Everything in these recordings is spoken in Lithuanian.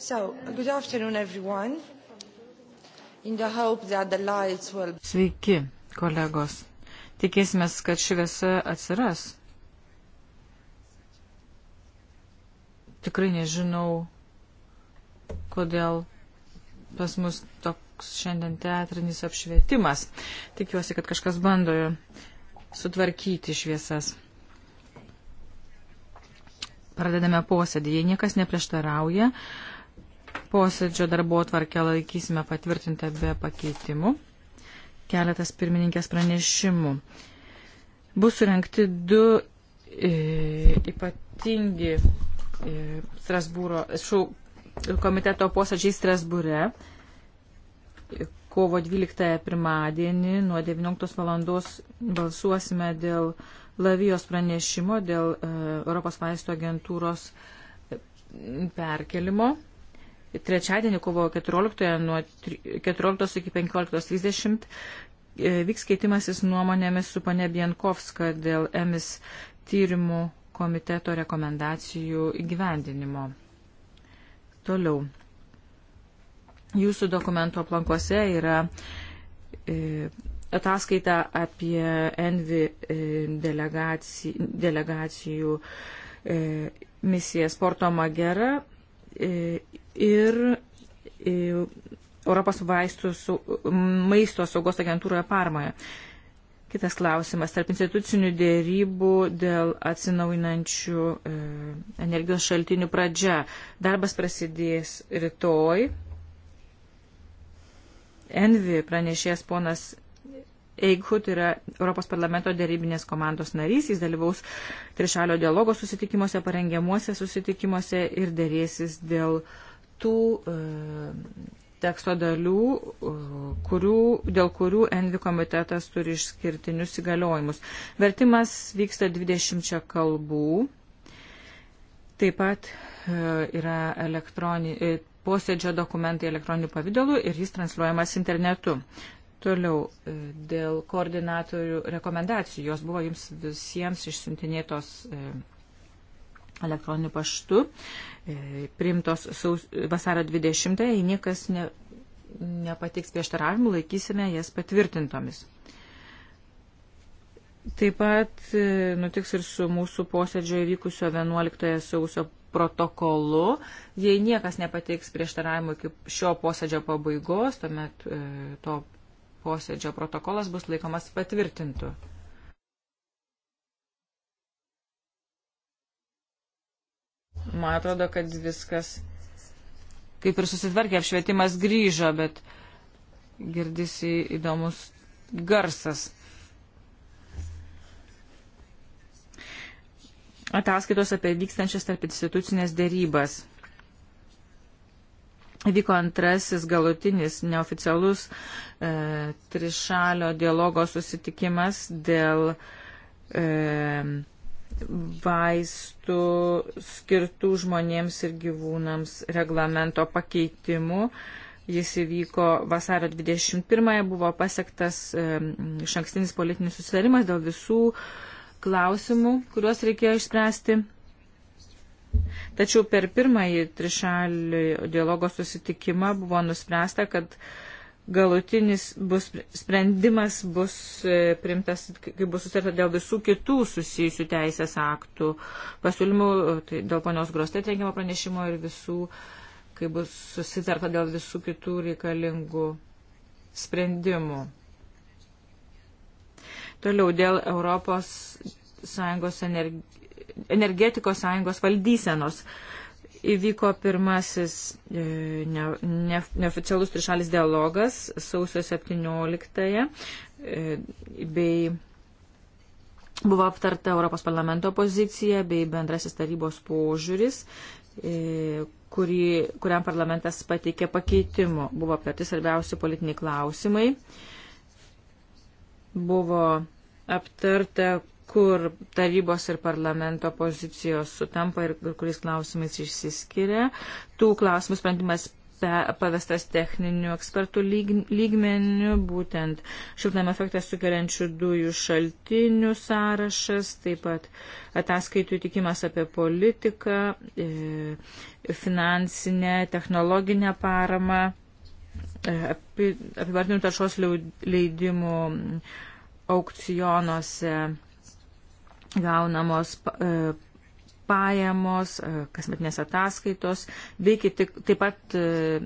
So, good afternoon everyone. In the hope that the lights will... Sveiki, kolegos. Tikėsime, kad šviesa atsiras. Tikrai nežinau, kodėl pas mus toks šiandien teatrinis apšvietimas. Tikiuosi, kad kažkas bando sutvarkyti šviesas. Pradedame posėdį. Jei niekas neprieštarauja, Posėdžio darbo atvarkę laikysime patvirtintą be pakeitimų. Keletas pirmininkės pranešimų. Bus surinkti du e, ypatingi e, Strasbūro, šau, komiteto posėdžiai Strasbūre kovo 12 pirmadienį nuo 19 valandos balsuosime dėl Lavijos pranešimo, dėl e, Europos vaisto agentūros e, perkelimo. Trečiadienį kovo 14 nuo 14 iki 15.30 e, vyks keitimasis nuomonėmis su pane Bienkovska dėl emis tyrimų komiteto rekomendacijų įgyvendinimo. Toliau. Jūsų dokumento aplankuose yra e, ataskaita apie Envi e, delegaci, delegacijų e, misiją Sporto Magera, e, ir e, Europos vaistų su, maisto saugos agentūroje Parmoje. Kitas klausimas. Tarp institucinių dėrybų dėl atsinaujinančių e, energijos šaltinių pradžia. Darbas prasidės rytoj. Envi pranešės ponas Eighut yra Europos parlamento dėrybinės komandos narys, jis dalyvaus trišalio dialogo susitikimuose, parengiamuose susitikimuose ir dėrėsis dėl uh, tų e, teksto dalių, e, kurių, dėl kurių Envi komitetas turi išskirtinius įgaliojimus. Vertimas vyksta 20 kalbų. Taip pat e, yra elektroni, posėdžio dokumentai elektroniniu pavydalu ir jis transliuojamas internetu. Toliau, dėl koordinatorių rekomendacijų, jos buvo jums visiems išsiuntinėtos elektroniniu paštu, e, primtos saus, vasaro 20, jei niekas ne, nepatiks prieštaravimų, laikysime jas patvirtintomis. Taip pat e, nutiks ir su mūsų posėdžio įvykusio 11 sausio protokolu. Jei niekas nepateiks prieštaravimų iki šio posėdžio pabaigos, tuomet e, to posėdžio protokolas bus laikomas patvirtintų. Man atrodo, kad viskas kaip ir susitvarkė, apšvietimas grįžo, bet girdisi įdomus garsas. Ataskaitos apie vykstančias tarp institucinės dėrybas. Vyko antrasis galutinis neoficialus e, trišalio dialogo susitikimas dėl e, vaistų skirtų žmonėms ir gyvūnams reglamento pakeitimu. Jis įvyko vasario 21-ąją, buvo pasiektas iš ankstinis politinis susitarimas dėl visų klausimų, kuriuos reikėjo išspręsti. Tačiau per pirmąjį trišalį dialogo susitikimą buvo nuspręsta, kad uh, galutinis bus, sprendimas bus e, primtas, kai bus susitarta dėl visų kitų susijusių teisės aktų pasiūlymų, tai dėl ponios Grostai teikiamo pranešimo ir visų, kai bus susitarta dėl visų kitų reikalingų sprendimų. Toliau dėl Europos Sąjungos energi energetikos sąjungos valdysenos. Uh, Įvyko pirmasis e, ne, ne, neoficialus trišalis dialogas sausio 17 e, bei buvo aptarta Europos parlamento pozicija bei bendrasis tarybos požiūris, e, kurį, kuriam parlamentas pateikė pakeitimu. Buvo aptarti svarbiausi politiniai klausimai. Buvo aptarta, kur tarybos ir parlamento pozicijos sutampa ir kuriais klausimais išsiskiria. Tų klausimų sprendimas pavestas techninių ekspertų lygmenių, būtent šiltnam efektą sukeliančių dujų šaltinių sąrašas, taip pat ataskaitų tikimas apie politiką, e, finansinę, technologinę paramą, e, apivardinių taršos leidimų aukcionuose gaunamos e, pajamos, e, kasmetinės ataskaitos, bei kiti, taip pat e,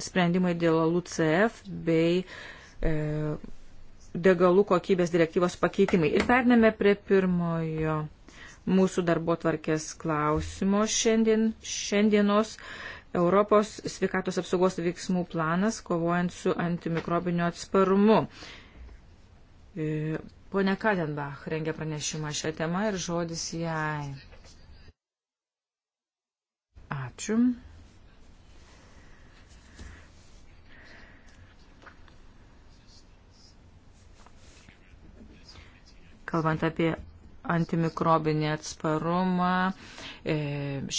sprendimai dėl LUCF bei degalų kokybės direktyvos pakeitimai. Ir perneme prie pirmojo mūsų darbo tvarkės klausimo šiandien, šiandienos. Europos sveikatos apsaugos veiksmų planas kovojant su antimikrobiniu atsparumu Pone Kadenbach rengia pranešimą šią temą ir žodis jai. Ačiū. Kalbant apie antimikrobinį atsparumą, e,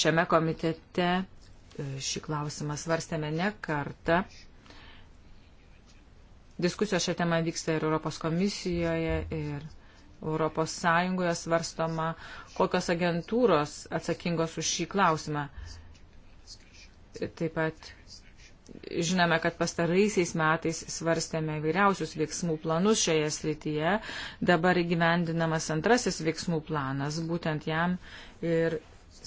šiame komitete e, šį klausimą svarstėme ne kartą Diskusijos šią temą vyksta ir Europos komisijoje, ir Europos Sąjungoje svarstoma, kokios agentūros atsakingos už šį klausimą. Taip pat žinome, kad pastaraisiais metais svarstėme įvairiausius veiksmų planus šioje srityje. Dabar įgyvendinamas antrasis veiksmų planas, būtent jam ir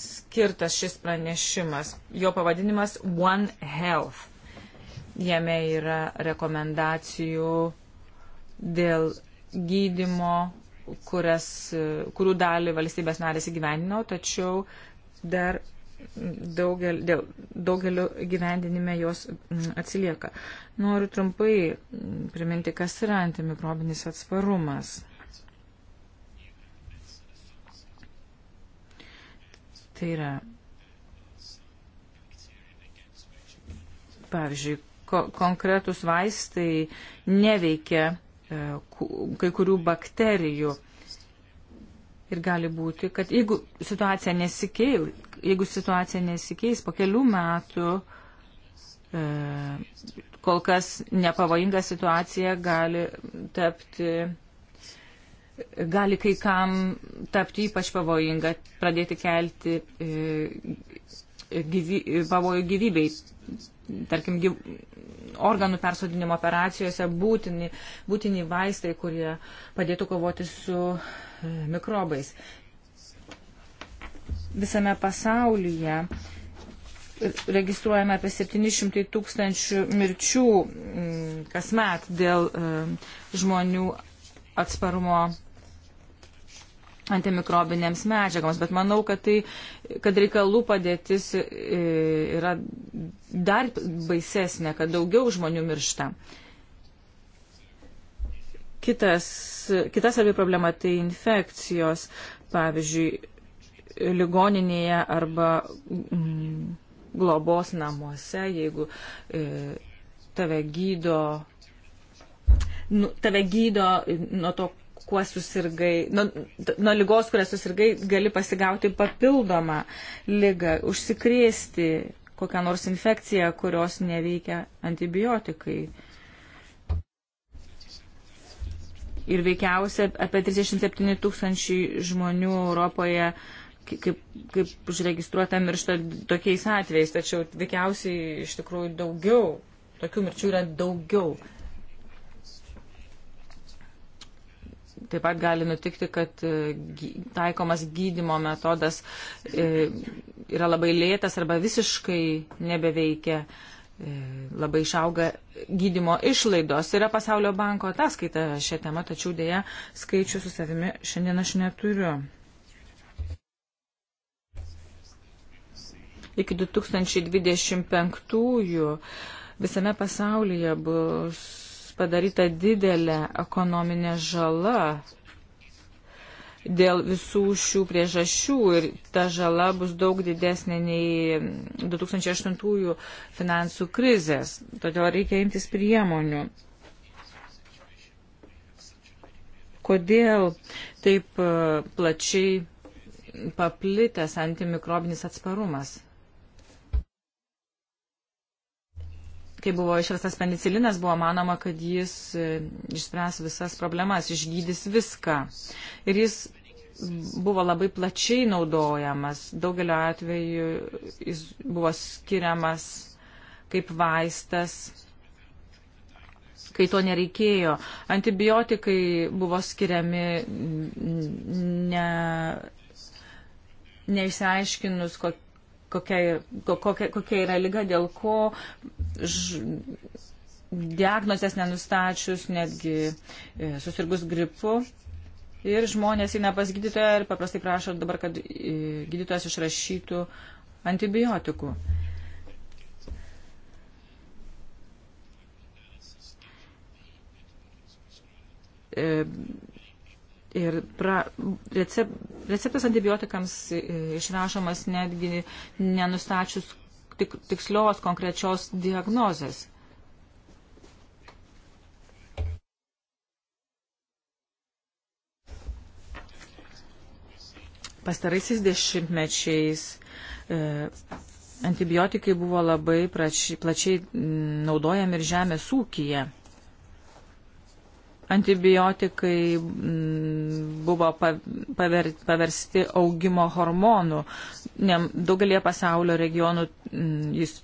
skirtas šis pranešimas. Jo pavadinimas One Health. Jame yra rekomendacijų dėl gydimo, kurias, kurių dalį valstybės narės įgyvendino, tačiau dar daugel, dėl daugelio gyvendinime jos mm, atsilieka. Noriu trumpai priminti, kas yra antimikrobinis atsparumas. Tai yra, pavyzdžiui, ko konkretus vaistai neveikia e, kai kurių bakterijų. Ir gali būti, kad jeigu situacija nesikeis, jeigu situacija nesikeis po kelių metų, e, kol kas nepavojinga situacija gali tapti, gali kai kam tapti ypač pavojinga, pradėti kelti e, gyvy, pavojų gyvybei tarkim, gyv... organų persodinimo operacijose būtini, būtini vaistai, kurie padėtų kovoti su e, mikrobais. Visame pasaulyje e, registruojame apie 700 tūkstančių mirčių kasmet dėl e, žmonių atsparumo antimikrobinėms medžiagoms, bet manau, kad, tai, kad reikalų padėtis e, yra dar baisesnė, kad daugiau žmonių miršta. Kitas, kitas abi problema tai infekcijos, pavyzdžiui, ligoninėje arba mm, globos namuose, jeigu e, tave gydo nu, tave gydo nuo to kuo susirgai, nuo, nuo lygos, kurią susirgai, gali pasigauti papildomą lygą, užsikrėsti kokią nors infekciją, kurios neveikia antibiotikai. Ir veikiausia apie 37 tūkstančiai žmonių Europoje kaip, kaip užregistruota miršta tokiais atvejais, tačiau veikiausiai iš tikrųjų daugiau, tokių mirčių yra daugiau. taip pat gali nutikti, kad e, taikomas gydimo metodas e, yra labai lėtas arba visiškai nebeveikia e, labai išauga gydimo išlaidos. Yra pasaulio banko ataskaita šią temą, tačiau dėja skaičių su savimi šiandien aš neturiu. Iki 2025 visame pasaulyje bus padaryta didelė ekonominė žala dėl visų šių priežasčių ir ta žala bus daug didesnė nei 2008 finansų krizės. Todėl reikia imtis priemonių. Kodėl taip e, plačiai paplitęs antimikrobinis atsparumas? kai buvo išrastas penicilinas, buvo manoma, kad jis e, išspręs visas problemas, išgydys viską. Ir jis buvo labai plačiai naudojamas. Daugelio atveju jis buvo skiriamas kaip vaistas kai to nereikėjo. Antibiotikai buvo skiriami ne, neišsiaiškinus, kokie kokia, kokia, kokia yra lyga, dėl ko ž, diagnozės nenustačius, netgi e, susirgus gripu. Ir žmonės eina pas gydytoją ir paprastai prašo dabar, kad e, gydytojas išrašytų antibiotikų. E, Ir pra, recep, receptas antibiotikams išrašomas netgi nenustačius tik, tikslios konkrečios diagnozės. Pastaraisiais dešimtmečiais e, antibiotikai buvo labai prači, plačiai naudojami ir žemės ūkija antibiotikai mm, buvo paversti augimo hormonų. Daugelie pasaulio regionų mm, jis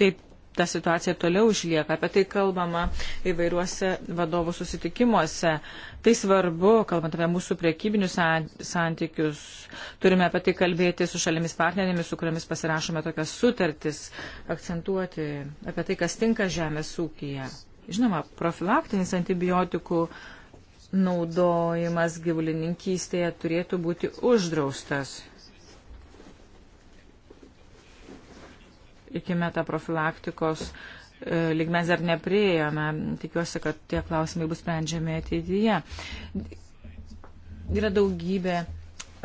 taip ta situacija toliau išlieka. Apie tai kalbama įvairiuose vadovų susitikimuose. Tai svarbu, kalbant apie mūsų priekybinius santykius, turime apie tai kalbėti su šalimis partnerėmis, su kuriamis pasirašome tokias sutartis, akcentuoti apie tai, kas tinka žemės ūkija. Žinoma, profilaktinis antibiotikų naudojimas gyvulininkystėje turėtų būti uždraustas. Iki meta profilaktikos e, lygmens dar nepriejome. Tikiuosi, kad tie klausimai bus sprendžiami ateityje. Yra daugybė e,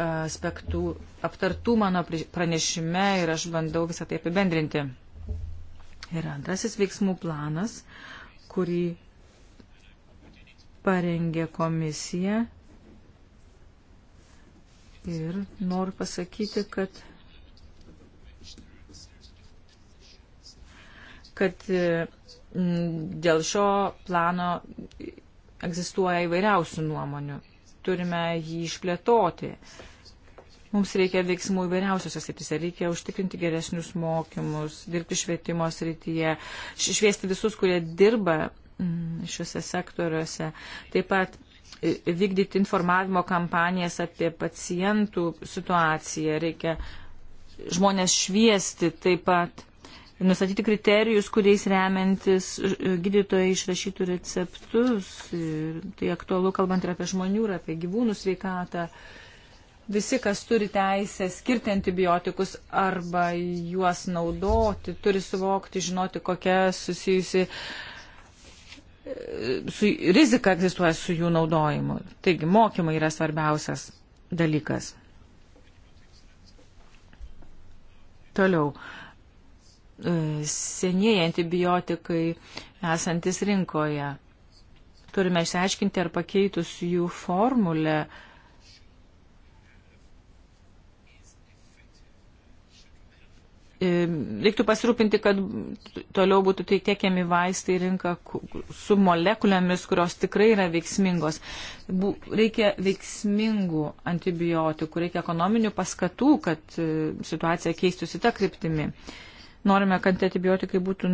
aspektų aptartų mano pranešime ir aš bandau visą tai apibendrinti. Ir antrasis veiksmų planas. Uh, kurį parengė komisija. Ir noriu pasakyti, kad, kad mm, dėl šio plano egzistuoja įvairiausių nuomonių. Turime jį išplėtoti. Uh, Mums reikia veiksmų įvairiausiose srityse, reikia užtikrinti geresnius mokymus, dirbti švietimo srityje, šviesti visus, kurie dirba mm, šiuose sektoriuose. Taip pat vykdyti informavimo kampanijas apie pacientų situaciją, reikia žmonės šviesti taip pat, nustatyti kriterijus, kuriais remiantis gydytojai išrašytų receptus. Tai aktualu kalbant ir apie žmonių, ir apie gyvūnų sveikatą. Tai visi, kas turi teisę skirti antibiotikus arba juos naudoti, turi suvokti, žinoti, kokia susijusi e, su, rizika egzistuoja su jų naudojimu. Taigi, mokymai yra svarbiausias dalykas. Toliau. E, senieji antibiotikai esantis rinkoje. Turime išsiaiškinti, ar pakeitus jų formulę uh, E, reiktų pasirūpinti, kad toliau būtų tai tiekiami vaistai rinka su molekulėmis, kurios tikrai yra veiksmingos. Reikia veiksmingų antibiotikų, reikia ekonominių paskatų, kad e, situacija keistųsi tą kryptimį. Norime, kad antibiotikai būtų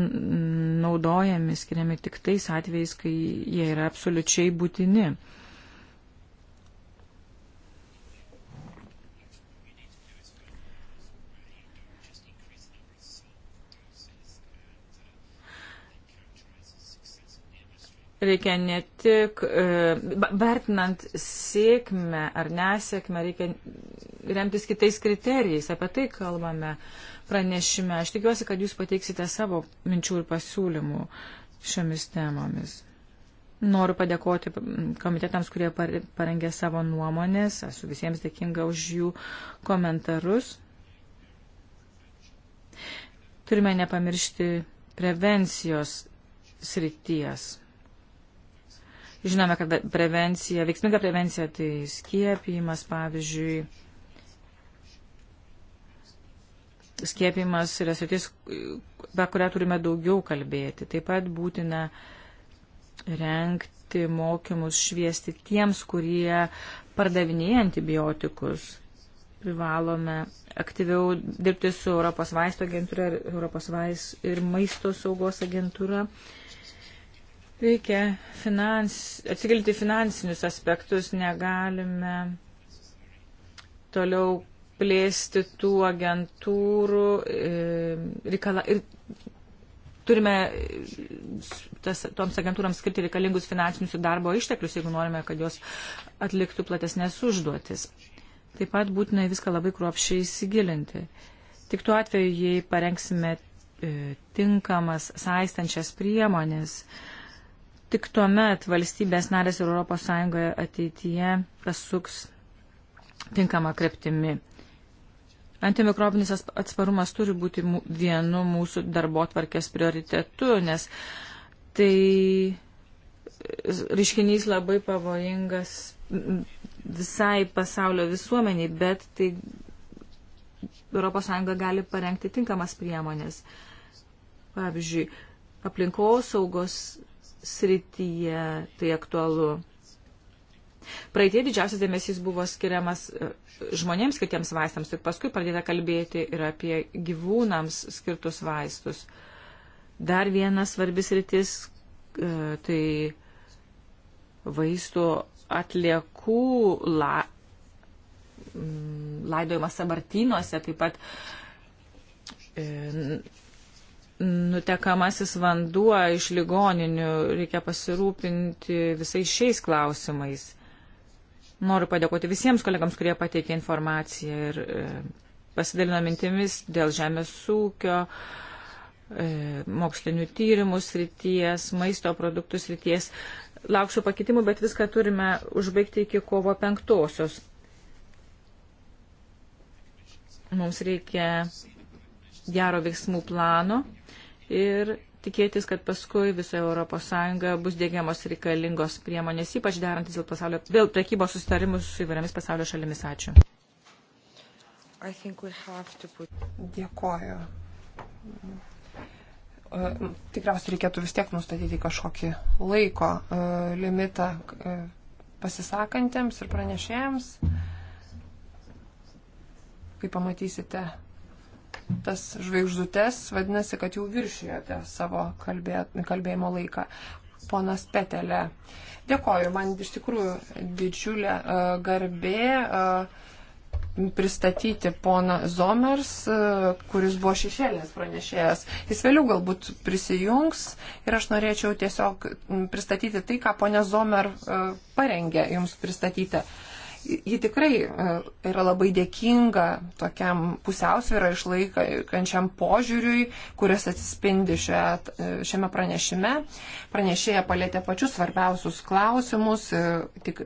naudojami, skiriami tik tais atvejais, kai jie yra absoliučiai būtini. reikia ne tik, e, vertinant sėkmę ar nesėkmę, reikia remtis kitais kriterijais. Apie tai kalbame pranešime. Aš tikiuosi, kad jūs pateiksite savo minčių ir pasiūlymų šiomis temomis. Noriu padėkoti komitetams, kurie parengė savo nuomonės. Esu visiems dėkinga už jų komentarus. Turime nepamiršti prevencijos srities. Žinome, kad prevencija, veiksminga prevencija tai skiepimas, pavyzdžiui, skiepimas yra sritis, apie kurią turime daugiau kalbėti. Taip pat būtina renkti mokymus, šviesti tiems, kurie pardavinėja antibiotikus. Privalome aktyviau dirbti su Europos vaisto agentūra ir Europos vaisto ir maisto saugos agentūra. Uh, Reikia finans, atsigilti finansinius aspektus, negalime toliau plėsti tų agentūrų e, reikala, ir turime tas, toms agentūrams skirti reikalingus finansinius ir darbo išteklius, jeigu norime, kad jos atliktų platesnės užduotis. Taip pat būtina viską labai kruopšiai įsigilinti. Tik tuo atveju, jei parengsime e, tinkamas saistančias priemonės, e, Tik tuomet valstybės narės ir ES ateityje pasuks tinkama kreptimi. Antimikrobinis atsparumas turi būti vienu mūsų darbo tvarkės prioritetu, nes tai e, reiškinys labai pavojingas visai pasaulio visuomeniai, bet tai ES gali parengti tinkamas priemonės. Pavyzdžiui, aplinkosaugos srityje tai aktualu. Praeitie didžiausias dėmesys buvo skiriamas e, žmonėms skirtiems vaistams ir paskui pradėta kalbėti ir apie gyvūnams skirtus vaistus. Dar vienas svarbis rytis e, tai vaistų atliekų la, laidojimas sabartynuose, taip pat e, nutekamasis vanduo iš ligoninių, reikia pasirūpinti visais šiais klausimais. Noriu padėkoti visiems kolegams, kurie pateikė informaciją ir e, pasidalino mintimis dėl žemės ūkio, e, mokslinių tyrimų srities, maisto produktų srities. Lauksiu pakitimų, bet viską turime užbaigti iki kovo penktosios. Mums reikia gero veiksmų plano ir tikėtis, kad paskui visoje Europos Sąjungoje bus dėgiamos reikalingos priemonės, ypač derantis dėl, pasaulio, dėl prekybos sustarimus su įvairiamis pasaulio šalimis. Ačiū. Put... Dėkoju. E, tikriausiai reikėtų vis tiek nustatyti kažkokį laiko e, limitą e, pasisakantiems ir pranešėjams. Kaip pamatysite, tas žvaigždutės, vadinasi, kad jau viršijote savo kalbė, kalbėjimo laiką. Ponas Petelė. Dėkoju, man iš tikrųjų didžiulė uh, garbė. Uh, pristatyti poną Zomers, e, kuris buvo šešėlės pranešėjas. Jis vėliau galbūt prisijungs ir aš norėčiau tiesiog pristatyti tai, ką ponė Zomer parengė jums pristatyti. Uh, ji tikrai e, yra labai dėkinga tokiam pusiausvyrą išlaikančiam požiūriui, kuris atsispindi šioje, šiame pranešime. Pranešėja palėtė pačius svarbiausius klausimus, e, tik,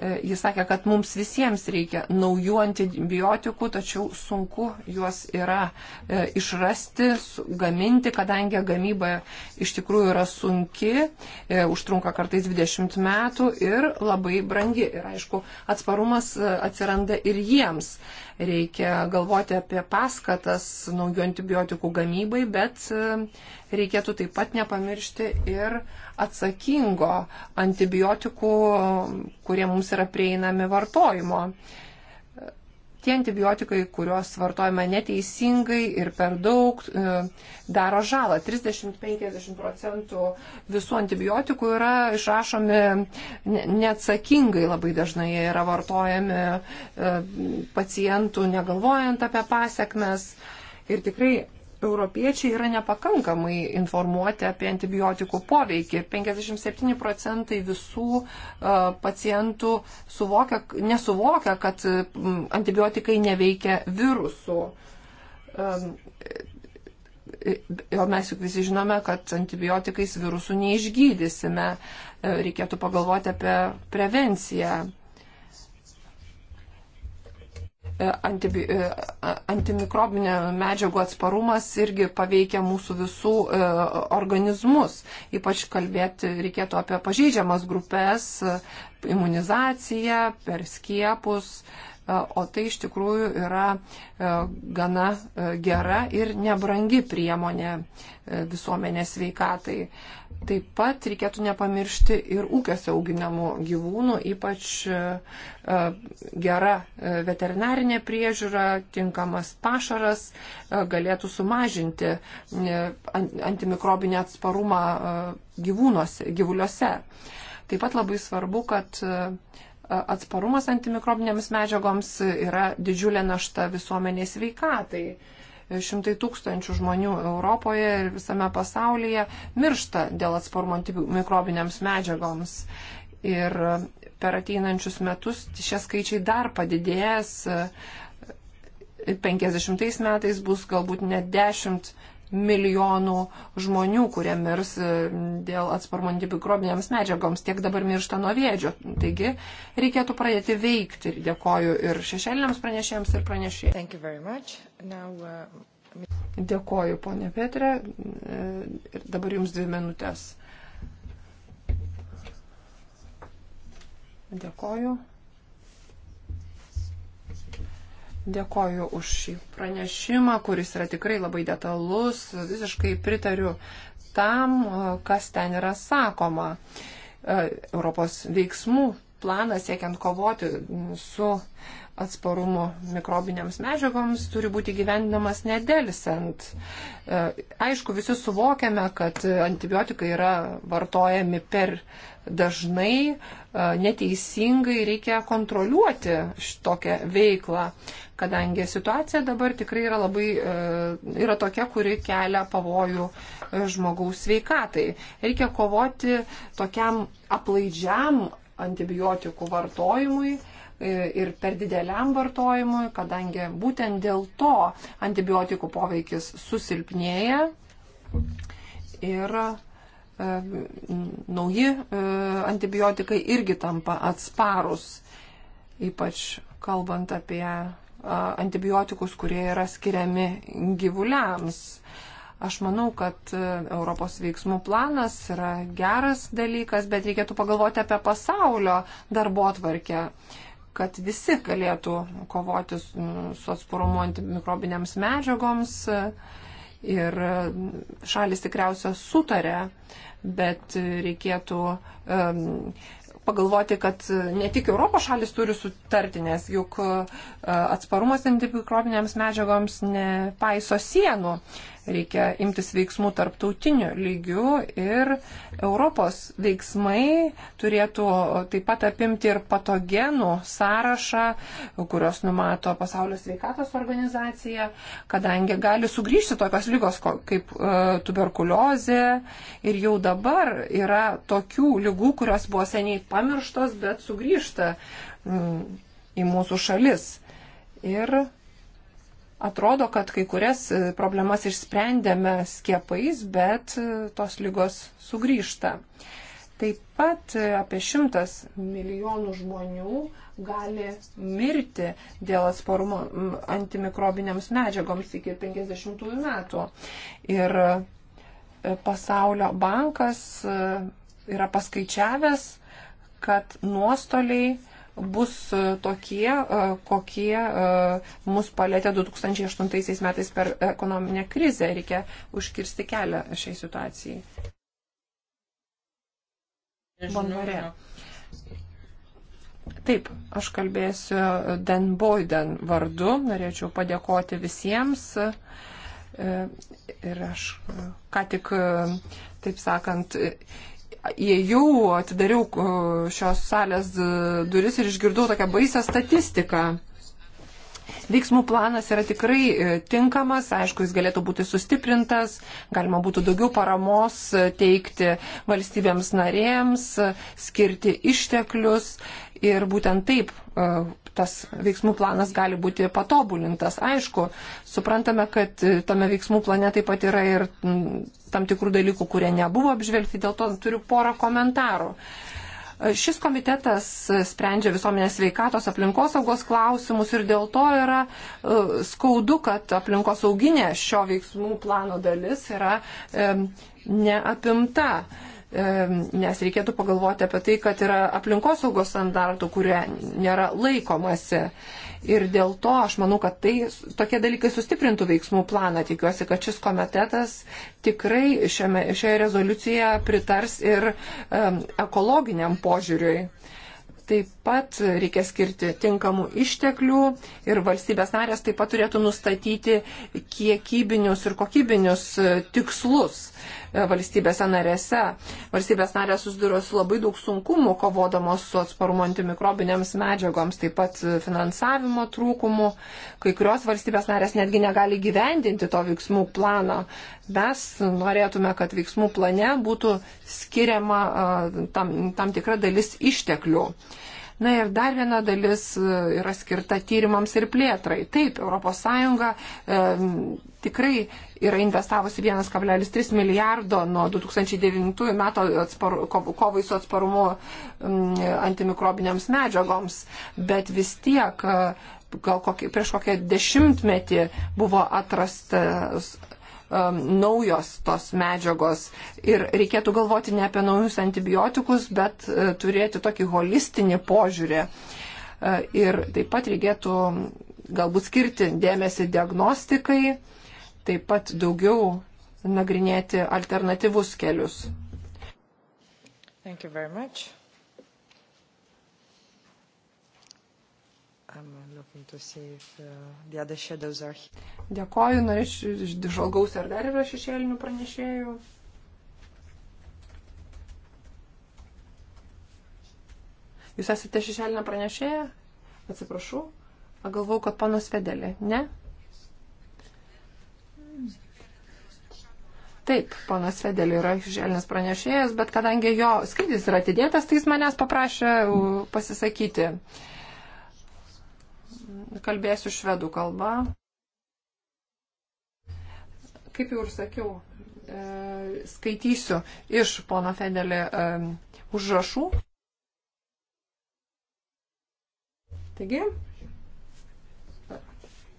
E, jis sakė, kad mums visiems reikia naujų antibiotikų, tačiau sunku juos yra e, išrasti, gaminti, kadangi gamyba iš tikrųjų yra sunki, e, užtrunka kartais 20 metų ir labai brangi. Ir aišku, atsparumas atsiranda ir jiems. Reikia galvoti apie paskatas naujų antibiotikų gamybai, bet e, reikėtų taip pat nepamiršti ir atsakingo antibiotikų, kurie mums yra prieinami vartojimo tie antibiotikai, kuriuos vartojame neteisingai ir per daug, e, daro žalą. 30-50 procentų visų antibiotikų yra išrašomi neatsakingai, labai dažnai jie yra vartojami e, pacientų negalvojant apie pasiekmes. Ir tikrai europiečiai yra nepakankamai informuoti apie antibiotikų poveikį. 57 procentai visų e, pacientų suvokia, nesuvokia, kad antibiotikai neveikia virusų. E, e, o mes juk visi žinome, kad antibiotikais virusų neišgydysime. Reikėtų pagalvoti apie prevenciją. E, antibi, e, antimikrobinė medžiagų atsparumas irgi paveikia mūsų visų e, organizmus. Ypač kalbėti reikėtų apie pažeidžiamas grupės, imunizaciją, per skiepus, o tai iš tikrųjų yra gana gera ir nebrangi priemonė visuomenės veikatai. Taip pat reikėtų nepamiršti ir ūkiuose auginamų gyvūnų, ypač e, gera e, veterinarinė priežiūra, tinkamas pašaras e, galėtų sumažinti antimikrobinį atsparumą gyvūliuose. Taip pat labai svarbu, kad atsparumas antimikrobinėms medžiagoms yra didžiulė našta visuomenės veikatai šimtai tūkstančių žmonių Europoje ir visame pasaulyje miršta dėl atsparumo antimikrobinėms medžiagoms. Ir per ateinančius metus šie skaičiai dar padidės. 50 metais bus galbūt net 10 milijonų žmonių, kurie mirs e, dėl atsparumo antimikrobinėms medžiagoms, tiek dabar miršta nuo vėdžio. Taigi reikėtų pradėti veikti. Dėkoju ir šešėliniams pranešėjams, ir pranešėjams. Uh... Dėkoju, ponė Petrė. E, ir dabar jums dvi minutės. Dėkoju. Dėkoju už šį pranešimą, kuris yra tikrai labai detalus. Visiškai pritariu tam, kas ten yra sakoma. E, Europos veiksmų planas siekiant kovoti su atsparumu mikrobinėms medžiagoms turi būti gyvendinamas nedėlisant. E, aišku, visi suvokiame, kad antibiotikai yra vartojami per dažnai, e, neteisingai reikia kontroliuoti šitokią veiklą, kadangi situacija dabar tikrai yra labai, e, yra tokia, kuri kelia pavojų žmogaus sveikatai. Reikia kovoti tokiam aplaidžiam antibiotikų vartojimui E, ir per dideliam vartojimui, kadangi būtent dėl to antibiotikų poveikis susilpnėja ir e, nauji e, antibiotikai irgi tampa atsparus, ypač kalbant apie antibiotikus, kurie yra skiriami gyvuliams. Aš manau, kad Europos veiksmų planas yra geras dalykas, bet reikėtų pagalvoti apie pasaulio darbo atvarkę. Uh, kad visi galėtų kovoti su atsparumu antimikrobinėms medžiagoms. Ir šalis tikriausia sutarė, bet reikėtų um, pagalvoti, kad ne tik Europos šalis turi sutarti, nes juk e, atsparumas antimikrobinėms medžiagoms nepaiso sienų. Reikia imtis veiksmų tarptautiniu lygiu ir Europos veiksmai turėtų taip pat apimti ir patogenų sąrašą, kurios numato pasaulio sveikatos organizacija, kadangi gali sugrįžti tokios lygos kaip e, tuberkuliozė ir jau dabar yra tokių lygų, kurios buvo seniai pamirštos, bet sugrįžta į mūsų šalis. Ir Atrodo, kad kai kurias e, problemas išsprendėme skiepais, bet e, tos lygos sugrįžta. Taip pat e, apie šimtas milijonų žmonių gali mirti dėl atsparumo antimikrobinėms medžiagoms iki 50 metų. Ir pasaulio bankas yra paskaičiavęs, kad nuostoliai bus e, tokie, e, kokie e, mus palėtė 2008 metais per ekonominę krizę. Reikia užkirsti kelią šiai situacijai. Bonvarė. Taip, aš kalbėsiu Dan Boyden vardu. Norėčiau padėkoti visiems. Ir aš ką tik, taip sakant, įėjau, atidariau šios salės e, duris ir išgirdau tokią baisę statistiką veiksmų planas yra tikrai e, tinkamas, aišku, jis galėtų būti sustiprintas, galima būtų daugiau paramos e, teikti valstybėms narėms, e, skirti išteklius ir būtent taip tas veiksmų planas gali būti patobulintas. Aišku, suprantame, kad tame veiksmų plane taip pat yra ir tam tikrų dalykų, kurie nebuvo apžvelgti, dėl to turiu porą komentarų. Uh, Šis komitetas sprendžia visuomenės veikatos aplinkosaugos klausimus ir dėl to yra e, skaudu, kad aplinkosauginė šio veiksmų plano dalis yra e, neapimta e, nes reikėtų pagalvoti apie tai, kad yra aplinkosaugos standartų, kurie nėra laikomasi. Ir dėl to aš manau, kad tai, tokie dalykai sustiprintų veiksmų planą. Tikiuosi, kad šis komitetas tikrai šiame, šioje rezoliucijoje pritars ir um, ekologiniam požiūriui. Taip pat reikia skirti tinkamų išteklių ir valstybės narės taip pat turėtų nustatyti kiekybinius ir kokybinius e, tikslus. Uh, E, valstybėse narėse. Valstybės narės susiduria su labai daug sunkumų, kovodamos su atsparumu antimikrobinėms medžiagoms, taip pat finansavimo trūkumu. Kai kurios valstybės narės netgi negali gyvendinti to veiksmų plano. Mes norėtume, kad veiksmų plane būtų skiriama e, tam, tam tikra dalis išteklių. Na ir dar viena dalis e, yra skirta tyrimams ir plėtrai. Taip, ES e, tikrai yra investavusi 1,3 milijardo nuo 2009 metų atspar, kovai su atsparumu mm, antimikrobinėms medžiagoms, bet vis tiek gal kokį, prieš kokią dešimtmetį buvo atrastas um, naujos tos medžiagos ir reikėtų galvoti ne apie naujus antibiotikus, bet uh, turėti tokį holistinį požiūrį. Uh, ir taip pat reikėtų galbūt skirti dėmesį diagnostikai, uh, taip pat daugiau nagrinėti alternatyvus kelius. Thank you very much. Uh, are... Dėkoju, norėčiau išdižvalgaus, ar dar yra šešėlinių pranešėjų. Jūs esate šešėlinė pranešėja? Atsiprašau. Galvau, kad panas Vedelė. Ne? Taip, ponas Fedeli yra želinis pranešėjas, bet kadangi jo skrydis yra atidėtas, tai jis manęs paprašė pasisakyti. Kalbėsiu švedų kalbą. Kaip jau ir sakiau, e, skaitysiu iš pono Fedeli e, užrašų. Taigi,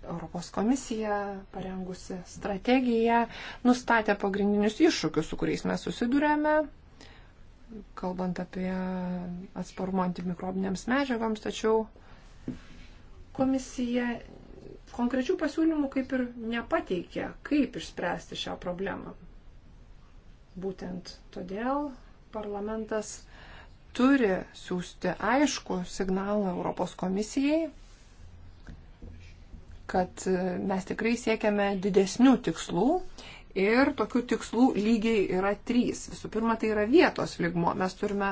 Europos komisija, parengusi strategiją, nustatė pagrindinius iššūkius, su kuriais mes susidurėme, kalbant apie atsparumą antimikrobinėms medžiagoms, tačiau komisija konkrečių pasiūlymų kaip ir nepateikė, kaip išspręsti šią problemą. Būtent todėl parlamentas turi siūsti aišku signalą Europos komisijai kad e, mes tikrai siekiame didesnių tikslų ir tokių tikslų lygiai yra trys. Visų pirma, tai yra vietos ligmo. Mes turime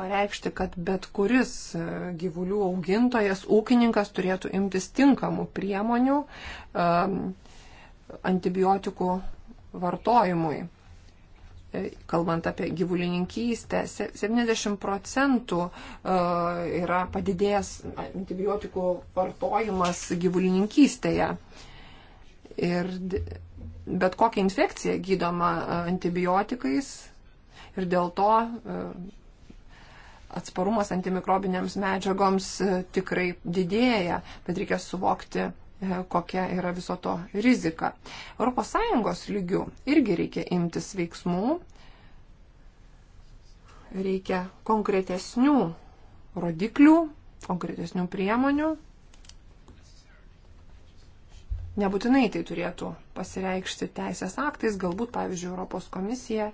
pareikšti, kad bet kuris e, gyvulių augintojas, ūkininkas turėtų imtis tinkamų priemonių e, antibiotikų vartojimui. E, kalbant apie gyvulininkystę, 70 procentų e, yra padidėjęs antibiotikų vartojimas gyvulininkystėje. Ir bet kokia infekcija gydoma e, antibiotikais ir dėl to atsparumas antimikrobinėms medžiagoms tikrai didėja, bet reikia suvokti E, kokia yra viso to rizika. ES lygių irgi reikia imtis veiksmų, reikia konkretesnių rodiklių, konkretesnių priemonių. Nebūtinai tai turėtų pasireikšti teisės aktais, galbūt, pavyzdžiui, Europos komisija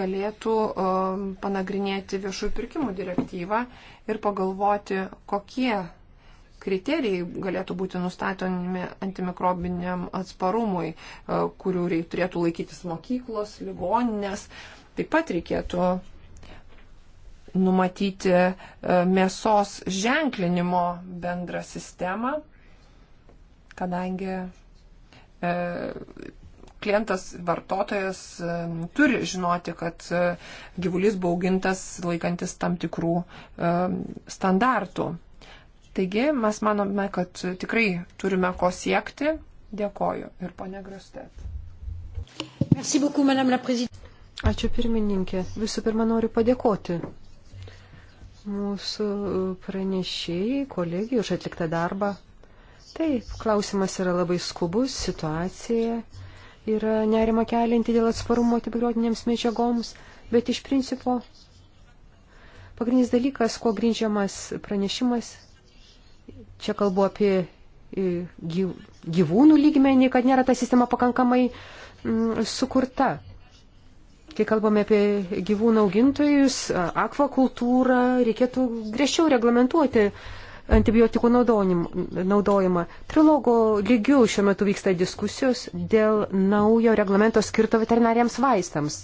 galėtų um, panagrinėti viešųjų pirkimų direktyvą ir pagalvoti, kokie kriterijai galėtų būti nustatomi antimikrobiniam atsparumui, e, kurių turėtų laikytis mokyklos, ligoninės. Taip pat reikėtų numatyti e, mėsos ženklinimo bendrą sistemą, kadangi e, klientas, vartotojas turi žinoti, kad gyvulys buvo augintas laikantis tam tikrų standartų. Taigi mes manome, kad tikrai turime ko siekti. Dėkoju ir ponė Grostet. Ačiū pirmininkė. Visų pirma, noriu padėkoti mūsų pranešėjai, kolegijai už atliktą darbą. Taip, klausimas yra labai skubus, situacija yra nerima kelinti dėl atsparumo antibiotinėms medžiagoms, bet iš principo pagrindinis dalykas, kuo grindžiamas pranešimas, Čia kalbu apie e, gyvūnų lygmenį, kad nėra ta sistema pakankamai mm, sukurta. Kai kalbame apie gyvūnų augintojus, akvakultūrą, reikėtų griežčiau reglamentuoti antibiotikų naudojimą. Trilogo lygių šiuo metu vyksta diskusijos dėl naujo reglamento skirto veterinariams vaistams.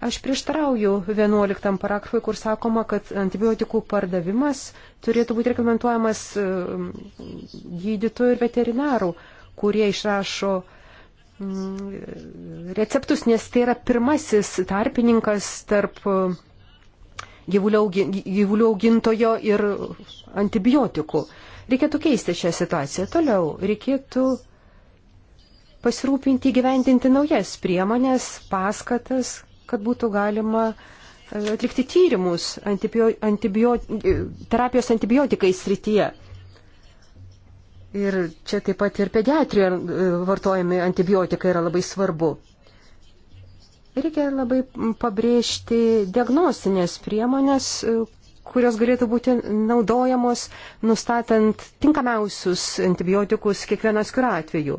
Aš prieštarauju 11 paragrafui, kur sakoma, kad antibiotikų pardavimas turėtų būti reglamentuojamas e, gydytojų ir veterinarų, kurie išrašo mm, receptus, nes tai yra pirmasis tarpininkas tarp e, gyvulių augintojo ir antibiotikų. Reikėtų keisti šią situaciją. Toliau reikėtų pasirūpinti gyventinti naujas priemonės, paskatas, kad būtų galima e, atlikti tyrimus antibio, antibio, e, terapijos antibiotikai srityje. Ir čia taip pat ir pediatrijoje vartojami antibiotikai yra labai svarbu. Reikia labai pabrėžti diagnostinės priemonės, e, kurios galėtų būti naudojamos, nustatant tinkamiausius antibiotikus kiekvienas kuriuo atveju.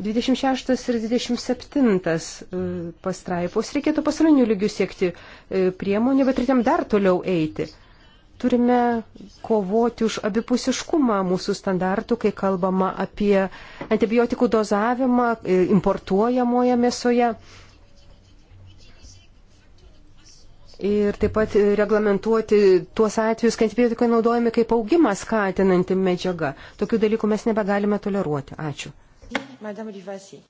26 ir 27 e, pastraipos reikėtų pasaulinių lygių siekti e, priemonių, bet reikėtum dar toliau eiti. Turime kovoti už abipusiškumą mūsų standartų, kai kalbama apie antibiotikų dozavimą e, importuojamoje mėsoje. Ir taip pat reglamentuoti tuos atvejus, kai antibiotikai naudojami kaip augimą skatinanti medžiaga. Tokių dalykų mes nebegalime toleruoti. Ačiū. Madame Livasi.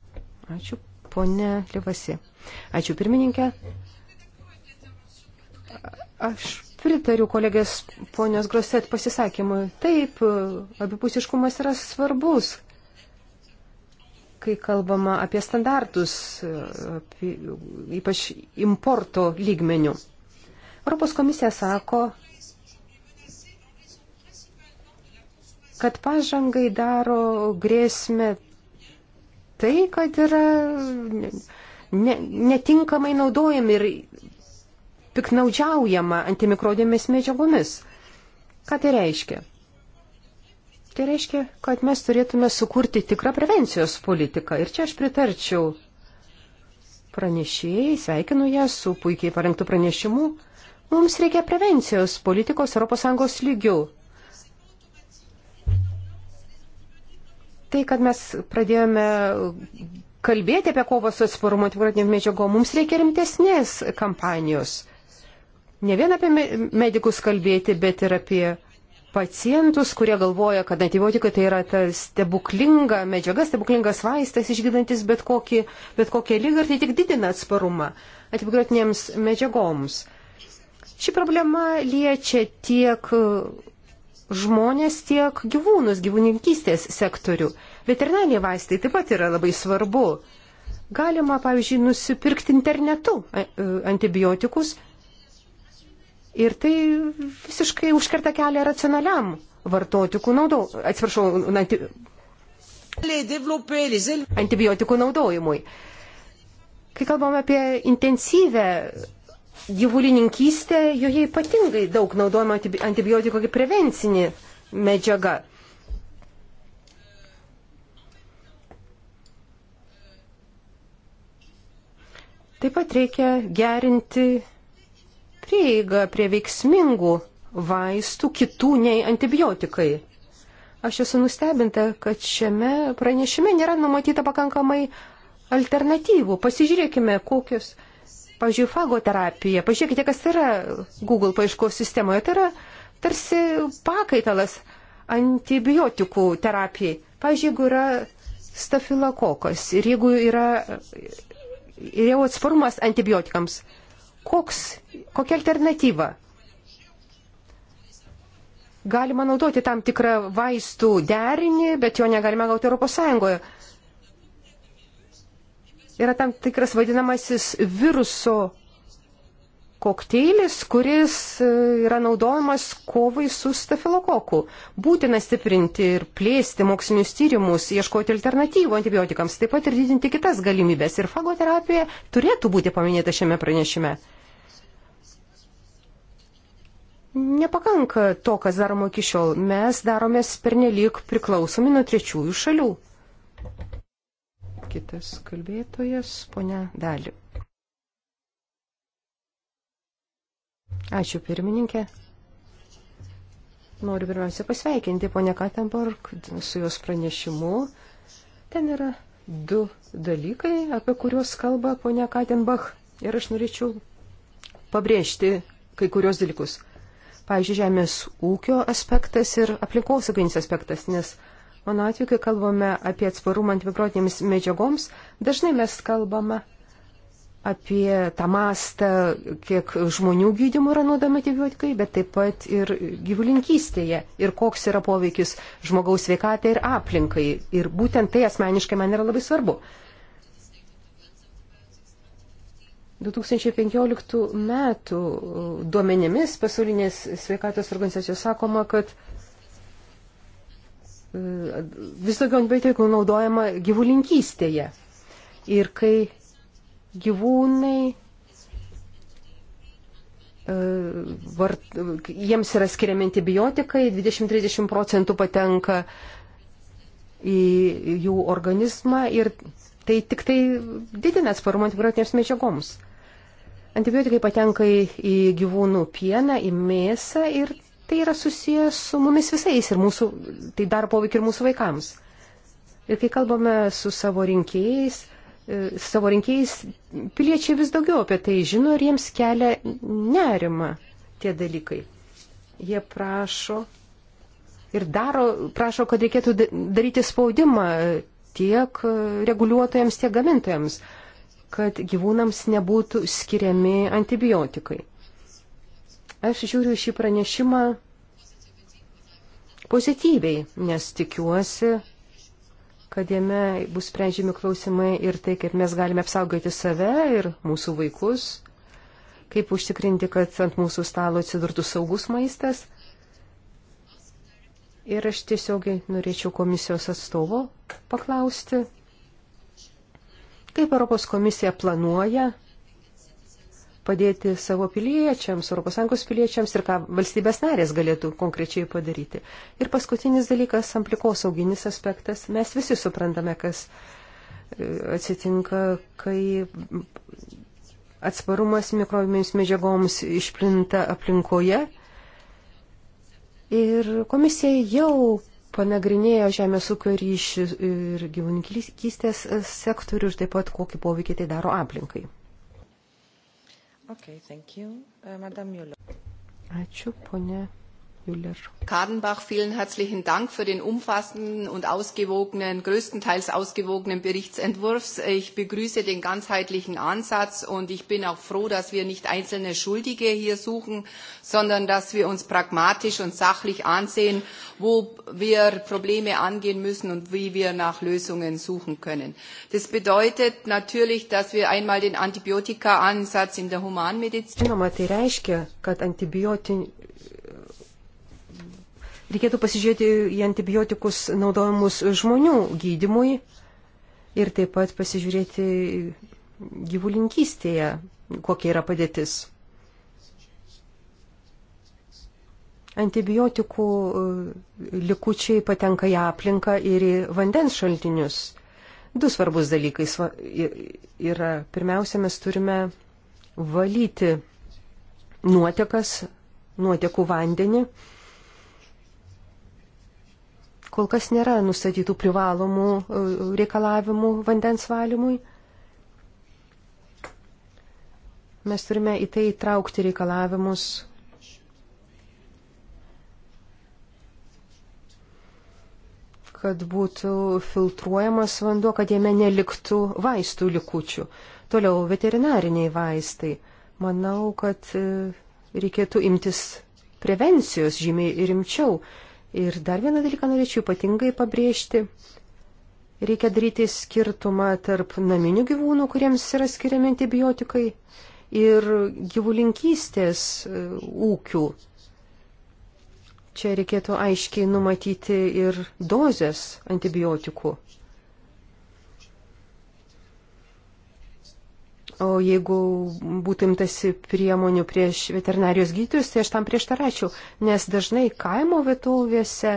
Ačiū, ponė Livasi. Ačiū, pirmininkė. Aš pritariu kolegės ponios Groset pasisakymui. Taip, abipusiškumas yra svarbus, kai kalbama apie standartus, apie, ypač importo lygmenių. Europos komisija sako, kad pažangai daro grėsmę tai, kad yra ne, netinkamai naudojami ir piknaudžiaujama antimikrobėmis medžiagomis. Ką tai reiškia? Tai reiškia, kad mes turėtume sukurti tikrą prevencijos politiką. Ir čia aš pritarčiau pranešėjai, sveikinu ją su puikiai parengtų pranešimu. Mums reikia prevencijos politikos ES lygių. Tai, kad mes pradėjome kalbėti apie kovą su atsparumu antibiotiniam medžiagom, mums reikia rimtesnės kampanijos. Ne vien apie medikus kalbėti, bet ir apie pacientus, kurie galvoja, kad antibiotikai tai yra ta stebuklinga medžiaga, stebuklingas vaistas, išgydantis bet, kokį, bet kokią lygą ir tai tik didina atsparumą antibiotinėms medžiagoms. Ši problema liečia tiek žmonės, tiek gyvūnus, gyvūninkystės sektorių. Veterinariai vaistai taip pat yra labai svarbu. Galima, pavyzdžiui, nusipirkti internetu e, antibiotikus ir tai visiškai užkerta kelią racionaliam vartotikų naudo, atsiprašau, anti, antibiotikų naudojimui. Kai kalbam apie intensyvę gyvulininkystė, joje ypatingai daug naudojama antibiotiko kaip prevencinė medžiaga. Taip pat reikia gerinti prieigą prie veiksmingų vaistų kitų nei antibiotikai. Aš esu nustebinta, kad šiame pranešime nėra numatyta pakankamai alternatyvų. Pasižiūrėkime, kokios Pavyzdžiui, fagoterapija. Pažiūrėkite, kas yra Google paieškos sistemoje. Tai yra tarsi pakaitalas antibiotikų terapijai. Pavyzdžiui, jeigu yra stafilokokas ir jeigu yra ir jau atsparumas antibiotikams, koks, kokia alternatyva? Galima naudoti tam tikrą vaistų derinį, bet jo negalime gauti Europos Sąjungoje yra tam tikras vadinamasis viruso kokteilis, kuris e, yra naudojamas kovai su stafilokoku. Būtina stiprinti ir plėsti mokslinius tyrimus, ieškoti alternatyvų antibiotikams, taip pat ir didinti kitas galimybės. Ir fagoterapija turėtų būti paminėta šiame pranešime. Nepakanka to, kas daroma iki šiol. Mes daromės pernelyg priklausomi nuo trečiųjų šalių. Kitas kalbėtojas, ponia Dali. Ačiū pirmininkė. Noriu pirmiausia pasveikinti ponę Katenborg su jos pranešimu. Ten yra du dalykai, apie kuriuos kalba ponė Katenbach. Ir aš norėčiau pabrėžti kai kurios dalykus. Pavyzdžiui, žemės ūkio aspektas ir aplinkosauginis aspektas, nes Mano atveju, kai kalbame apie atsparumą antimikrotinėms medžiagoms, dažnai mes kalbame apie tą mastą, kiek žmonių gydimų yra nuodami antibiotikai, bet taip pat ir gyvulinkystėje ir koks yra poveikis žmogaus sveikatai ir aplinkai. Ir būtent tai asmeniškai man yra labai svarbu. 2015 metų duomenimis pasaulinės sveikatos organizacijos sakoma, kad vis daugiau antibiotikų naudojama gyvulinkystėje. Ir kai gyvūnai, e, vart, jiems yra skiriami antibiotikai, 20-30 procentų patenka į jų organizmą ir tai tik tai didina atsparumą antibiotinėms medžiagoms. Antibiotikai patenka į gyvūnų pieną, į mėsą ir tai yra susijęs su mumis visais ir mūsų, tai daro poveikį ir mūsų vaikams. Ir kai kalbame su savo rinkėjais, e, savo rinkėjais piliečiai vis daugiau apie tai žino ir jiems kelia nerima tie dalykai. Jie prašo ir daro, prašo, kad reikėtų daryti spaudimą tiek reguliuotojams, tiek gamintojams, kad gyvūnams nebūtų skiriami antibiotikai. Aš žiūriu šį pranešimą pozityviai, nes tikiuosi, kad jame bus sprendžiami klausimai ir tai, kaip mes galime apsaugoti save ir mūsų vaikus, kaip užtikrinti, kad ant mūsų stalo atsidurtų saugus maistas. Ir aš tiesiogiai norėčiau komisijos atstovo paklausti, kaip Europos komisija planuoja padėti savo piliečiams, ES piliečiams ir ką valstybės narės galėtų konkrečiai padaryti. Ir paskutinis dalykas - amplikosauginis aspektas. Mes visi suprantame, kas e, atsitinka, kai atsparumas mikrobinėms medžiagoms išplinta aplinkoje. Ir komisija jau panagrinėjo žemės ūkio ryšį ir gyvūninkystės sektorių ir taip pat kokį poveikį tai daro aplinkai. Okay, thank you. Uh, Madame Müller. Ačiū, ponė Müller. Kadenbach, vielen herzlichen Dank für den umfassenden und ausgewogenen, größtenteils ausgewogenen Berichtsentwurfs. Ich begrüße den ganzheitlichen Ansatz und ich bin auch froh, dass wir nicht einzelne Schuldige hier suchen, sondern dass wir uns pragmatisch und sachlich ansehen, wo wir Probleme angehen müssen und wie wir nach Lösungen suchen können. Das bedeutet natürlich, dass wir einmal den Antibiotika-Ansatz in der Humanmedizin Žinoma, tai reiškia, kad antibiotikų Reikėtų pasižiūrėti į antibiotikus naudojamus žmonių gydimui ir taip pat pasižiūrėti gyvulinkystėje, kokia yra padėtis. Antibiotikų e, likučiai patenka į aplinką ir į vandens šaltinius. Du svarbus dalykai yra. Pirmiausia, mes turime valyti nuotekas, nuotekų vandenį Kol kas nėra nustatytų privalomų e, reikalavimų vandens valymui. Mes turime į tai įtraukti reikalavimus kad būtų filtruojamas vanduo, kad jame neliktų vaistų likučių. Toliau veterinariniai vaistai. Manau, kad e, reikėtų imtis prevencijos žymiai rimčiau. Ir dar vieną dalyką norėčiau ypatingai pabrėžti. Reikia daryti skirtumą tarp naminių gyvūnų, kuriems yra skiriami antibiotikai, ir gyvulinkystės e, ūkių. Čia reikėtų aiškiai numatyti ir dozes antibiotikų. O jeigu būtumtasi priemonių prieš veterinarijos gydytojus, tai aš tam prieštaračiau, nes dažnai kaimo vietovėse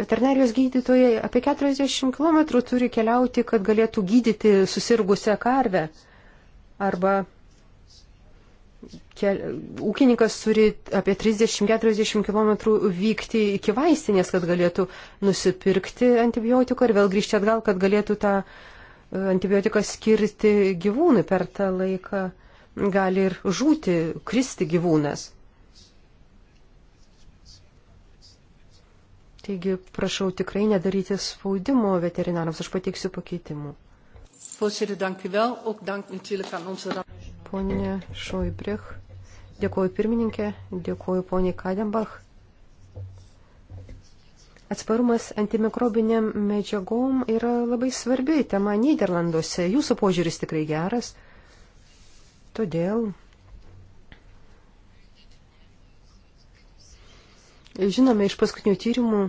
veterinarijos gydytojai apie 40 km turi keliauti, kad galėtų gydyti susirgusią karvę. Arba kel... ūkininkas turi apie 30-40 km vykti iki vaistinės, kad galėtų nusipirkti antibiotiką ir vėl grįžti atgal, kad galėtų tą. Ta antibiotiką skirti gyvūnui per tą laiką gali ir žūti, kristi gyvūnas. Taigi prašau tikrai nedaryti spaudimo veterinarams, aš pateiksiu pakeitimų. Pone Šoibrich, dėkuoju pirmininkė, dėkuoju poniai Kadembach Atsparumas antimikrobiniam medžiagom yra labai svarbi tema Niderlanduose. Jūsų požiūris tikrai geras. Todėl. Žinome iš paskutinių tyrimų,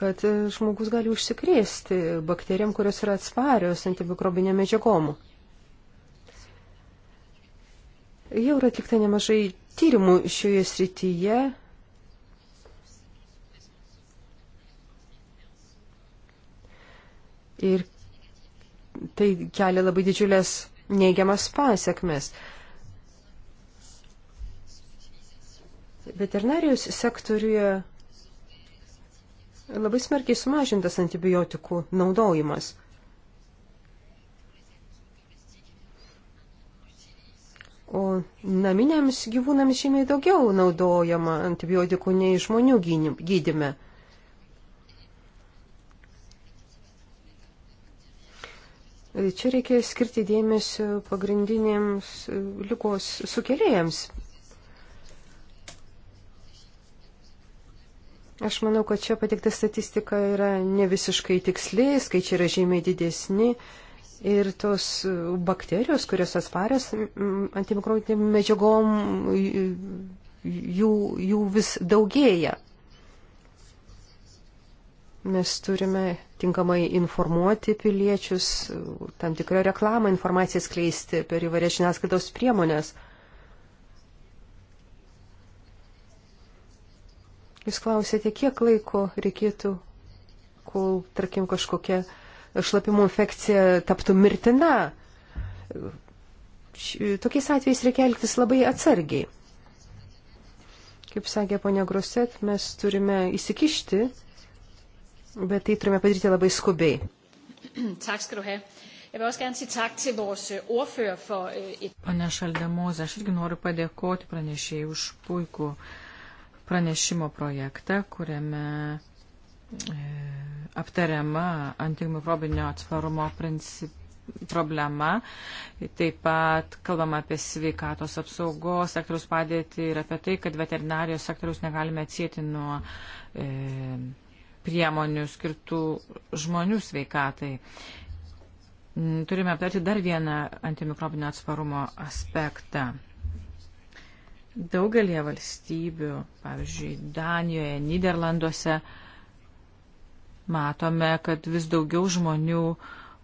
kad žmogus gali užsikrėsti bakterijam, kurios yra atsparios antimikrobinėm medžiagom. Jau yra atlikta nemažai tyrimų šioje srityje. Ir tai kelia labai didžiulės neigiamas pasiekmes. Veterinarijos sektoriuje labai smarkiai sumažintas antibiotikų naudojimas. O naminiams gyvūnams žymiai daugiau naudojama antibiotikų nei žmonių gydime. Čia reikia skirti dėmesio pagrindinėms lygos sukėlėjams. Aš manau, kad čia patikta statistika yra ne visiškai tiksli, skaičiai yra žymiai didesni. Ir tos bakterijos, kurios atsparios antimikrobinėm medžiagom, jų, jų vis daugėja. Mes turime tinkamai informuoti piliečius, tam tikrą reklamą informaciją skleisti per įvairias žiniasklaidos priemonės. Jūs klausėte, kiek laiko reikėtų, kol, tarkim, kažkokia šlapimo infekcija taptų mirtina. Tokiais atvejais reikia elgtis labai atsargiai. Kaip sakė ponia Groset, mes turime įsikišti, bet tai turime padaryti labai skubiai. Tak skal du have. Jeg vil også gerne sige tak til vores øh, ordfører for øh, et... Pane Šaldemoze, aš irgi noriu padėkoti pranešėjai už puikų pranešimo projektą, kuriame e, aptariama antimikrobinio atsparumo princip, problema. Taip pat kalbama apie sveikatos apsaugos sektoriaus padėtį ir apie tai, kad veterinarijos sektoriaus negalime atsėti nuo e, priemonių skirtų žmonių sveikatai. Mm, turime aptarti dar vieną antimikrobinio atsparumo aspektą. Daugelie valstybių, pavyzdžiui, Danijoje, Niderlanduose, e, matome, kad vis daugiau žmonių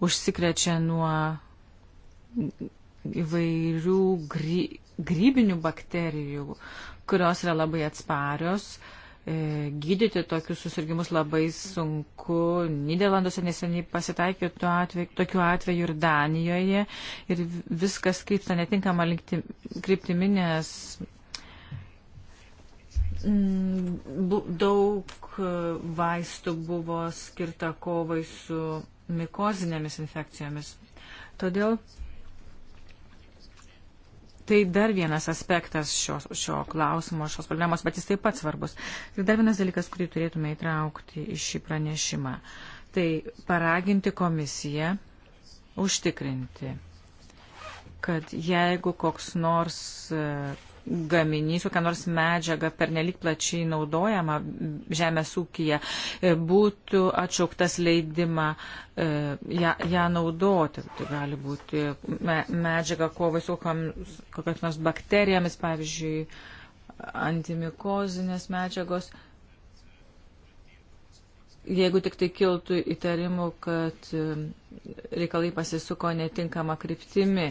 užsikrečia nuo įvairių gry, grybinių bakterijų, kurios yra labai atsparios. E, gydyti tokius susirgymus labai sunku. Niderlanduose neseniai pasitaikė atveju, tokių atvejų ir Danijoje. Ir viskas krypsta netinkama kryptimi, nes Mm, daug e, vaistų buvo skirta kovai su mikozinėmis infekcijomis. Todėl tai dar vienas aspektas šio, šio klausimo, šios problemos, bet jis taip pat svarbus. Ir dar vienas dalykas, kurį turėtume įtraukti į šį pranešimą, tai paraginti komisiją užtikrinti, kad jeigu koks nors e, gaminys, kokia nors medžiaga pernelik plačiai naudojama žemės ūkija, e, būtų atšauktas leidimą e, ją, ją naudoti. Tai gali būti medžiaga kovai su kokios nors bakterijomis, pavyzdžiui, antimikozinės medžiagos jeigu tik tai kiltų įtarimų, kad e, reikalai pasisuko netinkama kryptimi.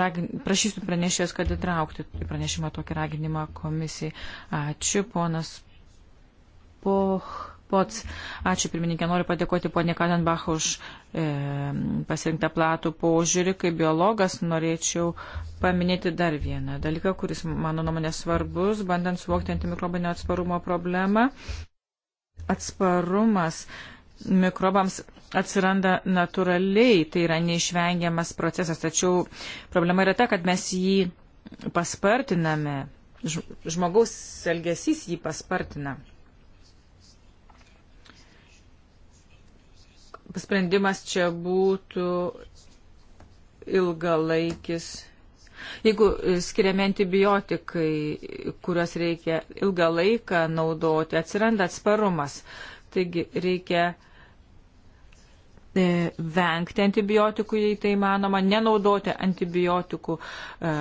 Ragin... Prašysiu pranešėjos, kad įtraukti į pranešimą tokį raginimą komisijai. Ačiū, ponas Poch. Pots. Ačiū, pirmininkė. Noriu padėkoti ponė Kadenbach už e, pasirinktą platų požiūrį. Kaip biologas norėčiau paminėti dar vieną dalyką, kuris, mano nuomonė, svarbus, bandant suvokti antimikrobinio atsparumo problemą atsparumas mikrobams atsiranda natūraliai, tai yra neišvengiamas procesas, tačiau problema yra ta, kad mes jį paspartiname, žmogaus elgesys jį paspartina. Sprendimas čia būtų ilgalaikis Jeigu e, skiriami antibiotikai, kuriuos reikia ilgą laiką naudoti, atsiranda atsparumas. Taigi reikia e, vengti antibiotikų, jei tai manoma, nenaudoti antibiotikų e,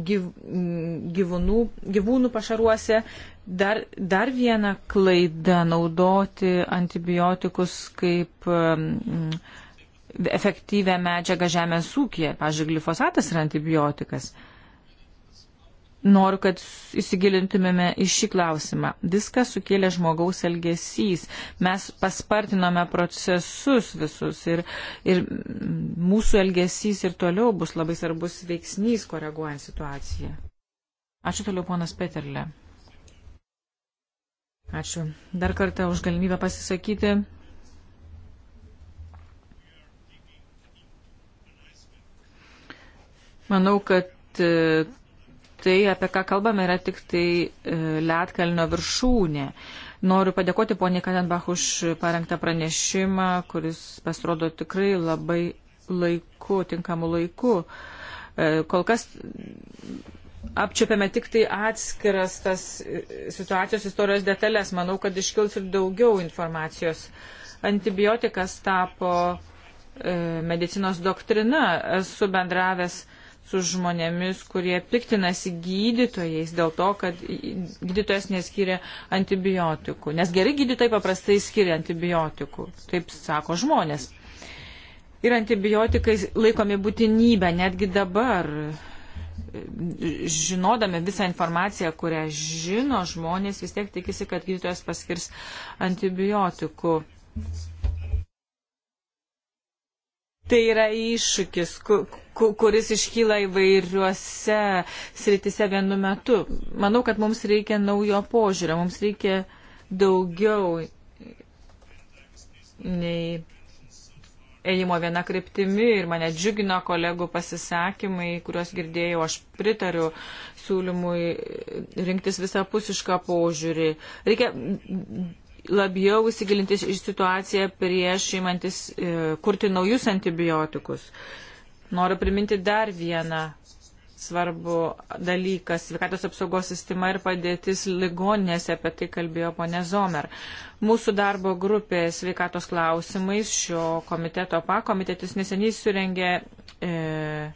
gyvūnų, gyvūnų pašaruose. Dar, dar viena klaida naudoti antibiotikus kaip efektyvę medžiagą žemės ūkėje. Pavyzdžiui, glifosatas yra antibiotikas. Noriu, kad įsigilintumėme į šį klausimą. Viskas sukėlė žmogaus elgesys. Mes paspartinome procesus visus ir, ir mūsų elgesys ir toliau bus labai svarbus veiksnys, koreguojant situaciją. Ačiū toliau, ponas Peterle. Ačiū dar kartą už galimybę pasisakyti. Manau, kad e, tai, apie ką kalbame, yra tik tai e, Lietkalnio viršūnė. Noriu padėkoti poniai Kadenbach už parengtą pranešimą, kuris pasirodo tikrai labai laiku, tinkamu laiku. E, kol kas apčiopėme tik tai atskiras tas situacijos istorijos detalės. Manau, kad iškils ir daugiau informacijos. Antibiotikas tapo medicinos doktrina. Esu bendravęs su žmonėmis, kurie piktinasi gydytojais dėl to, kad gydytojas neskiria antibiotikų. Nes geri gydytojai paprastai skiria antibiotikų. Taip sako žmonės. Ir antibiotikai laikomi būtinybę netgi dabar. Žinodami visą informaciją, kurią žino žmonės, vis tiek tikisi, kad gydytojas paskirs antibiotikų tai yra iššūkis, kuris iškyla įvairiuose sritise vienu metu. Manau, kad mums reikia naujo požiūrio, mums reikia daugiau nei ėjimo viena kryptimi ir mane džiugino kolegų pasisakymai, kuriuos girdėjau, aš pritariu siūlymui rinktis visapusišką požiūrį. Reikia labiau įsigilinti į situaciją prieš įmantis e, kurti naujus antibiotikus. Noriu priminti dar vieną svarbu dalykas - sveikatos apsaugos sistema ir padėtis ligoninėse, apie tai kalbėjo ponė Zomer. Mūsų darbo grupė sveikatos klausimais šio komiteto pakomitetis neseniai surengė e,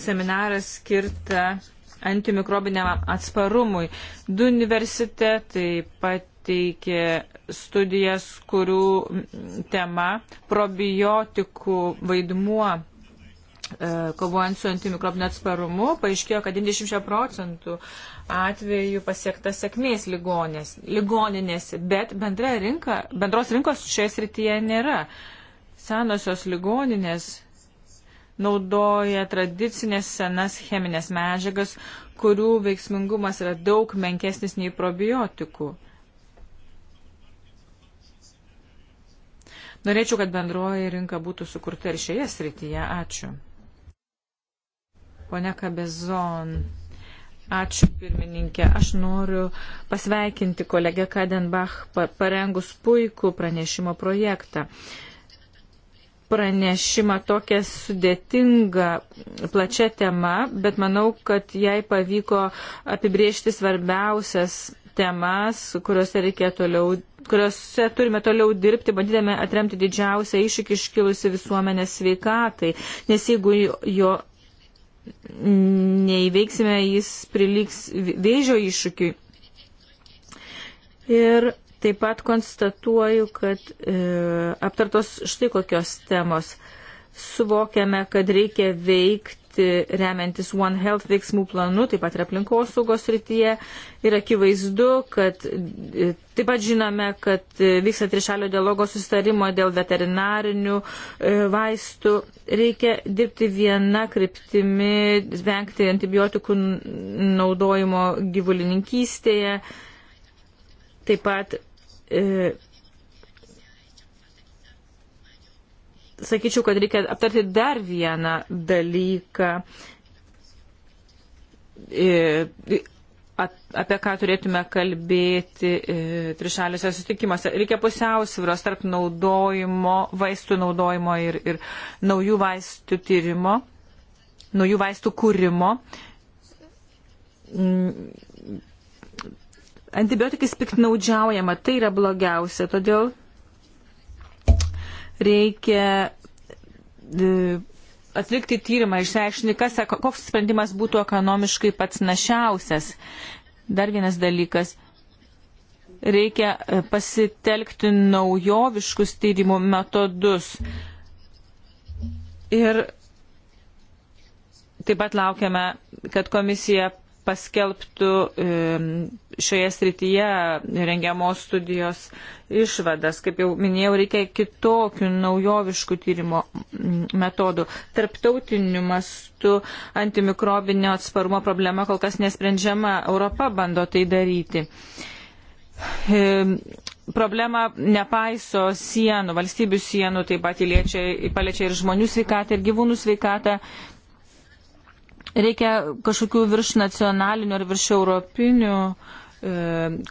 seminarą skirtą antimikrobiniam atsparumui. Du universitetai, pat pateikė studijas, kurių tema probiotikų vaidmuo e, kovojant su antimikrobinio atsparumu, paaiškėjo, kad 90 procentų atvejų pasiekta sėkmės ligonės, ligoninėse, bet bendra rinka, bendros rinkos šioje srityje nėra. Senosios ligoninės naudoja tradicinės senas cheminės medžiagas, kurių veiksmingumas yra daug menkesnis nei probiotikų. Norėčiau, kad bendroji rinka būtų sukurta ir šioje srityje. Ačiū. Pone Kabezon. Ačiū pirmininkė. Aš noriu pasveikinti kolegę Kadenbach parengus puikų pranešimo projektą pranešimą tokią sudėtingą, plačią temą, bet manau, kad jai pavyko apibriežti svarbiausias temas, kuriuose reikia toliau kuriuose turime toliau dirbti, bandydami atremti didžiausią iššūkį iškilusi visuomenės sveikatai, nes jeigu jo neįveiksime, jis priliks vėžio iššūkiui. Ir taip pat konstatuoju, kad e, aptartos štai kokios temos. Suvokiame, kad reikia veikti veikti remiantis One Health veiksmų planu, taip pat ir aplinkosaugos rytyje. Ir akivaizdu, kad e, taip pat žinome, kad e, vyksta trišalio dialogo sustarimo dėl veterinarinių e, vaistų. Reikia dirbti vieną kryptimi, vengti antibiotikų naudojimo gyvulininkystėje. Taip pat sakyčiau, kad reikia aptarti dar vieną dalyką, apie ką turėtume kalbėti trišalėse sutikimuose. Reikia pusiausvyros tarp naudojimo, vaistų naudojimo ir, ir naujų vaistų tyrimo, naujų vaistų kūrimo. Antibiotikais piktnaudžiaujama, tai yra blogiausia, todėl reikia e, atlikti tyrimą, išsiaiškinti, koks sprendimas būtų ekonomiškai pats našiausias. Dar vienas dalykas. Reikia e, pasitelkti naujoviškus tyrimų metodus. Ir taip pat laukiame, kad komisija paskelbtų šioje srityje rengiamos studijos išvadas. Kaip jau minėjau, reikia kitokių naujoviškų tyrimo metodų. Tarptautiniu mastu antimikrobinio atsparumo problema kol kas nesprendžiama. Europa bando tai daryti. Problema nepaiso sienų, valstybių sienų, taip pat įliečia, paliečia ir žmonių sveikatą, ir gyvūnų sveikatą reikia kažkokių virš nacionalinių ar virš europinių e,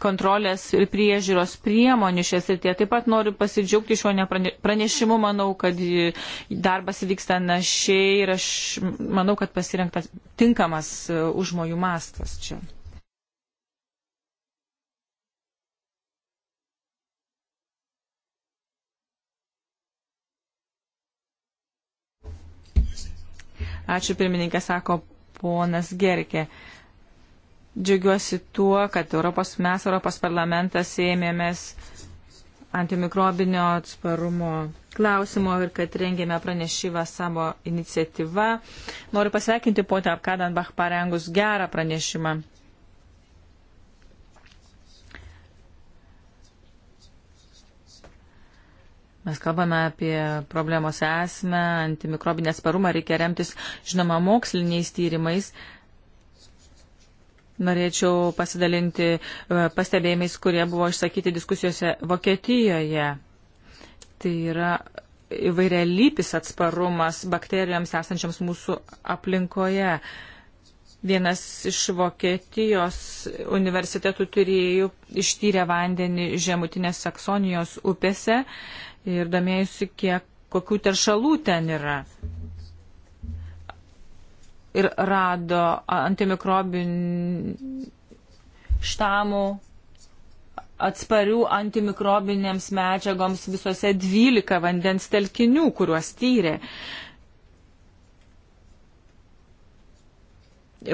kontrolės ir priežiūros priemonių šią srityje. Taip pat noriu pasidžiaugti šiuo pranešimu, manau, kad darbas vyksta našiai ir aš manau, kad pasirinktas tinkamas e, užmojų mastas čia. Ačiū pirmininkė, sako ponas Gerke. Džiugiuosi tuo, kad Europos, mes, Europos parlamentas, ėmėmės antimikrobinio atsparumo klausimo ir kad rengėme pranešyvą savo iniciatyvą. Noriu pasveikinti potę Apkadanbach parengus gerą pranešimą. Mes kalbame apie problemos esmę, antimikrobinę sparumą, reikia remtis, žinoma, moksliniais tyrimais. Norėčiau pasidalinti e, pastebėjimais, kurie buvo išsakyti diskusijose Vokietijoje. Tai yra įvairialypis atsparumas bakterijoms esančiams mūsų aplinkoje. Vienas iš Vokietijos universitetų turėjų ištyrę vandenį žemutinės Saksonijos upėse ir domėjusi, kiek, kokių teršalų ten yra. Ir rado antimikrobin štamų atsparių antimikrobinėms medžiagoms visose 12 vandens telkinių, kuriuos tyrė.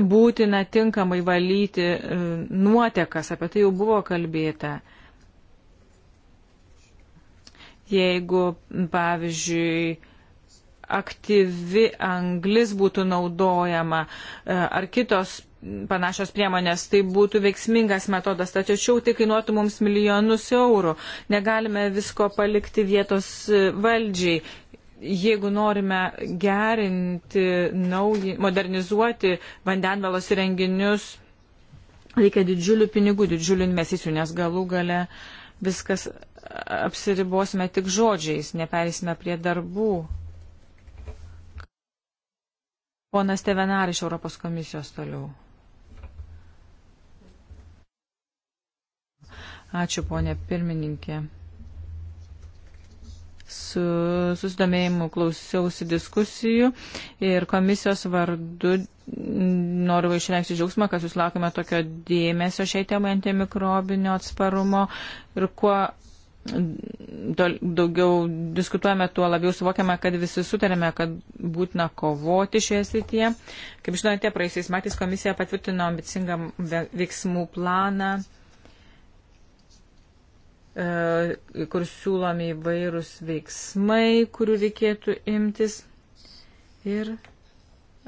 Būtina tinkamai valyti e, nuotekas, apie tai jau buvo kalbėta jeigu, pavyzdžiui, aktyvi anglis būtų naudojama e, ar kitos panašios priemonės, tai būtų veiksmingas metodas, tačiau tai kainuotų mums milijonus eurų. Negalime visko palikti vietos e, valdžiai. Jeigu norime gerinti, nauji, modernizuoti vandenvalos įrenginius, reikia didžiulių pinigų, didžiulių investicijų, nes galų gale viskas apsiribosime tik žodžiais, neperėsime prie darbų. Ponas Tevenar iš Europos komisijos toliau. Ačiū, ponė pirmininkė. Su susidomėjimu klausiausi diskusijų ir komisijos vardu noriu išreikšti džiaugsmą, kad jūs laukime tokio dėmesio šiai temai antimikrobinio atsparumo ir kuo daugiau diskutuojame, tuo labiau suvokiame, kad visi sutarėme, kad būtina kovoti šioje srityje. Kaip žinote, praeisiais metais komisija patvirtino ambicingą veiksmų planą, e, kur siūlomi įvairūs veiksmai, kurių reikėtų imtis. Ir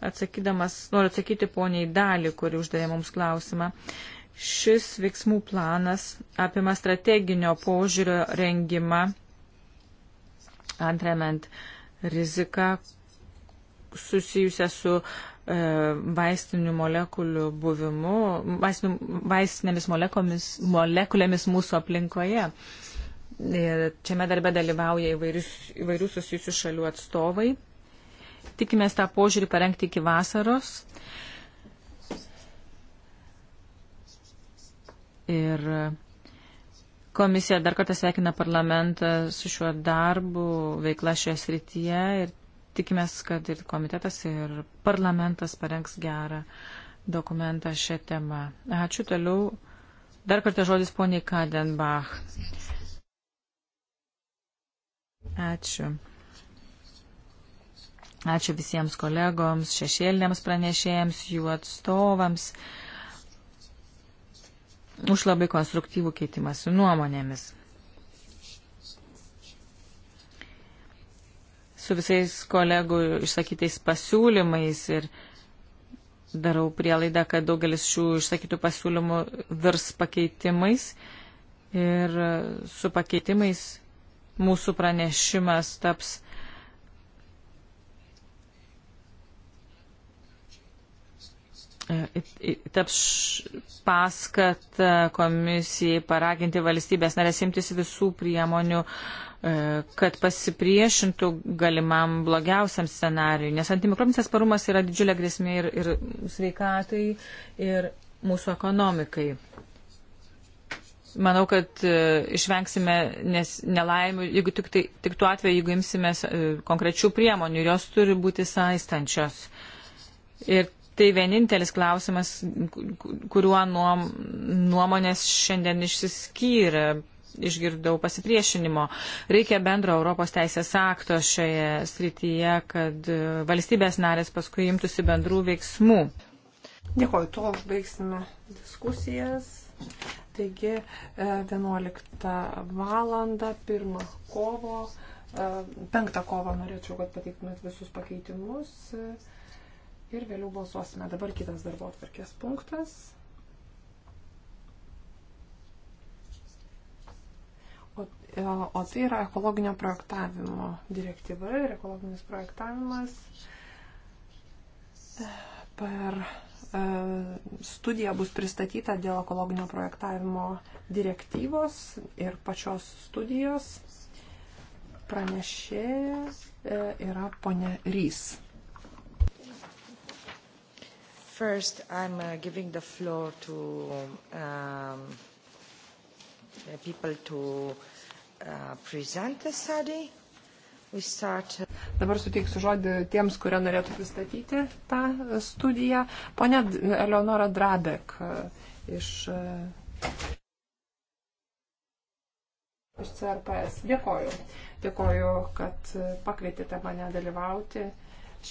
atsakydamas, noriu atsakyti poniai dalį, kuri uždavė mums klausimą. Uh, Šis veiksmų planas apima strateginio požiūrio rengimą, antrament riziką susijusią su e, vaistinių molekulių buvimu, vaistinių, vaistinėmis molekulėmis mūsų aplinkoje. Ir čiame darbe dalyvauja įvairius, įvairių susijusių šalių atstovai. Tikimės tą požiūrį parengti iki vasaros. E, Ir komisija dar kartą sveikina parlamentą su šiuo darbu, veikla šioje srityje ir tikimės, kad ir komitetas, ir parlamentas parengs gerą dokumentą šią temą. Ačiū toliau. Dar kartą žodis poniai Kadenbach. Ačiū. Ačiū visiems kolegoms, šešėliniams pranešėjams, jų atstovams už labai konstruktyvų keitimąsi nuomonėmis. Su visais kolegų išsakytais pasiūlymais ir darau prielaidą, kad daugelis šių išsakytų pasiūlymų virs pakeitimais ir su pakeitimais mūsų pranešimas taps E, taps paskat e, komisijai paraginti valstybės narės imtis visų priemonių, e, kad pasipriešintų galimam blogiausiam scenariui, nes antimikrobinis atsparumas yra didžiulė grėsmė ir, ir sveikatai, ir mūsų ekonomikai. Manau, kad išvengsime nelaimių, jeigu tik, tai, tik tuo atveju, jeigu imsime konkrečių priemonių ir jos turi būti saistančios. Ir tai vienintelis klausimas, kuriuo nuom, nuomonės šiandien išsiskyrė. Išgirdau pasipriešinimo. Reikia bendro Europos teisės akto šioje srityje, kad e, valstybės narės paskui imtųsi bendrų veiksmų. Dėkoju, tuo užbaigsime diskusijas. Taigi 11 e, valandą, 1 kovo, 5 e, kovo norėčiau, kad pateiktumėt visus pakeitimus ir vėliau balsuosime. Dabar kitas darbo atvarkės punktas. O, e, o tai yra ekologinio projektavimo direktyva ir ekologinis projektavimas e, per e, studija bus pristatyta dėl ekologinio projektavimo direktyvos ir pačios studijos pranešėja yra ponia Rys. First, I'm uh, giving the floor to um, people to uh, present the study. We start... Uh, Dabar suteiksiu žodį tiems, kurie norėtų pristatyti tą uh, studiją. Pone Eleonora Drabek uh, iš, iš CRPS. Dėkoju. Dėkoju, kad pakvietėte mane dalyvauti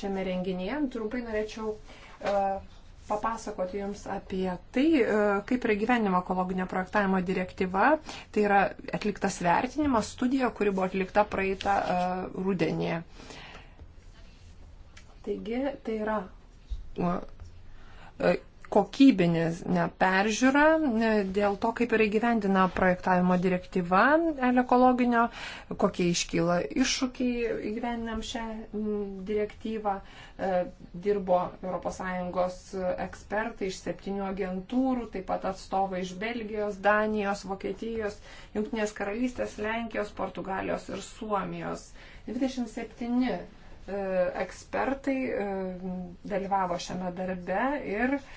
šiame renginyje. Trumpai norėčiau uh, papasakoti Jums apie tai, e, kaip yra gyvenimo ekologinio projektavimo direktyva. Tai yra atliktas vertinimas, studija, kuri buvo atlikta praeitą e, rudenį. Taigi, tai yra e, kokybinį ne, peržiūrą dėl to, kaip yra įgyvendina projektavimo direktyva ekologinio, kokie iškyla iššūkiai įgyvendinam šią direktyvą. E, dirbo ES ekspertai iš septynių agentūrų, taip pat atstovai iš Belgijos, Danijos, Vokietijos, Junktinės karalystės, Lenkijos, Portugalijos ir Suomijos. 27 e, ekspertai e, dalyvavo šiame darbe ir uh,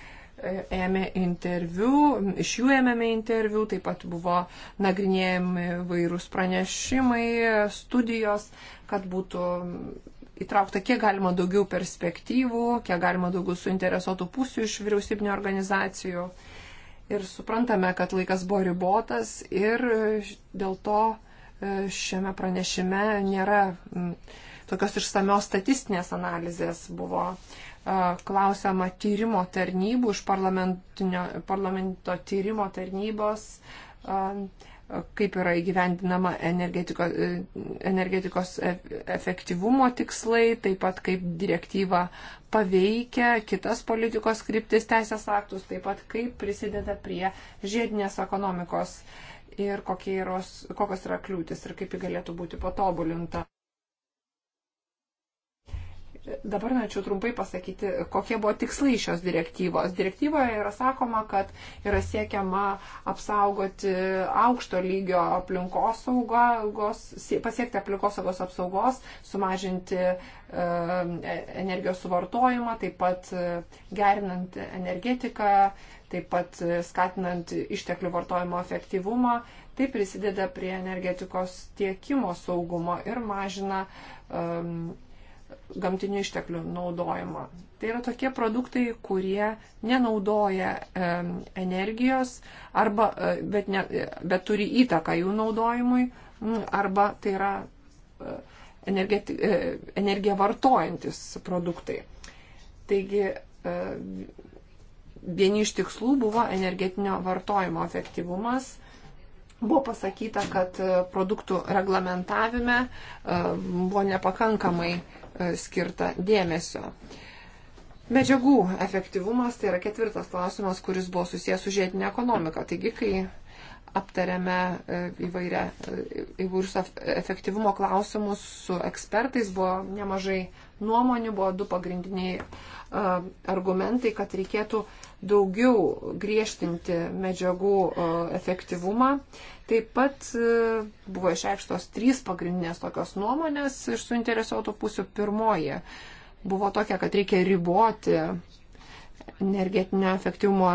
ėmė interviu, iš jų ėmėme interviu, taip pat buvo nagrinėjami vairūs pranešimai, studijos, kad būtų įtraukta kiek galima daugiau perspektyvų, kiek galima daugiau suinteresuotų pusių iš vyriausybinio organizacijų. Ir suprantame, kad laikas buvo ribotas ir dėl to e, šiame pranešime nėra tokios išsamios statistinės analizės. Buvo uh, klausiama tyrimo tarnybų, iš parlamento tyrimo tarnybos, kaip yra įgyvendinama energetikos, e, energetikos e, efektyvumo tikslai, taip pat kaip direktyva paveikia kitas politikos kryptis teisės aktus, taip pat kaip prisideda prie žiedinės ekonomikos ir yra, kokios yra kliūtis ir kaip ji galėtų būti patobulinta. Dabar norėčiau trumpai pasakyti, kokie buvo tikslai šios direktyvos. Direktyvoje yra sakoma, kad yra siekiama apsaugoti aukšto lygio aplinkosaugos, pasiekti aplinkosaugos apsaugos, sumažinti e, energijos suvartojimą, taip pat e, gerinant energetiką, taip pat e, skatinant išteklių vartojimo efektyvumą, tai prisideda prie energetikos tiekimo saugumo ir mažina um, gamtinių išteklių naudojimą. Tai yra tokie produktai, kurie nenaudoja e, energijos, arba, e, bet, ne, bet turi įtaką jų naudojimui, arba tai yra e, energeti, e, energiją vartojantis produktai. Taigi e, vieni iš tikslų buvo energetinio vartojimo efektyvumas buvo pasakyta, kad e, produktų reglamentavime e, buvo nepakankamai E, skirta dėmesio. Medžiagų efektyvumas tai yra ketvirtas klausimas, kuris buvo susijęs su žiedinė ekonomika. Taigi, kai aptarėme e, įvairią, e, įvairius efektyvumo klausimus su ekspertais, buvo nemažai nuomonių buvo du pagrindiniai e, argumentai, kad reikėtų daugiau griežtinti medžiagų e, efektyvumą. Taip pat e, buvo išreikštos trys pagrindinės tokios nuomonės iš suinteresuotų pusių. Pirmoji buvo tokia, kad reikia riboti energetinio efektyvumo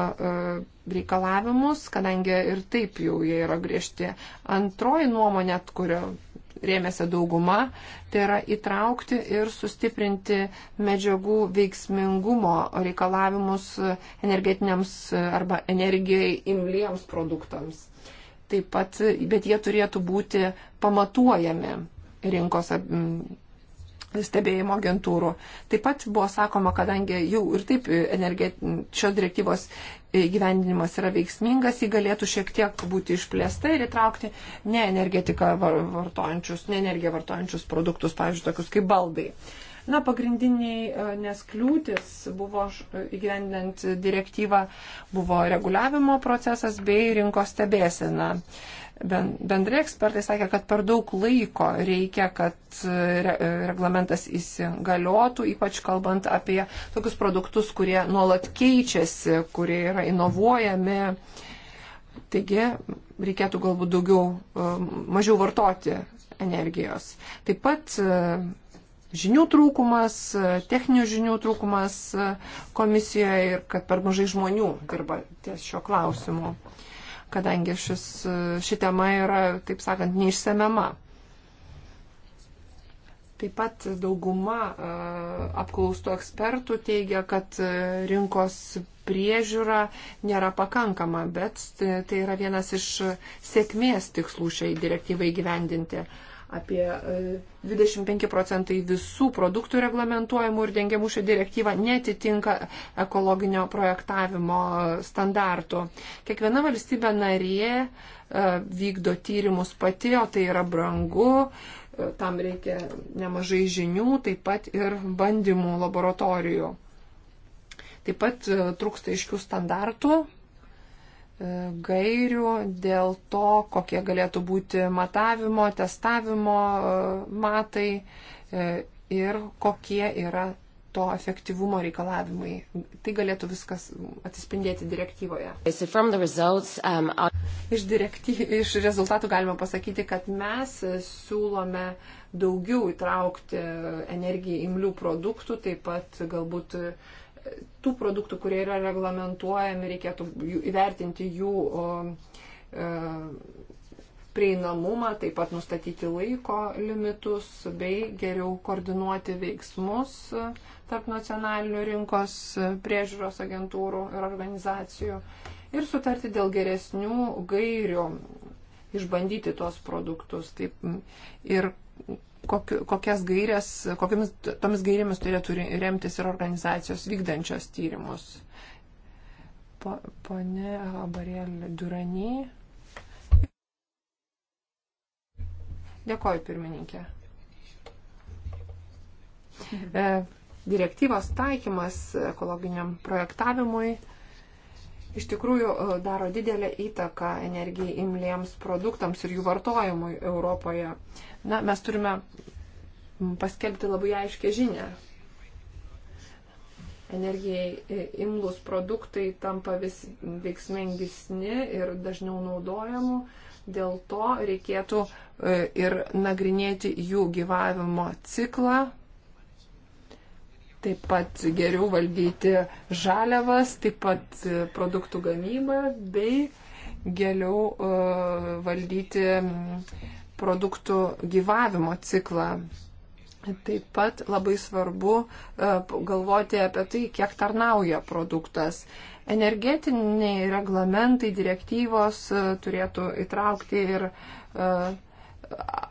reikalavimus, kadangi ir taip jau jie yra griežti. Antroji nuomonė, kurio rėmėsi dauguma, tai yra įtraukti ir sustiprinti medžiagų veiksmingumo reikalavimus energetiniams arba energijai imliems produktams. Taip pat, bet jie turėtų būti pamatuojami rinkos stebėjimo agentūrų. Taip pat buvo sakoma, kadangi jau ir taip e, energet... šios direktyvos e, gyvendinimas yra veiksmingas, jį galėtų šiek tiek būti išplėsta ir įtraukti ne energetiką vartojančius, ne energiją vartojančius produktus, pavyzdžiui, tokius kaip baldai. Uh, Na, pagrindiniai e, neskliūtis buvo e, įgyvendinant direktyvą, buvo reguliavimo procesas bei rinkos stebėsena. Bendrai ekspertai sakė, kad per daug laiko reikia, kad e, re reglamentas įsigaliotų, ypač kalbant apie tokius produktus, kurie nuolat keičiasi, kurie yra inovuojami. Taigi reikėtų galbūt daugiau, mažiau vartoti energijos. Taip pat žinių trūkumas, techninių žinių trūkumas komisijoje ir kad per mažai žmonių dirba ties šio klausimu, kadangi šis, ši tema yra, taip sakant, neišsemiama. Taip pat dauguma apklaustų ekspertų teigia, kad rinkos priežiūra nėra pakankama, bet e, tai yra vienas iš sėkmės tikslų šiai direktyvai gyvendinti. Apie 25 e, procentai visų produktų reglamentuojamų ir dengiamų šią direktyvą netitinka ekologinio projektavimo standartų. Kiekviena valstybė narė e, vykdo tyrimus pati, o tai yra brangu e, tam reikia nemažai žinių, taip pat ir bandymų laboratorijų. Taip pat trūksta iškių standartų, E, gairių dėl to, kokie galėtų būti matavimo, testavimo e, matai e, ir kokie yra to efektyvumo reikalavimai. Tai galėtų viskas atsispindėti direktyvoje. Um, iš, direktyv, iš rezultatų galima pasakyti, kad mes siūlome daugiau įtraukti energijai imlių produktų, taip pat galbūt uh, tų produktų, kurie yra reglamentuojami, reikėtų įvertinti jų e, prieinamumą, taip pat nustatyti laiko limitus bei geriau koordinuoti veiksmus tarp nacionalinių rinkos priežiūros agentūrų ir organizacijų ir sutarti dėl geresnių gairių, išbandyti tuos produktus taip, ir kokias gairias, kokiamis tomis gairėmis turėtų remtis ir organizacijos vykdančios tyrimus. Po, pone Barėlė Durany. Dėkoju, pirmininkė. E, direktyvos taikymas ekologiniam projektavimui iš tikrųjų e, daro didelę įtaką energijai imliems produktams ir jų vartojimui Europoje. Na, mes turime paskelbti labai aiškę žinę. Energijai e, imlus produktai tampa vis veiksmingesni ir dažniau naudojamų. Dėl to reikėtų e, ir nagrinėti jų gyvavimo ciklą, taip pat geriau valdyti žaliavas, taip pat e, produktų gamybą bei geriau valdyti produktų gyvavimo ciklą. Taip pat labai svarbu e, galvoti apie tai, kiek tarnauja produktas. Energetiniai reglamentai, direktyvos e, turėtų įtraukti ir e,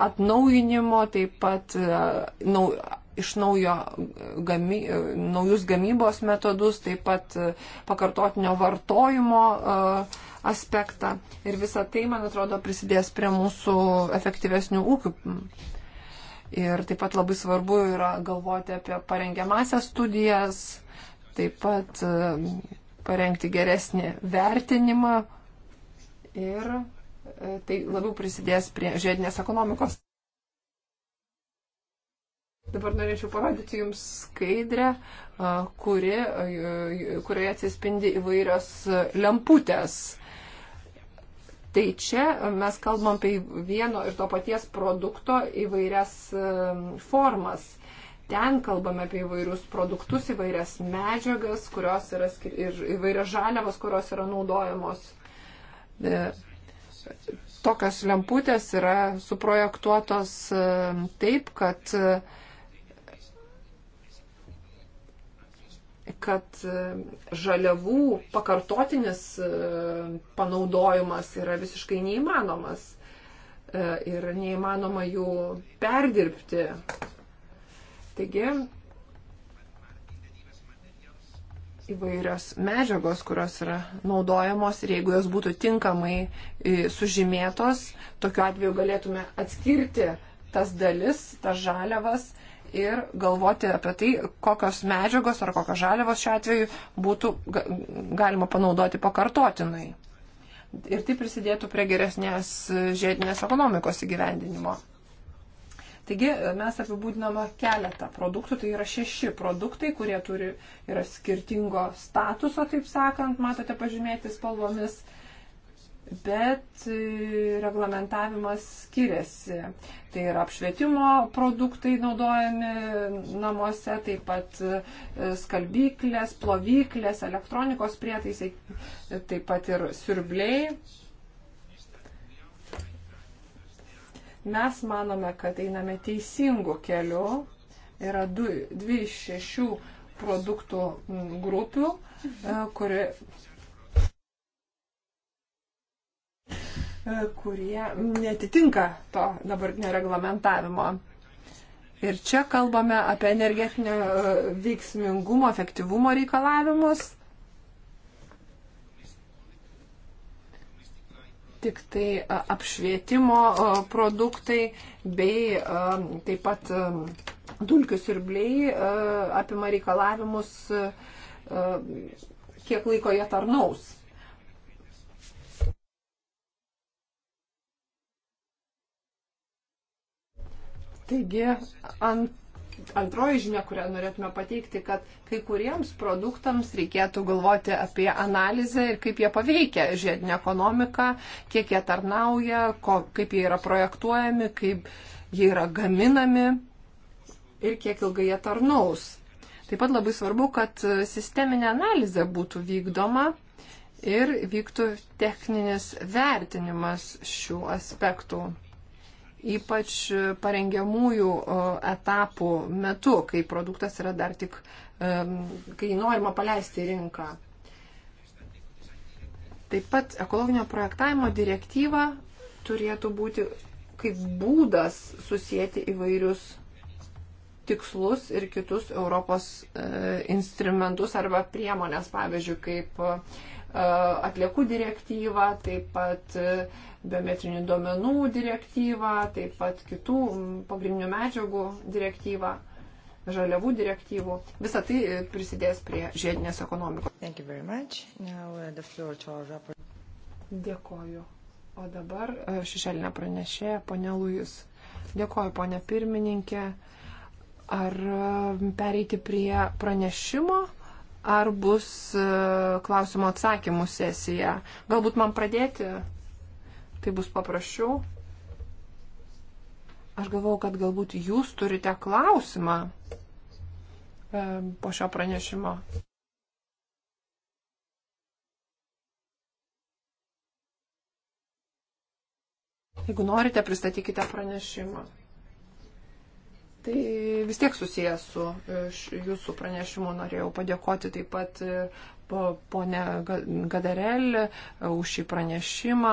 atnaujinimo, taip pat nau, iš naujo gamy, naujus gamybos metodus, taip pat pakartotinio vartojimo uh, aspektą. Ir visa tai, man atrodo, prisidės prie mūsų efektyvesnių ūkių. Ir taip pat labai svarbu yra galvoti apie parengiamąsias studijas, taip pat e, parengti geresnį vertinimą ir e, tai labiau prisidės prie žiedinės ekonomikos. Dabar norėčiau parodyti Jums skaidrę, e, kuri, kurioje atsispindi įvairios lemputės. Tai čia mes kalbam apie vieno ir to paties produkto įvairias e, formas. Ten kalbame apie įvairius produktus, įvairias medžiagas, kurios yra ir įvairias žaliavas, kurios yra naudojamos. E, tokios lemputės yra suprojektuotos e, taip, kad kad e, žaliavų pakartotinis e, panaudojimas yra visiškai neįmanomas e, ir neįmanoma jų perdirbti. Taigi įvairios medžiagos, kurios yra naudojamos ir jeigu jos būtų tinkamai sužymėtos, tokiu atveju galėtume atskirti tas dalis, tas žaliavas ir galvoti apie tai, kokios medžiagos ar kokios žaliavos šiuo atveju būtų galima panaudoti pakartotinai. Ir tai prisidėtų prie geresnės žiedinės ekonomikos įgyvendinimo. Taigi mes apibūdiname keletą produktų, tai yra šeši produktai, kurie turi, yra skirtingo statuso, taip sakant, matote pažymėti spalvomis. Uh, bet e, reglamentavimas skiriasi. Tai yra apšvietimo produktai naudojami namuose, taip pat e, skalbyklės, plovyklės, elektronikos prietaisai, taip pat ir siurbliai. Mes manome, kad einame teisingu keliu. Yra du, dvi iš šešių produktų grupių, e, kuri, kurie netitinka to dabartinio reglamentavimo. Ir čia kalbame apie energetinio e, veiksmingumo, efektyvumo reikalavimus. Tik tai e, apšvietimo e, produktai bei taip pat dulkių siurbliai apima reikalavimus, kiek laiko jie tarnaus. Taigi ant, antroji žinia, kurią norėtume pateikti, kad kai kuriems produktams reikėtų galvoti apie analizę ir kaip jie paveikia žiedinę ekonomiką, kiek jie tarnauja, ko, kaip jie yra projektuojami, kaip jie yra gaminami ir kiek ilgai jie tarnaus. Taip pat labai svarbu, kad sisteminė analizė būtų vykdoma ir vyktų techninis vertinimas šių aspektų ypač parengiamųjų e, etapų metu, kai produktas yra dar tik, e, kai norima paleisti rinką. Taip pat ekologinio projektavimo direktyva turėtų būti kaip būdas susijęti įvairius tikslus ir kitus Europos e, instrumentus arba priemonės, pavyzdžiui, kaip atliekų direktyvą, taip pat e, biometrinių duomenų direktyvą, taip pat kitų pagrindinių medžiagų direktyvą, žaliavų direktyvų. Visa tai e, prisidės prie žiedinės ekonomikos. Uh, Dėkoju. O dabar e, šešėlinė pranešė, ponė Lujus. Dėkoju, ponė pirmininkė. Ar pereiti prie pranešimo? ar bus e, klausimo atsakymų sesija. Galbūt man pradėti, tai bus paprasčiau. Aš galvau, kad galbūt jūs turite klausimą e, po šio pranešimo. Jeigu norite, pristatykite pranešimą. Tai vis tiek susijęs su e, jūsų pranešimu. Norėjau padėkoti taip pat e, ponę Gadarelį e, už šį pranešimą,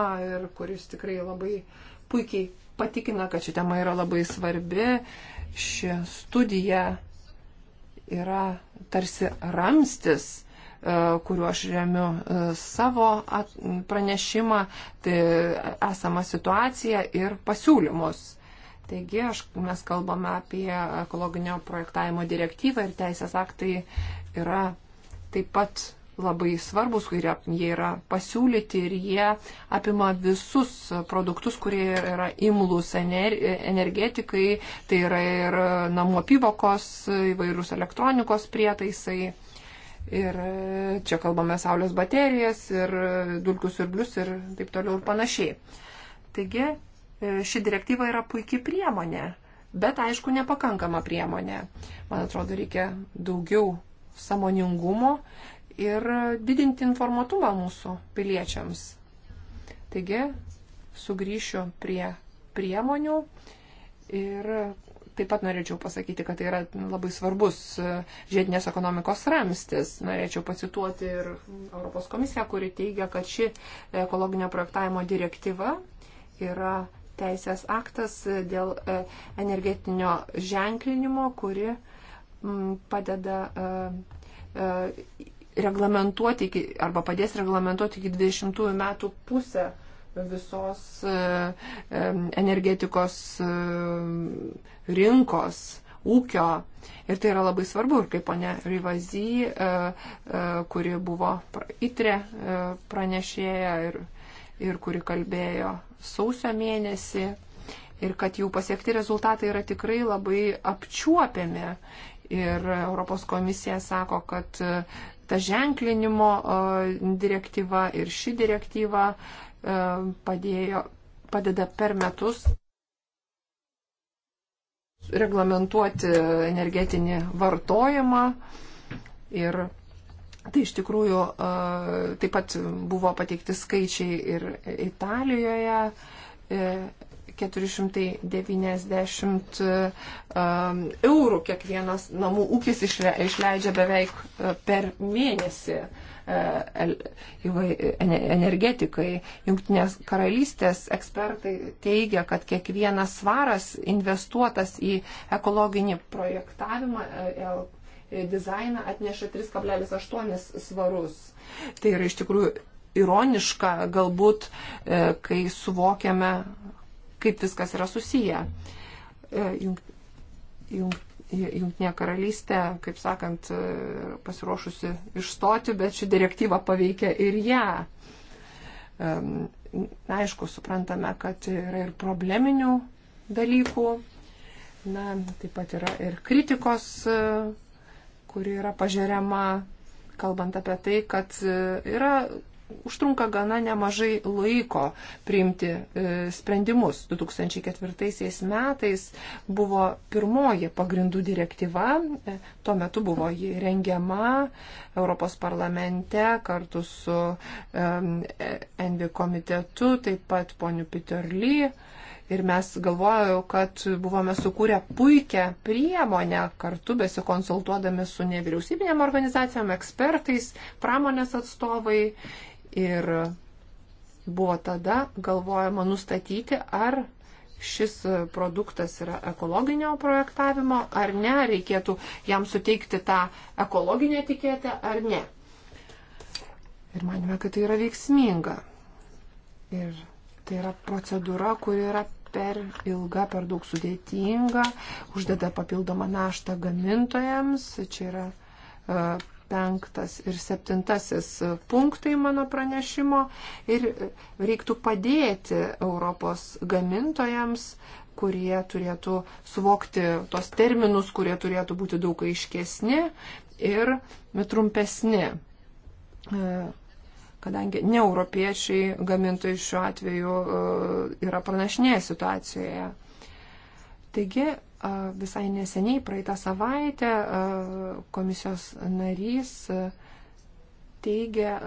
kuris tikrai labai puikiai patikina, kad ši tema yra labai svarbi. Ši studija yra tarsi ramstis kuriuo aš remiu savo pranešimą, tai esamą situaciją ir pasiūlymus Taigi, aš, mes kalbame apie ekologinio projektavimo direktyvą ir teisės aktai yra taip pat labai svarbus, kurie jie yra pasiūlyti ir jie apima visus produktus, kurie yra imlus energetikai, tai yra ir namų apyvokos, įvairūs elektronikos prietaisai. Ir čia kalbame saulės baterijas ir dulkius ir blius ir taip toliau ir panašiai. Taigi E, ši direktyva yra puikiai priemonė, bet aišku nepakankama priemonė. Man atrodo, reikia daugiau samoningumo ir didinti informatumą mūsų piliečiams. Taigi, sugrįšiu prie priemonių ir taip pat norėčiau pasakyti, kad tai yra labai svarbus e, žiedinės ekonomikos ramstis. Norėčiau pacituoti ir Europos komisiją, kuri teigia, kad ši ekologinio projektavimo direktyva yra teisės aktas dėl e, energetinio ženklinimo, kuri mm, padeda e, e, reglamentuoti iki, arba padės reglamentuoti iki 20 metų pusę visos energetikos rinkos, ūkio. Ir tai yra labai svarbu, ir kaip ponė Rivazy, kuri buvo itre pranešėja ir pranešėja, ir kuri kalbėjo sausio mėnesį ir kad jų pasiekti rezultatai yra tikrai labai apčiuopiami. Ir Europos komisija sako, kad e, ta ženklinimo e, direktyva ir ši direktyva e, padėjo, padeda per metus reglamentuoti energetinį vartojimą ir Tai iš tikrųjų taip pat buvo pateikti skaičiai ir Italijoje. 490 e, eurų kiekvienas namų ūkis išleidžia beveik per mėnesį energetikai. Junktinės karalystės ekspertai teigia, kad kiekvienas svaras investuotas į ekologinį projektavimą e, E, dizainą atneša 3,8 svarus. Tai yra iš tikrųjų ironiška galbūt, e, kai suvokiame, kaip viskas yra susiję. E, jung, jung, Junktinė karalystė, kaip sakant, pasiruošusi išstoti, bet ši direktyva paveikia ir ją. Na, aišku, suprantame, kad yra ir probleminių dalykų, na, taip pat yra ir kritikos kuri yra pažiūrėma, kalbant apie tai, kad e, yra užtrunka gana nemažai laiko priimti e, sprendimus. 2004 metais buvo pirmoji pagrindų direktyva, e, tuo metu buvo ji rengiama Europos parlamente kartu su Envi komitetu, taip pat poniu Peter Lee Ir mes galvojau, kad buvome sukūrę puikią priemonę kartu besikonsultuodami su nevyriausybinėm organizacijom, ekspertais, pramonės atstovai. Ir buvo tada galvojama nustatyti, ar šis produktas yra ekologinio projektavimo, ar ne, reikėtų jam suteikti tą ekologinę etiketę, ar ne. Ir manime, kad tai yra veiksminga. Ir tai yra procedūra, kuri yra per ilga, per daug sudėtinga, uždeda papildomą naštą gamintojams. Čia yra e, penktas ir septintasis e, punktai mano pranešimo. Ir e, reiktų padėti Europos gamintojams kurie turėtų suvokti tos terminus, kurie turėtų būti daug aiškesni ir trumpesni kadangi neeuropiečiai gamintojai šiuo atveju e, yra pranašinėje situacijoje. Taigi e, visai neseniai, praeitą savaitę, e, komisijos narys teigia,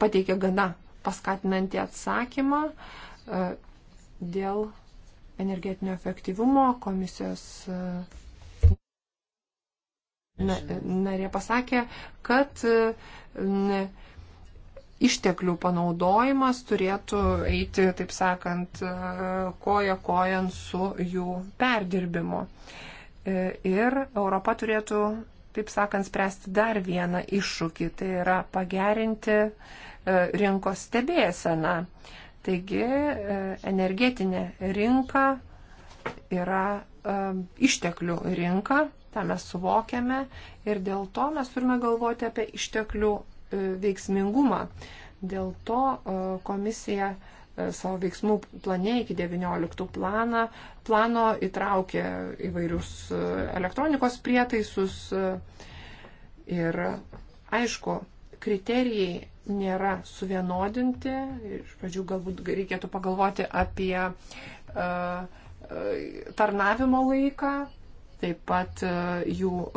pateikė gana paskatinantį atsakymą dėl energetinio efektyvumo komisijos narė pasakė, kad e, išteklių panaudojimas turėtų eiti, taip sakant, e, koja kojan su jų perdirbimu. E, ir Europa turėtų, taip sakant, spręsti dar vieną iššūkį, tai yra pagerinti rinkos stebėseną. Taigi energetinė rinka yra išteklių rinka, tą mes suvokiame ir dėl to mes turime galvoti apie išteklių e, veiksmingumą. Dėl to e, komisija e, savo veiksmų plane iki 19 planą, plano įtraukė įvairius elektronikos prietaisus ir aišku, kriterijai nėra suvienodinti. Iš pradžių galbūt reikėtų pagalvoti apie uh, tarnavimo laiką, taip pat e, jų e,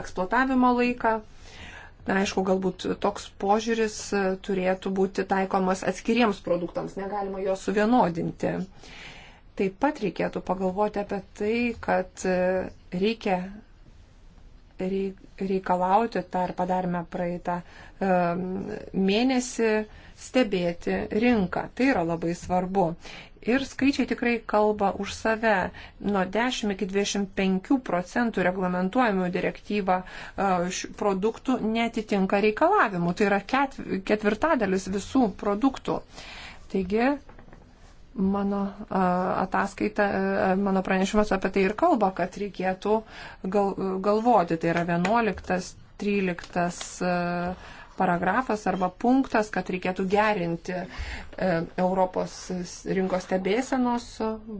eksploatavimo laiką. Na, aišku, galbūt toks požiūris e, turėtų būti taikomas atskiriems produktams, negalima jo suvienodinti. Taip pat reikėtų pagalvoti apie tai, kad reikia reikalauti, tą ir padarėme praeitą mėnesį, stebėti rinką. Tai yra labai svarbu. Ir skaičiai tikrai kalba už save. Nuo 10 iki 25 procentų reglamentuojamų direktyvą e, produktų netitinka reikalavimų. Tai yra ketvirtadalis visų produktų. Taigi mano e, ataskaita, e, mano pranešimas apie tai ir kalba, kad reikėtų gal, galvoti. Tai yra 11, 13 paragrafas arba punktas, kad reikėtų gerinti e, Europos rinkos stebėsenos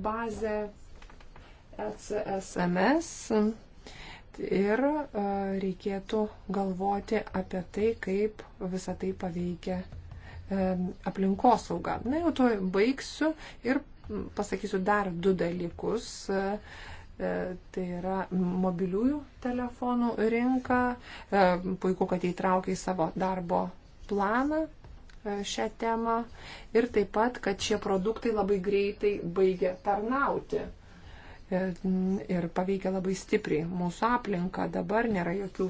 bazę ECSMS. Ir e, reikėtų galvoti apie tai, kaip visą tai paveikia e, aplinkosaugą. Na jau to baigsiu ir pasakysiu dar du dalykus, E, tai yra mobiliųjų telefonų rinka. E, puiku, kad įtraukia į savo darbo planą e, šią temą ir taip pat, kad šie produktai labai greitai baigia tarnauti ir paveikia labai stipriai mūsų aplinką. Dabar nėra jokių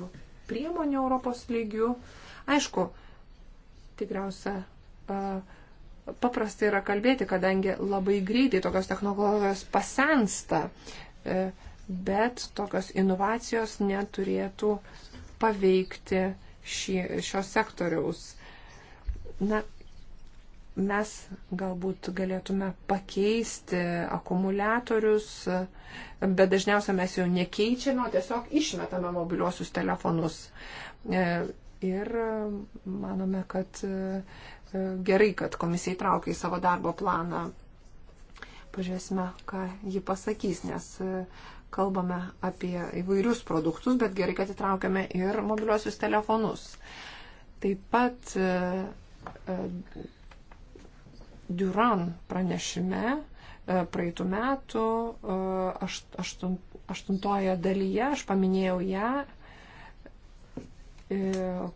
priemonių Europos lygių. Aišku, tikriausia paprasta yra kalbėti, kadangi labai greitai tokios technologijos pasensta. E, bet tokios inovacijos neturėtų paveikti šį, šios sektoriaus. Na, mes galbūt galėtume pakeisti akumuliatorius, bet dažniausiai mes jau nekeičiame, o tiesiog išmetame mobiliuosius telefonus. E, ir manome, kad e, gerai, kad komisija įtraukia į savo darbo planą Pažiūrėsime, ką ji pasakys, nes e, kalbame apie įvairius produktus, bet gerai, kad įtraukiame ir mobiliuosius telefonus. Taip pat e, e, Duran pranešime praeitų metų aštuntoje dalyje, aš paminėjau ją,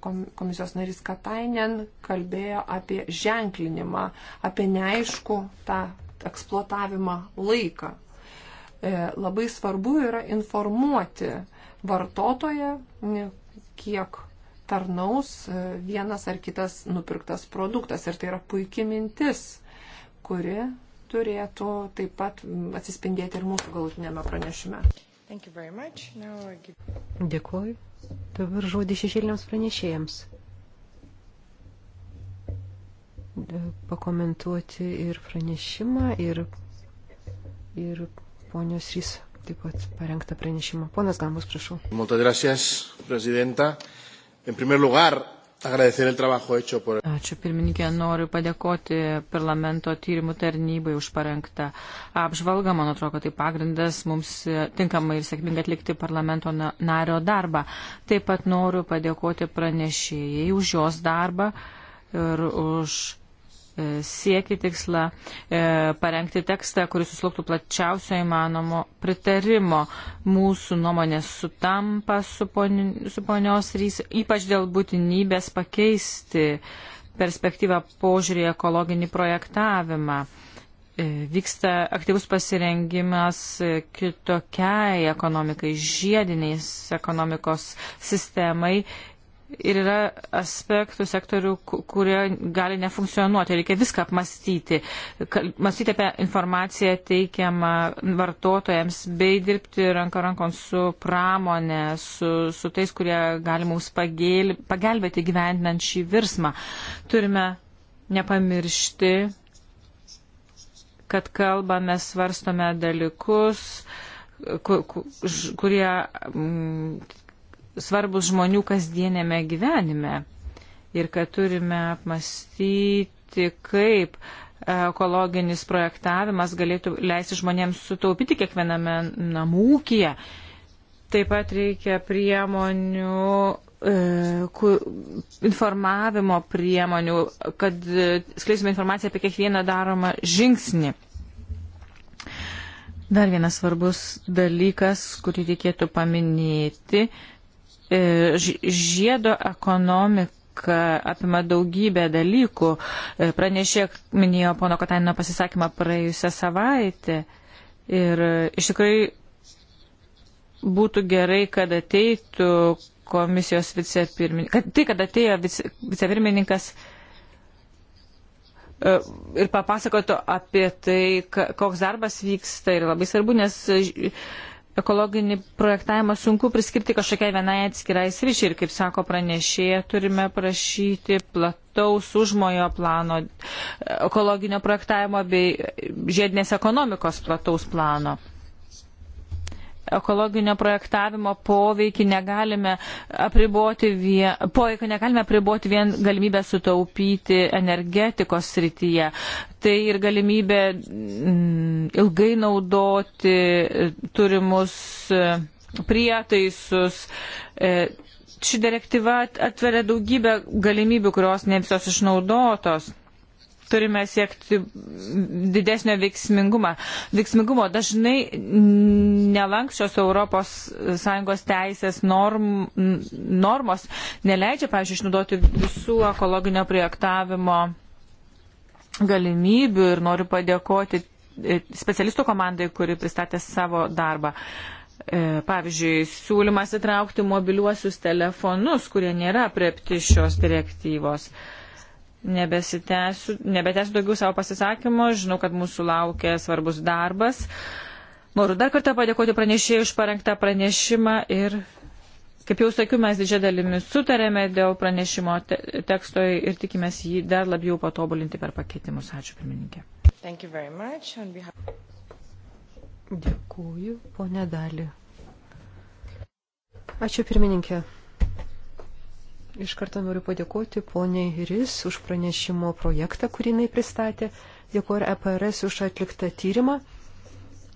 komisijos narys Katainen kalbėjo apie ženklinimą, apie neaišku tą eksploatavimą laiką. E, labai svarbu yra informuoti vartotoje, kiek tarnaus e, vienas ar kitas nupirktas produktas. Ir tai yra puikia mintis, kuri turėtų taip pat atsispindėti ir mūsų galutinėme pranešime. Give... Dėkuoju. Dabar žodį šešėliniams pranešėjams pakomentuoti ir pranešimą, ir, ir ponios Rys taip pat parengtą pranešimą. Ponas Gambus, prašau. Muchas gracias, prezidenta. En primer lugar, agradecer el trabajo hecho por. Ačiū pirmininkė, noriu padėkoti parlamento tyrimų tarnybai už parengtą apžvalgą. Man atrodo, kad tai pagrindas mums tinkamai ir sėkmingai atlikti parlamento nario darbą. Taip pat noriu padėkoti pranešėjai už jos darbą ir už siekį tikslą e, parengti tekstą, kuris susilauktų plačiausio įmanomo pritarimo. Mūsų nuomonės sutampa su, poni, su ponios rys, ypač dėl būtinybės pakeisti perspektyvą požiūrį ekologinį projektavimą e, vyksta aktyvus pasirengimas e, kitokiai ekonomikai, žiediniais ekonomikos sistemai ir yra aspektų sektorių, kurie gali nefunkcionuoti. Reikia viską apmastyti. Mąstyti apie informaciją teikiamą vartotojams, bei dirbti ranką rankon su pramonė, su, su tais, kurie gali mums pagėl, pagelbėti gyvendinant šį virsmą. Turime nepamiršti, kad kalbame, svarstome dalykus, kurie svarbus žmonių kasdienėme gyvenime ir kad turime apmastyti, kaip ekologinis projektavimas galėtų leisti žmonėms sutaupyti kiekviename namūkyje. Taip pat reikia priemonių, e, informavimo priemonių, kad e, skleisime informaciją apie kiekvieną daromą žingsnį. Dar vienas svarbus dalykas, kurį reikėtų paminėti, E, žiedo ekonomika apima daugybę dalykų. E, pranešė, minėjo pono Kotanino pasisakymą praėjusią savaitę. Ir e, iš tikrųjų būtų gerai, kad ateitų komisijos vicepirmininkas, tai, kad atėjo vicepirmininkas ir papasakotų apie tai, koks darbas vyksta ir labai svarbu, nes ekologinį projektavimą sunku priskirti kažkokiai vienai atskirai sričiai ir, kaip sako pranešėja, turime prašyti plataus užmojo plano, ekologinio projektavimo bei žiedinės ekonomikos plataus plano ekologinio projektavimo poveikį negalime apriboti vien, poveikį negalime apriboti vien galimybę sutaupyti energetikos srityje. Tai ir galimybė mm, ilgai naudoti e, turimus e, prietaisus. E, ši direktyva atveria daugybę galimybių, kurios ne visos išnaudotos turime siekti didesnio veiksmingumą. veiksmingumo. Dažnai nelankščios ES teisės norm, normos neleidžia, pavyzdžiui, išnaudoti visų ekologinio projektavimo galimybių ir noriu padėkoti e, specialistų komandai, kuri pristatė savo darbą. E, pavyzdžiui, siūlymas įtraukti mobiliuosius telefonus, kurie nėra aprepti šios direktyvos. Uh, nebesitęsiu, nebetęsiu daugiau savo pasisakymo, žinau, kad mūsų laukia svarbus darbas. Noriu dar kartą padėkoti pranešėjui už parengtą pranešimą ir, kaip jau sakiau, mes didžia dalimi sutarėme dėl pranešimo te teksto ir tikimės jį dar labiau patobulinti per pakeitimus. Ačiū, pirmininkė. Behalf... Dėkuoju, ponė Dali. Ačiū, pirmininkė. Iš karto noriu padėkoti poniai Ris už pranešimo projektą, kurį jinai pristatė. Dėkuoju EPRS už atliktą tyrimą.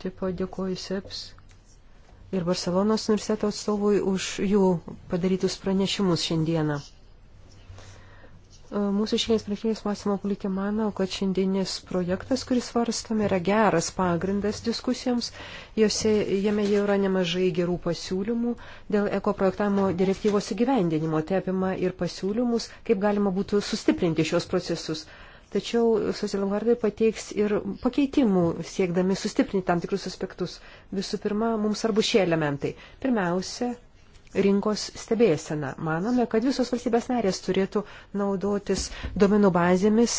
Taip pat dėkuoju SEPS e ir Barcelonos universiteto atstovui už jų padarytus pranešimus šiandieną. Mūsų šiais prekybės mąstymo politikė mano, kad šiandienis projektas, kuris svarstame, yra geras pagrindas diskusijoms. Jose, jame jau yra nemažai gerų pasiūlymų dėl ekoprojektavimo direktyvos įgyvendinimo. Tai apima ir pasiūlymus, kaip galima būtų sustiprinti šios procesus. Tačiau socialdemokratai pateiks ir pakeitimų, siekdami sustiprinti tam tikrus aspektus. Visų pirma, mums svarbu šie elementai. Pirmiausia, rinkos stebėsena. Manome, kad visos valstybės narės turėtų naudotis domenų bazėmis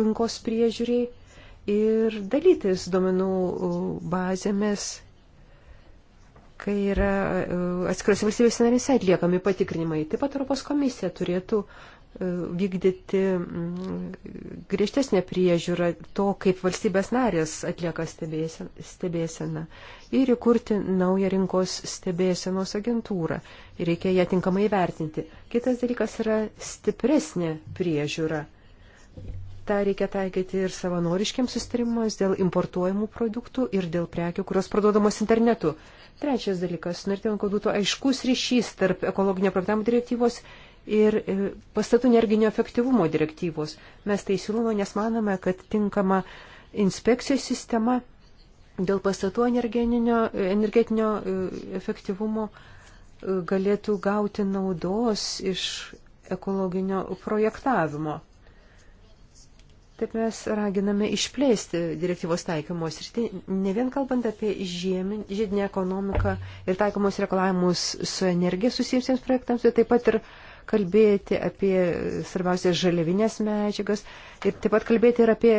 rinkos priežiūriai ir dalytis domenų bazėmis kai yra e, atskirose valstybėse narėse atliekami patikrinimai. Taip pat Europos komisija turėtų e, vykdyti mm, griežtesnę priežiūrą to, kaip valstybės narės atlieka stebėseną ir įkurti naują rinkos stebėsenos agentūrą. Ir reikia ją tinkamai vertinti. Kitas dalykas yra stipresnė priežiūra. Ta reikia taikyti ir savanoriškiams sustarimams dėl importuojamų produktų ir dėl prekių, kurios parduodamos internetu. Trečias dalykas, norėtume, kad būtų aiškus ryšys tarp ekologinio programų direktyvos ir e, pastatų energinio efektyvumo direktyvos. Mes tai siūlome, nes manome, kad tinkama inspekcijos sistema dėl pastatų energetinio e, efektyvumo e, galėtų gauti naudos iš ekologinio projektavimo. Taip mes raginame išplėsti direktyvos taikymos rytį, ne vien kalbant apie žiemin, žiedinę ekonomiką ir taikomus reikalavimus su energija susijusiems projektams, bet taip pat ir kalbėti apie svarbiausia žaliavinės medžiagas ir taip pat kalbėti ir apie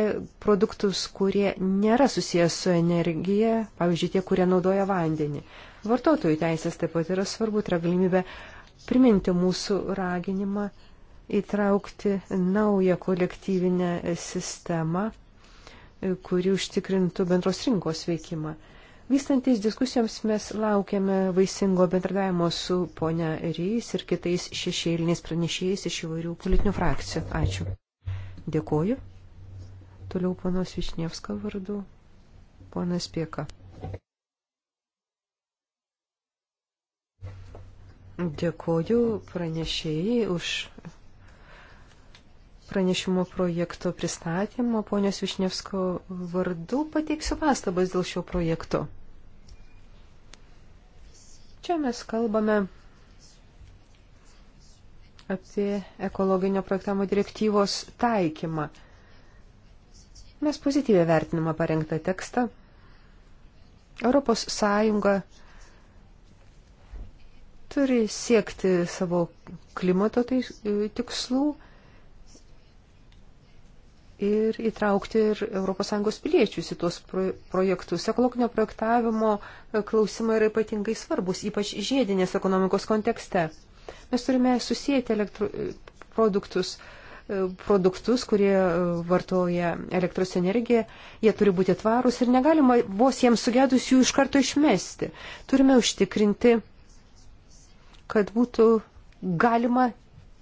produktus, kurie nėra susijęs su energija, pavyzdžiui, tie, kurie naudoja vandenį. Vartotojų teisės taip pat yra svarbu, yra galimybė priminti mūsų raginimą įtraukti naują kolektyvinę sistemą, kuri užtikrintų bendros rinkos veikimą. Vystantis diskusijoms mes laukiame vaisingo bendradavimo su ponia Rys ir kitais šešėliniais pranešėjais iš įvairių politinių frakcijų. Ačiū. Dėkoju. Toliau ponos Višnievska vardu. Ponas Pieka. Dėkoju pranešėjai už pranešimo projekto pristatymo. Ponios Višnevsko vardu pateiksiu pastabas dėl šio projekto. Čia mes kalbame apie ekologinio projektavimo direktyvos taikymą. Mes pozityvę vertinimą parengtą tekstą. Europos Sąjunga turi siekti savo klimato e, tikslų ir įtraukti ir ES piliečius į tuos projektus. Ekologinio projektavimo e, klausimai yra ypatingai svarbus, ypač žiedinės ekonomikos kontekste. Mes turime susijęti elektro, e, produktus, e, produktus, kurie vartoja elektros energiją, jie turi būti tvarūs ir negalima vos jiems sugedus jų iš karto išmesti. Turime užtikrinti, kad būtų galima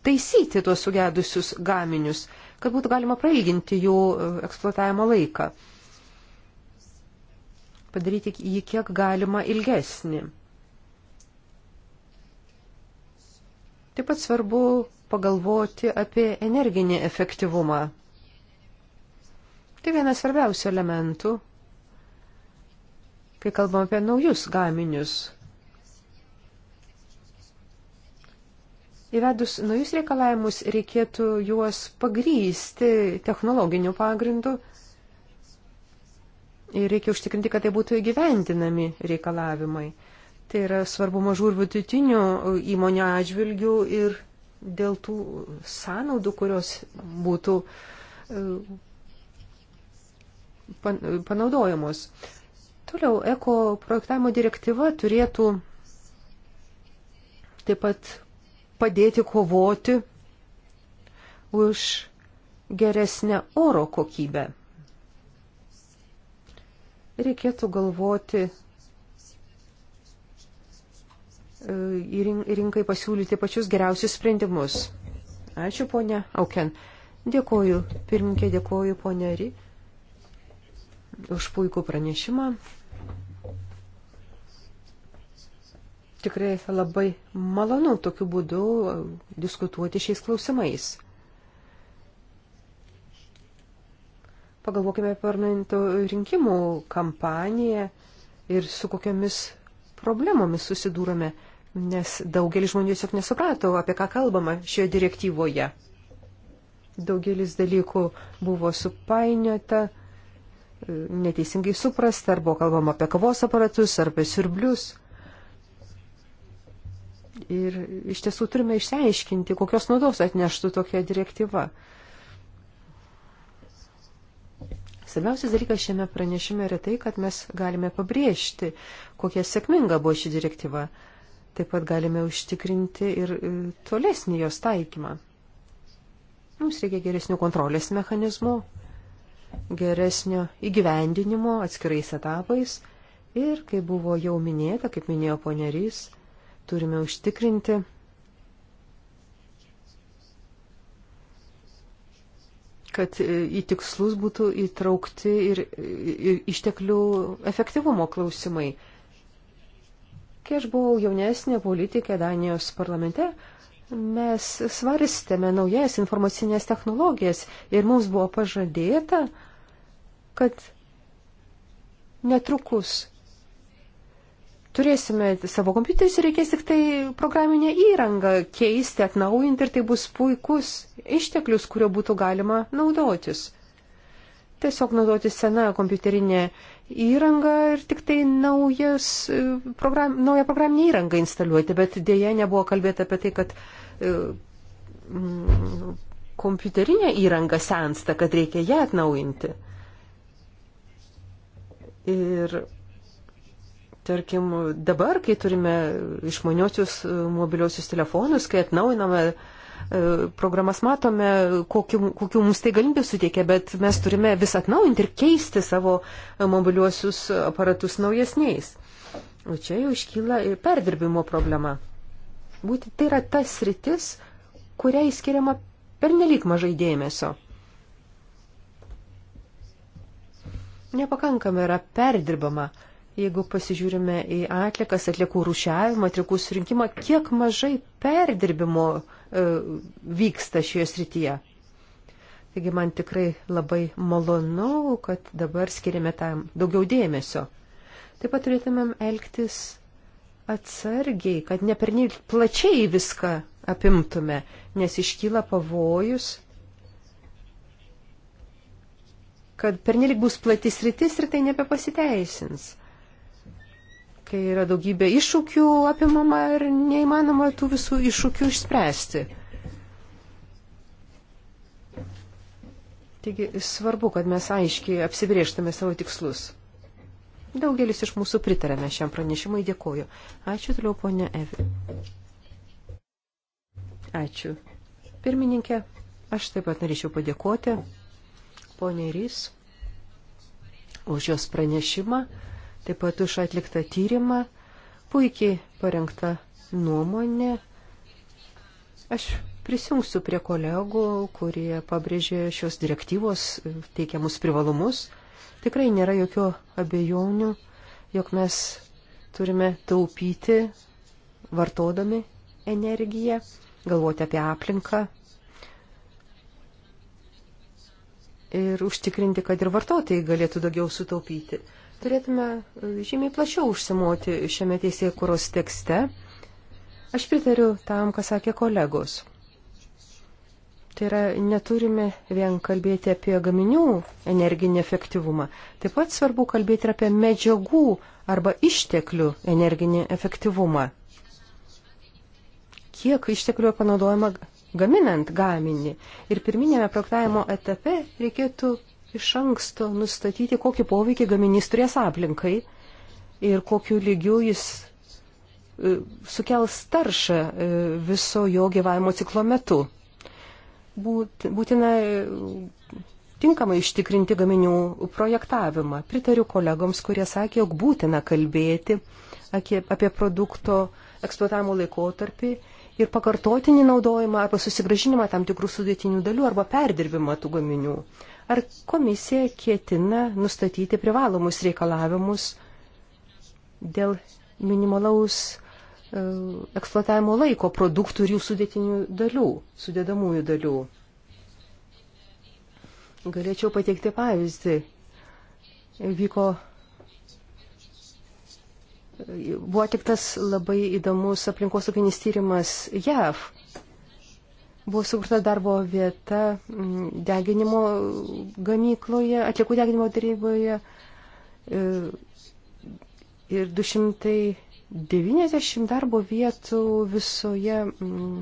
taisyti tuos sugedusius gaminius kad būtų galima prailginti jų e, eksploatavimo laiką, padaryti jį kiek galima ilgesnį. Taip pat svarbu pagalvoti apie energinį efektyvumą. Tai vienas svarbiausių elementų, kai kalbam apie naujus gaminius Įvedus naujus reikalavimus reikėtų juos pagrysti technologiniu pagrindu ir reikia užtikrinti, kad tai būtų įgyvendinami reikalavimai. Tai yra svarbu mažų ir vidutinių įmonių atžvilgių ir dėl tų sąnaudų, kurios būtų e, panaudojamos. Toliau, eko projektavimo direktyva turėtų taip pat padėti kovoti už geresnę oro kokybę. Reikėtų galvoti e, rinkai pasiūlyti pačius geriausius sprendimus. Ačiū, ponia Auken. Dėkoju, pirminkė, dėkoju, ponia Ri, už puikų pranešimą. tikrai labai malonu tokiu būdu diskutuoti šiais klausimais. Pagalvokime parlamento rinkimų kampaniją ir su kokiamis problemomis susidūrome, nes daugelis žmonių tiesiog nesuprato, apie ką kalbama šioje direktyvoje. Daugelis dalykų buvo supainiota, neteisingai suprasta, ar buvo kalbama apie kavos aparatus, ar apie sirblius ir iš tiesų turime išsiaiškinti, kokios naudos atneštų tokia direktyva. Svarbiausias dalykas šiame pranešime yra tai, kad mes galime pabrėžti, kokia sėkminga buvo ši direktyva. Taip pat galime užtikrinti ir e, tolesnį jos taikymą. Mums reikia geresnių kontrolės mechanizmų, geresnio įgyvendinimo atskirais etapais ir, kaip buvo jau minėta, kaip minėjo ponerys, turime užtikrinti, kad e, į tikslus būtų įtraukti ir, ir išteklių efektyvumo klausimai. Kai aš buvau jaunesnė politikė Danijos parlamente, mes svarstėme naujas informacinės technologijas ir mums buvo pažadėta, kad netrukus turėsime savo kompiuterius ir reikės tik tai programinę įrangą keisti, atnaujinti ir tai bus puikus išteklius, kurio būtų galima naudotis. Tiesiog naudoti seną kompiuterinę įrangą ir tik tai naujas, e, program, naują programinę įrangą instaliuoti, bet dėja nebuvo kalbėta apie tai, kad mm, kompiuterinė įranga sensta, kad reikia ją atnaujinti. Ir Tarkim, dabar, kai turime išmaniosius e, mobiliosius telefonus, kai atnaujiname e, programas, matome, kokiu, kokiu mums tai galimybė suteikia, bet mes turime vis atnaujinti ir keisti savo e, mobiliuosius aparatus naujesniais. O čia jau iškyla ir perdirbimo problema. Būti tai yra tas rytis, kuriai skiriama pernelyg mažai dėmesio. Nepakankama yra perdirbama Jeigu pasižiūrime į atlikas, atliekų rušiavimą, atliekų surinkimą, kiek mažai perdirbimo e, vyksta šioje srityje. Taigi man tikrai labai malonu, kad dabar skiriame tam daugiau dėmesio. Taip pat turėtumėm elgtis atsargiai, kad nepernelyg plačiai viską apimtume, nes iškyla pavojus, kad pernelyg bus platis rytis ir tai nebepasiteisins kai yra daugybė iššūkių apimama ir neįmanoma tų visų iššūkių išspręsti. Taigi svarbu, kad mes aiškiai apsibrieštume savo tikslus. Daugelis iš mūsų pritarėme šiam pranešimui, dėkoju. Ačiū toliau, ponė Evi. Ačiū. Pirmininkė, aš taip pat norėčiau padėkoti ponė Rys už jos pranešimą taip pat už atliktą tyrimą, puikiai parengta nuomonė. Aš prisijungsiu prie kolegų, kurie pabrėžė šios direktyvos e, teikiamus privalumus. Tikrai nėra jokio abejonių, jog mes turime taupyti, vartodami energiją, galvoti apie aplinką ir užtikrinti, kad ir vartotojai galėtų daugiau sutaupyti turėtume e, žymiai plačiau užsimoti šiame teisėje kuros tekste. Aš pritariu tam, ką sakė kolegos. Tai yra, neturime vien kalbėti apie gaminių energinį efektyvumą. Taip pat svarbu kalbėti ir apie medžiagų arba išteklių energinį efektyvumą. Kiek išteklių panaudojama gaminant gaminį. Ir pirminėme projektavimo etape reikėtų iš anksto nustatyti, kokį poveikį gaminys turės aplinkai ir kokiu lygiu jis e, sukels taršą e, viso jo gyvavimo ciklo metu. Būtina e, tinkamai ištikrinti gaminių projektavimą. Pritariu kolegoms, kurie sakė, jog būtina kalbėti apie produkto eksploatavimo laikotarpį ir pakartotinį naudojimą arba susigražinimą tam tikrų sudėtinių dalių arba perdirbimą tų gaminių. Ar komisija kėtina nustatyti privalomus reikalavimus dėl minimalaus e, eksploatavimo laiko produktų ir jų sudėtinių dalių, sudėdamųjų dalių? Galėčiau pateikti pavyzdį. Vyko buvo atliktas labai įdomus aplinkosauginis tyrimas JAV. Buvo sukurta darbo vieta mm, deginimo gamykloje, atliekų deginimo taryboje e, ir 290 darbo vietų visoje mm,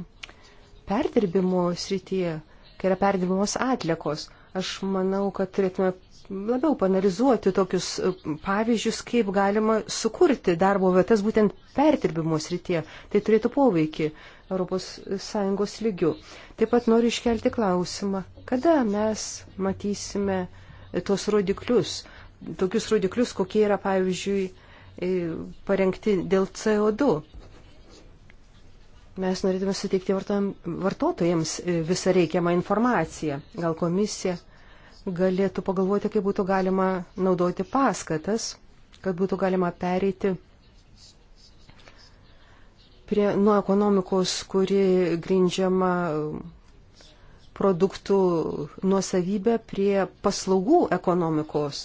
perdirbimo srityje, kai yra perdirbimos atliekos. Aš manau, kad turėtume labiau panalizuoti tokius e, pavyzdžius, kaip galima sukurti darbo vietas būtent pertirbimo srityje. Tai turėtų poveikį ES lygių. Taip pat noriu iškelti klausimą, kada mes matysime tuos rodiklius, tokius rodiklius, kokie yra, pavyzdžiui, e, parengti dėl CO2. Mes norėtume suteikti vartotojams e, visą reikiamą informaciją. Gal komisija galėtų pagalvoti, kaip būtų galima naudoti paskatas, kad būtų galima pereiti prie, nuo ekonomikos, kuri grindžiama produktų nuosavybė prie paslaugų ekonomikos.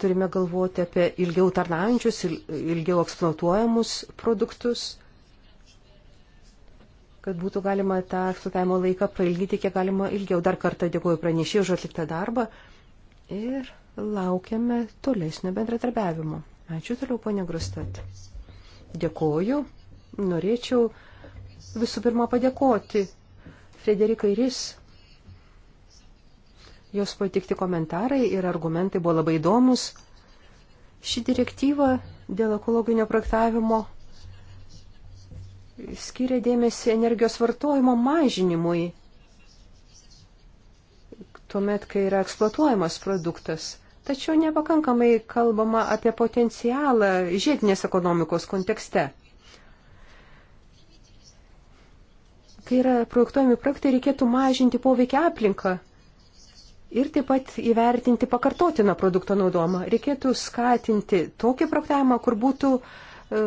Turime galvoti apie ilgiau tarnaujančius, ilgiau eksploatuojamus produktus kad būtų galima tą sutavimo laiką pailginti kiek galima ilgiau. Dar kartą dėkuoju pranešėjui už atliktą darbą ir laukiame tolesnio bendradarbiavimo. Ačiū toliau, ponia Grustat. Dėkuoju. Norėčiau visų pirma padėkoti Frederikai Ris. Jos patikti komentarai ir argumentai buvo labai įdomus. Ši direktyva dėl ekologinio projektavimo skiria dėmesį energijos vartojimo mažinimui, tuomet, kai yra eksploatuojamas produktas. Tačiau nepakankamai kalbama apie potencialą žiedinės ekonomikos kontekste. Kai yra projektuojami projektai, reikėtų mažinti poveikį aplinką ir taip pat įvertinti pakartotiną produkto naudojimą. Reikėtų skatinti tokį projektavimą, kur būtų uh, E,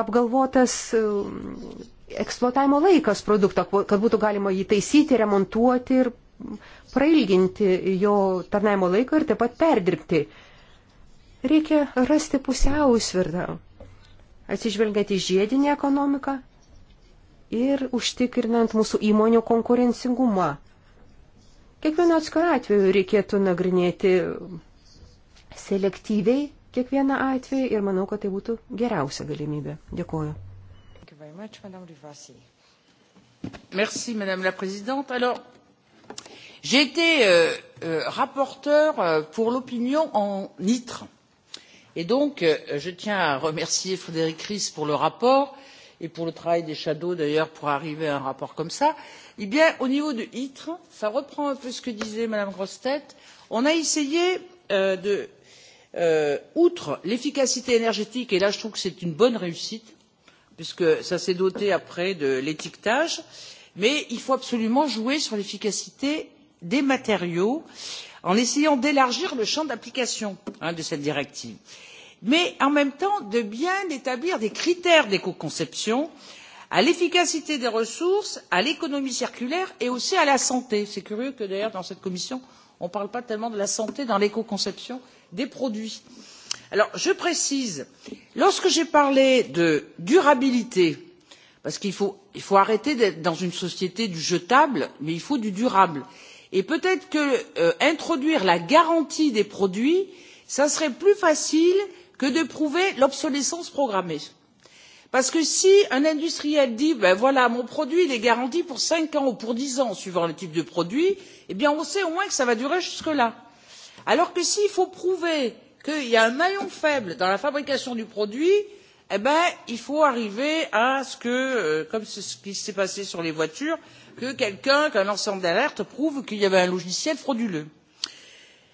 apgalvotas e, eksploatavimo laikas produkto, kad būtų galima jį taisyti, remontuoti ir prailginti jo tarnaimo laiką ir taip pat perdirbti. Reikia rasti pusiausvirdą, atsižvelgiant į žiedinį ekonomiką ir užtikrinant mūsų įmonių konkurencingumą. Kiekvieno atskirą atveju reikėtų nagrinėti selektyviai kiekvieną atvejį ir manau, kad tai būtų geriausia galimybė. Dėkuoju. Much, Merci, Madame la Présidente. Alors, j'ai été euh, euh, rapporteur euh, pour l'opinion en nitre. Et donc, euh, je tiens à remercier Frédéric Ries pour le rapport et pour le travail des shadows d'ailleurs pour arriver à un rapport comme ça. Eh bien, au niveau de ITRE, ça reprend un peu ce que disait Madame Grossetête, on a essayé euh, de euh, outre l'efficacité énergétique et là je trouve que c'est une bonne réussite puisque ça s'est doté après de l'étiquetage mais il faut absolument jouer sur l'efficacité des matériaux en essayant d'élargir le champ d'application de cette directive mais en même temps de bien établir des critères d'écoconception à l'efficacité des ressources à l'économie circulaire et aussi à la santé. c'est curieux que d'ailleurs dans cette commission on ne parle pas tellement de la santé dans l'écoconception des produits. Alors, je précise lorsque j'ai parlé de durabilité parce qu'il faut, faut arrêter d'être dans une société du jetable mais il faut du durable et peut être qu'introduire euh, la garantie des produits ça serait plus facile que de prouver l'obsolescence programmée parce que si un industriel dit ben voilà mon produit il est garanti pour cinq ans ou pour dix ans suivant le type de produit eh bien on sait au moins que ça va durer jusque là alors que s'il faut prouver qu'il y a un maillon faible dans la fabrication du produit eh bien il faut arriver à ce que euh, comme c'est ce qui s'est passé sur les voitures que quelqu'un qu'un lanceur d'alerte prouve qu'il y avait un logiciel frauduleux.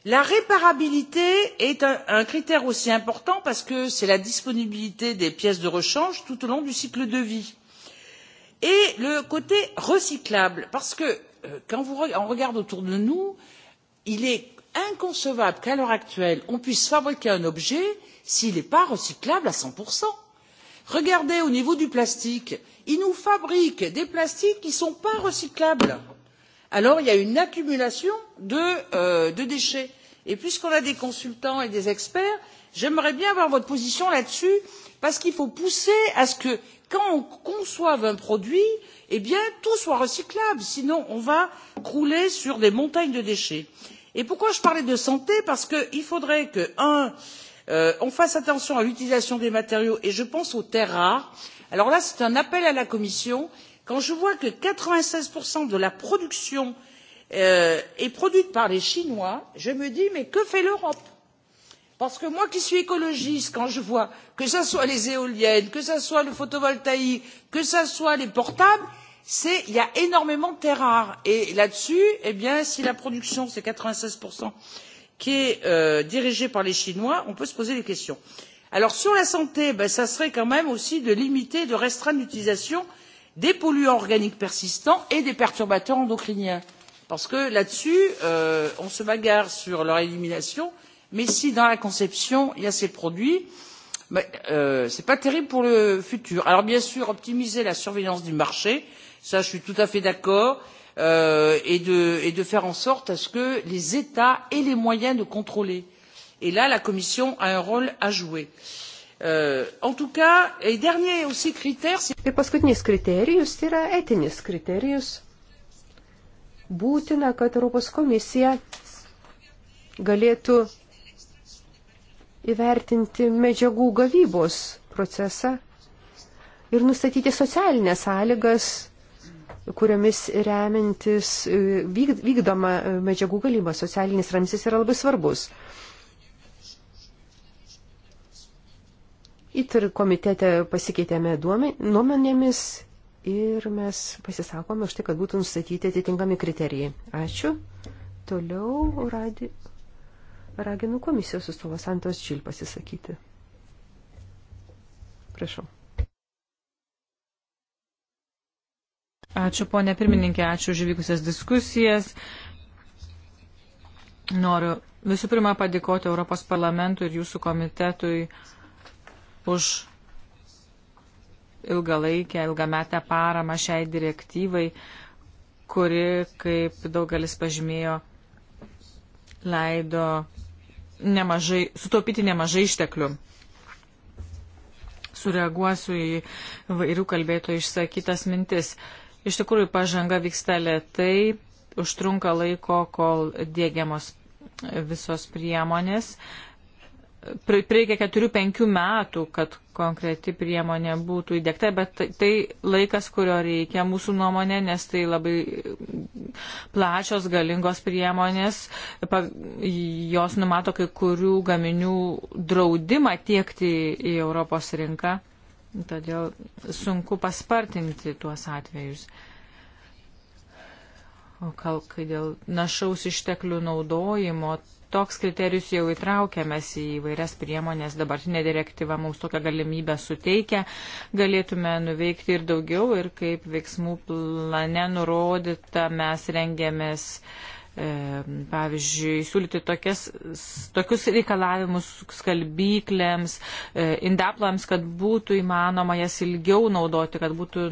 la réparabilité est un, un critère aussi important parce que c'est la disponibilité des pièces de rechange tout au long du cycle de vie et le côté recyclable parce que euh, quand on regarde autour de nous il est inconcevable qu'à l'heure actuelle on puisse fabriquer un objet s'il n'est pas recyclable à. cent regardez au niveau du plastique ils nous fabriquent des plastiques qui ne sont pas recyclables. alors il y a une accumulation euh, de déchets et puisqu'on a des consultants et des experts j'aimerais bien avoir votre position là dessus parce qu'il faut pousser à ce que quand on conçoive un produit eh tout soit recyclable sinon on va crouler sur des montagnes de déchets et pourquoi je parlais de santé parce qu'il faudrait que un euh, on fasse attention à l'utilisation des matériaux et je pense aux terres rares alors là c'est un appel à la commission quand je vois que quatre vingt seize de la production euh, est produite par les chinois je me dis mais que fait l'europe? parce que moi qui suis écologiste quand je vois que ce soit les éoliennes que ce soit le photovoltaïque que ce soit les portables c'est qu'il y a énormément de terres rares et là dessus eh bien, si la production c'est quatre vingt seize qui est euh, dirigée par les chinois on peut se poser des questions. alors sur la santé ben, ça serait quand même aussi de limiter de restreindre l'utilisation des polluants organiques persistants et des perturbateurs endocriniens parce que là dessus euh, on se bagarre sur leur élimination mais si dans la conception il y a ces produits ben, euh, ce n'est pas terrible pour le futur. alors bien sûr optimiser la surveillance du marché ça je suis tout à fait d'accord euh, et, de, et de faire en sorte à ce que les États aient les moyens de contrôler. Et là, la Commission a un rôle à jouer. Euh, en tout cas, et dernier aussi critère, c'est... Ir paskutinis kriterijus yra etinis kriterijus. Būtina, kad Europos komisija galėtų įvertinti medžiagų gavybos procesą ir nustatyti socialinės sąlygas kuriomis remintis e, vykdoma e, medžiagų galyba. Socialinis ramsis yra labai svarbus. ITR komitete pasikeitėme nuomonėmis ir mes pasisakome už tai, kad būtų nustatyti atitinkami kriterijai. Ačiū. Toliau radi... raginu komisijos atstovas Antos Čil pasisakyti. Prašau. Ačiū ponė pirmininkė, ačiū už vykusias diskusijas. Noriu visų pirma padėkoti Europos parlamentui ir jūsų komitetui už ilgalaikę, ilgametę paramą šiai direktyvai, kuri, kaip daugelis pažymėjo, leido nemažai, sutaupyti nemažai išteklių. Sureaguosiu į vairių kalbėtojų išsakytas mintis. Uh, Iš tikrųjų, pažanga vyksta lietai, užtrunka laiko, kol dėgiamos visos priemonės. Prireikia 4-5 metų, kad konkreti priemonė būtų įdėkta, bet tai, tai laikas, kurio reikia mūsų nuomonė, nes tai labai plačios, galingos priemonės. Jos numato kai kurių gaminių draudimą tiekti į Europos rinką. Todėl sunku paspartinti tuos atvejus. O kal, kai dėl našaus išteklių naudojimo, toks kriterijus jau įtraukiamės į vairias priemonės, dabartinė direktyva mums tokią galimybę suteikia, galėtume nuveikti ir daugiau ir kaip veiksmų plane nurodyta mes rengėmės uh, E, pavyzdžiui, siūlyti tokias, tokius reikalavimus skalbyklėms, e, indaplams, kad būtų įmanoma jas ilgiau naudoti, kad būtų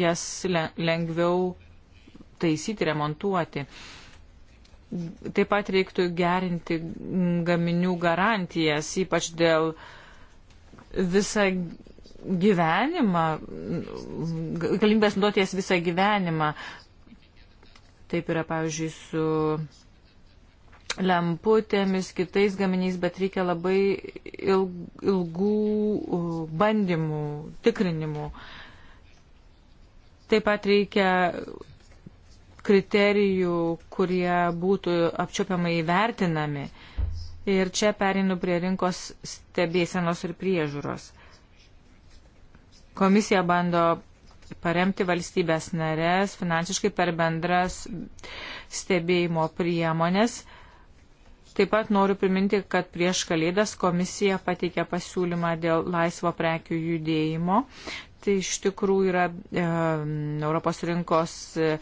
jas lengviau taisyti, remontuoti. Taip pat reiktų gerinti gaminių garantijas, ypač dėl visą gyvenimą, galimybės naudoties visą gyvenimą, Taip yra, pavyzdžiui, su lemputėmis, kitais gaminiais, bet reikia labai ilgų bandymų, tikrinimų. Taip pat reikia kriterijų, kurie būtų apčiopiamai vertinami. Ir čia perinu prie rinkos stebėsenos ir priežiūros. Komisija bando paremti valstybės narės finansiškai per bendras stebėjimo priemonės. Taip pat noriu priminti, kad prieš Kalėdas komisija pateikė pasiūlymą dėl laisvo prekių judėjimo. Tai iš tikrųjų yra e, Europos rinkos e,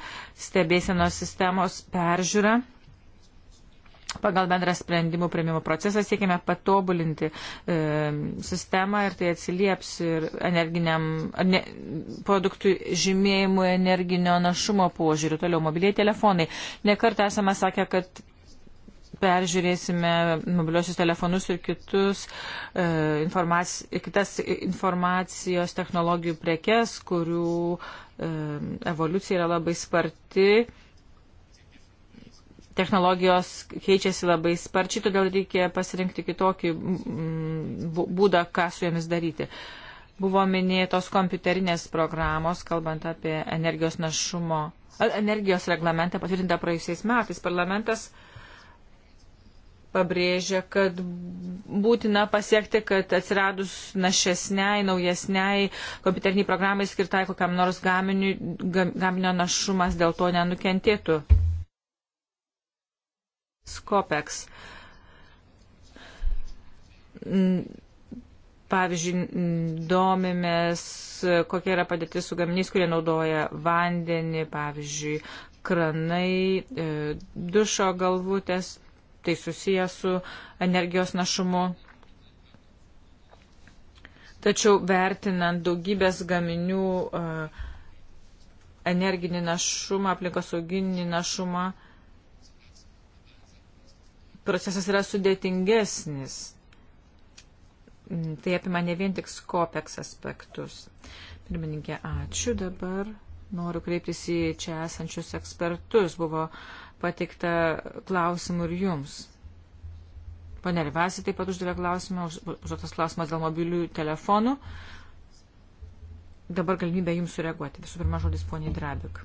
stebėsenos sistemos peržiūra. Pagal bendrą sprendimų prieimimo procesą siekime patobulinti e, sistemą ir tai atsilieps ir energiniam ne, produktų žymėjimui energinio našumo požiūriu. Toliau mobiliai telefonai. Nekart esame sakę, kad peržiūrėsime mobiliosius telefonus ir kitus, e, informac, kitas informacijos technologijų prekes, kurių e, evoliucija yra labai sparti technologijos keičiasi labai sparčiai, todėl reikia pasirinkti kitokį mm, būdą, ką su jomis daryti. Buvo minėtos kompiuterinės programos, kalbant apie energijos našumo, energijos reglamentą patvirtintą praėjusiais metais. Parlamentas pabrėžia, kad būtina pasiekti, kad atsiradus našesniai, naujesniai kompiuteriniai programai skirtai kokiam nors gaminiu, gaminio našumas dėl to nenukentėtų. COPEX. Pavyzdžiui, domimės, kokia yra padėtis su gaminiais, kurie naudoja vandenį, pavyzdžiui, kranai, e, dušo galvutės, tai susiję su energijos našumu. Tačiau vertinant daugybės gaminių uh, energinį našumą, aplinkosauginį našumą, procesas yra sudėtingesnis. Mm, tai apima ne vien tik skopeks aspektus. Pirmininkė, ačiū dabar. Noriu kreiptis į čia esančius ekspertus. Buvo pateikta klausimų ir jums. Pane Rivasi taip pat uždavė klausimą, užduotas klausimas dėl mobilių telefonų. Dabar galimybė jums sureaguoti. Visų pirma, žodis poniai Drabik.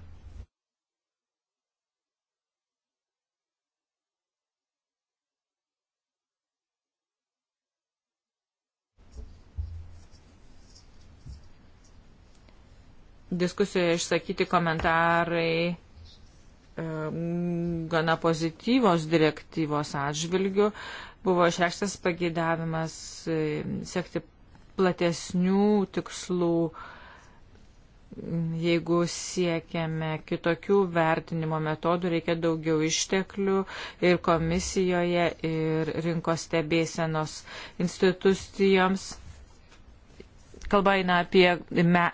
Diskusijoje išsakyti komentarai e, gana pozityvos direktyvos atžvilgių buvo išreikštas pageidavimas e, sekti platesnių tikslų, jeigu siekiame kitokių vertinimo metodų, reikia daugiau išteklių ir komisijoje, ir rinkos stebėsenos institucijoms. Kalba eina apie me,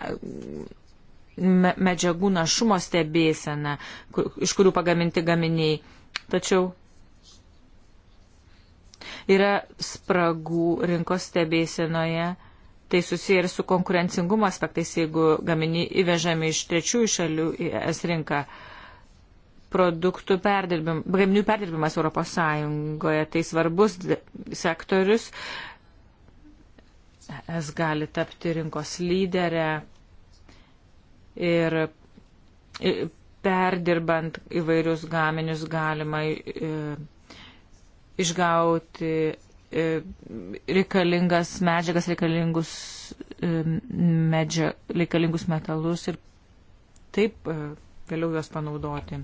medžiagų našumo stebėseną, iš kurių pagaminti gaminiai. Tačiau yra spragų rinkos stebėsenoje. Tai susiję ir su konkurencingumo aspektais, jeigu gaminiai įvežami iš trečiųjų šalių į es rinką. Produktų perdirbim, gaminių perdirbimas Europos Sąjungoje tai svarbus sektorius. Es gali tapti rinkos lyderę ir perdirbant įvairius gaminius galima išgauti reikalingas medžiagas, reikalingus, medžia, reikalingus metalus ir taip vėliau juos panaudoti.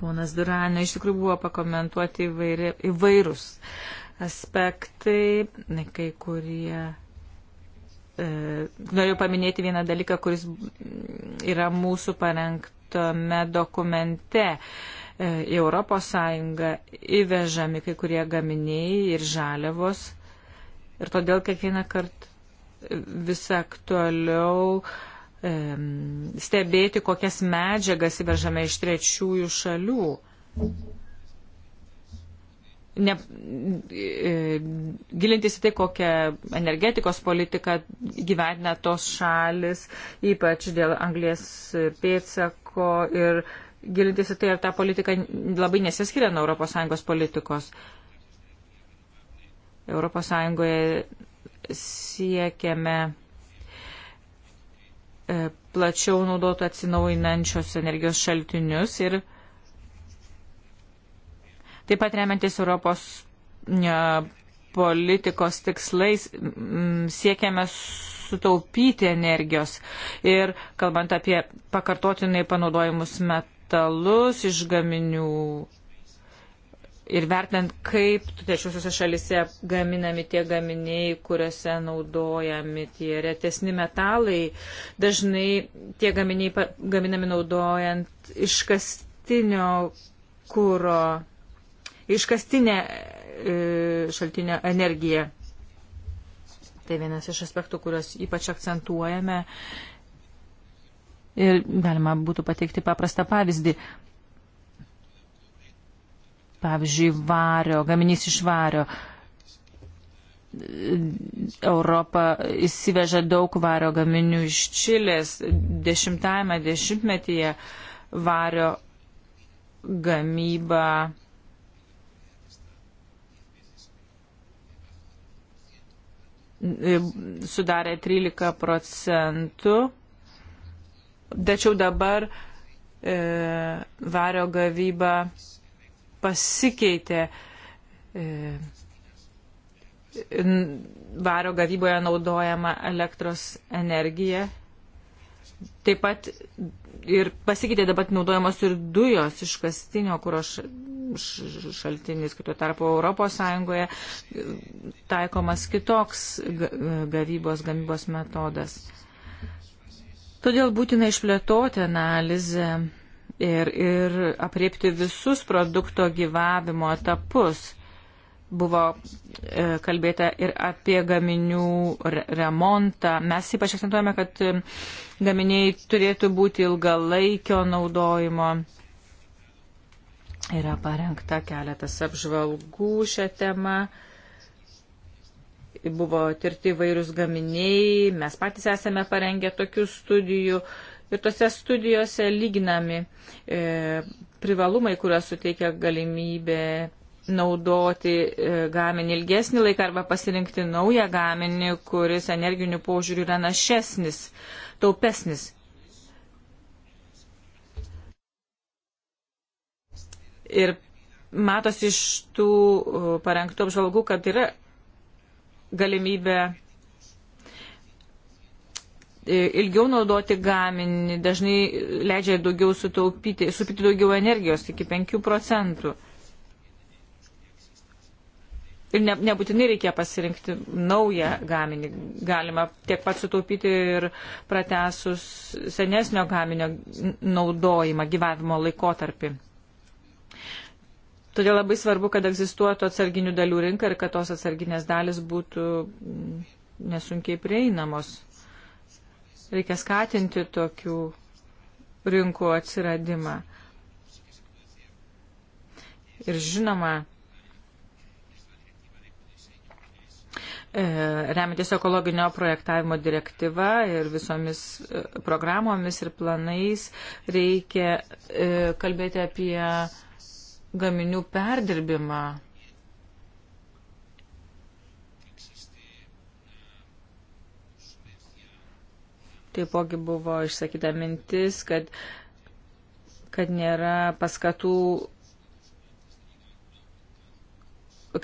Ponas Duranė, iš tikrųjų buvo pakomentuoti įvairi, įvairūs aspektai, kai kurie. E, noriu paminėti vieną dalyką, kuris yra mūsų parengtame dokumente. E, į Europos Sąjungą įvežami kai kurie gaminiai ir žaliavos. Ir todėl kiekvieną kartą vis aktualiau e, stebėti, kokias medžiagas įvežame iš trečiųjų šalių ne, e, gilintis į tai, kokią energetikos politiką gyvena tos šalis, ypač dėl anglės pėtsako ir gilintis į tai, ar ta politika labai nesiskiria nuo ES politikos. ES siekiame e, plačiau naudoti atsinaujinančios energijos šaltinius ir Taip pat remiantis Europos e, politikos tikslais siekiame sutaupyti energijos. Ir kalbant apie pakartotinai panaudojimus metalus iš gaminių ir vertinant, kaip trečiosiuose šalise gaminami tie gaminiai, kuriuose naudojami tie retesni metalai, dažnai tie gaminiai gaminami naudojant iškastinio kūro iškastinę e, šaltinio energiją. Tai vienas iš aspektų, kuriuos ypač akcentuojame. Ir galima būtų pateikti paprastą pavyzdį. Pavyzdžiui, vario, gaminys iš vario. Europa įsiveža daug vario gaminių iš Čilės. Dešimtajame dešimtmetyje vario gamyba sudarė 13 procentų, tačiau dabar e, vario gavyba pasikeitė. E, vario gavyboje naudojama elektros energija Taip pat ir pasikeitė dabar naudojamos ir dujos iš kastinio kūro šaltinis, kitų tarpo Europos Sąjungoje e, taikomas kitoks e, gavybos, gamybos metodas. Todėl būtina išplėtoti analizę ir, ir apriepti visus produkto gyvavimo etapus Buvo e, kalbėta ir apie gaminių remontą. Mes ypač akcentuojame, kad e, gaminiai turėtų būti ilgalaikio naudojimo. Yra parengta keletas apžvalgų šią temą buvo tirti vairūs gaminiai, mes patys esame parengę tokių studijų ir tose studijose lyginami e, privalumai, kuriuos suteikia galimybė naudoti e, gaminį ilgesnį laiką arba pasirinkti naują gaminį, kuris energinių požiūrių yra našesnis, taupesnis. Ir matos iš tų e, parengtų apžvalgų, kad yra galimybė e, ilgiau naudoti gaminį, dažnai leidžia daugiau sutaupyti, supyti daugiau energijos, iki 5 procentų. Ir ne, nebūtinai reikia pasirinkti naują gaminį. Galima tiek pat sutaupyti ir pratesus senesnio gaminio naudojimą gyvavimo laikotarpį. Todėl labai svarbu, kad egzistuotų atsarginių dalių rinka ir kad tos atsarginės dalis būtų mm, nesunkiai prieinamos. Reikia skatinti tokių rinkų atsiradimą. Ir žinoma, E, remiantis ekologinio projektavimo direktyva ir visomis e, programomis ir planais reikia e, kalbėti apie gaminių perdirbimą. Taipogi buvo išsakyta mintis, kad, kad nėra paskatų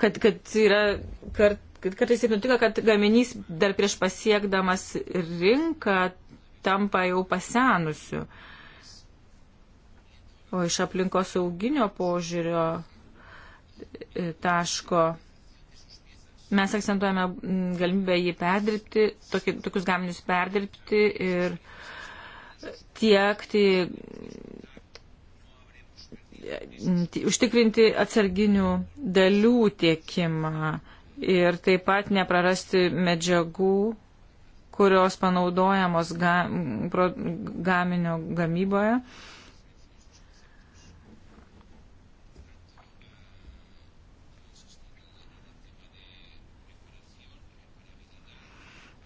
kad, kad yra kart, kartais taip nutinka, kad gaminys dar prieš pasiekdamas rinką tampa jau pasenusiu. O iš aplinkos sauginio požiūrio e, taško mes akcentuojame galimybę jį perdirbti, tokį, tokius gaminius perdirbti ir tiekti, e, užtikrinti atsarginių dalių tiekimą ir taip pat neprarasti medžiagų, kurios panaudojamos ga, pro, gaminio gamyboje.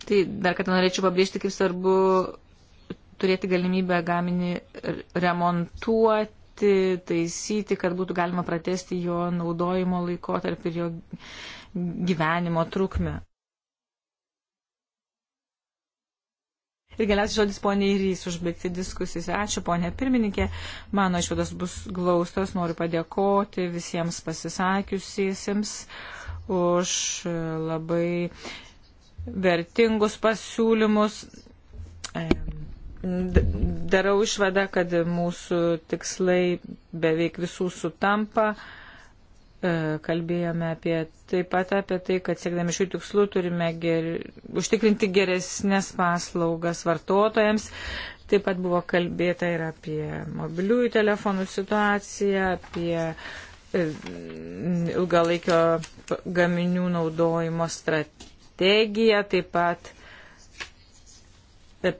Tai dar kartą norėčiau pabrėžti, kaip svarbu turėti galimybę gaminį remontuoti, taisyti, kad būtų galima pratesti jo naudojimo laikotarpį ir jo gyvenimo trukmę. Ir galiausiai žodis poniai Rys užbaigti diskusijas. Ačiū ponė pirmininkė, mano išvados bus glaustos, noriu padėkoti visiems pasisakiusiesiems už labai vertingus pasiūlymus. Darau išvadą, kad mūsų tikslai beveik visų sutampa. E, kalbėjome apie taip pat apie tai, kad siekdami šių tikslų turime ger, užtikrinti geresnės paslaugas vartotojams. Taip pat buvo kalbėta ir apie mobiliųjų telefonų situaciją, apie e, ilgalaikio gaminių naudojimo strategiją, taip pat e,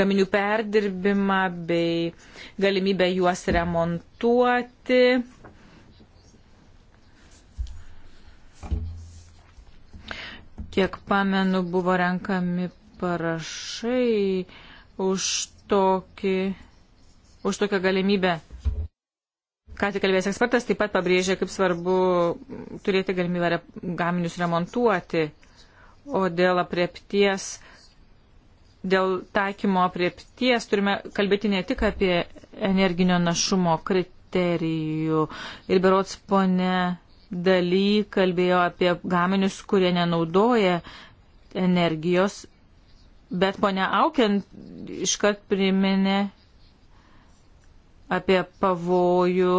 gaminių perdirbimą bei galimybę juos remontuoti Kiek pamenu, buvo renkami parašai už, tokį, už tokią galimybę. Ką tik kalbėjęs ekspertas taip pat pabrėžė, kaip svarbu turėti galimybę rep, gaminius remontuoti, o dėl apriepties dėl taikymo apriepties turime kalbėti ne tik apie energinio našumo kriterijų. Ir berots ponė daly kalbėjo apie gaminius, kurie nenaudoja energijos, bet ponia Aukiant iškart priminė apie pavojų,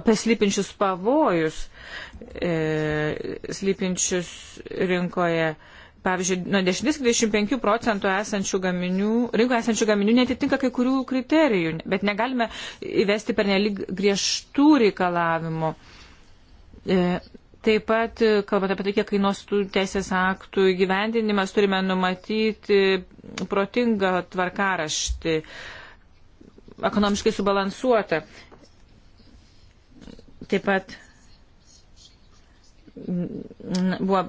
apie slypinčius pavojus, e, slypinčius rinkoje. E, pavyzdžiui, nuo 10-25 procentų esančių gaminių, rinkoje esančių gaminių netitinka kai kurių kriterijų, bet negalime įvesti per nelik griežtų reikalavimų. E, taip pat, kalbant apie tai, kiek kainuos tų teisės aktų įgyvendinimas, turime numatyti protingą tvarkaraštį, ekonomiškai subalansuotą. Taip pat buvo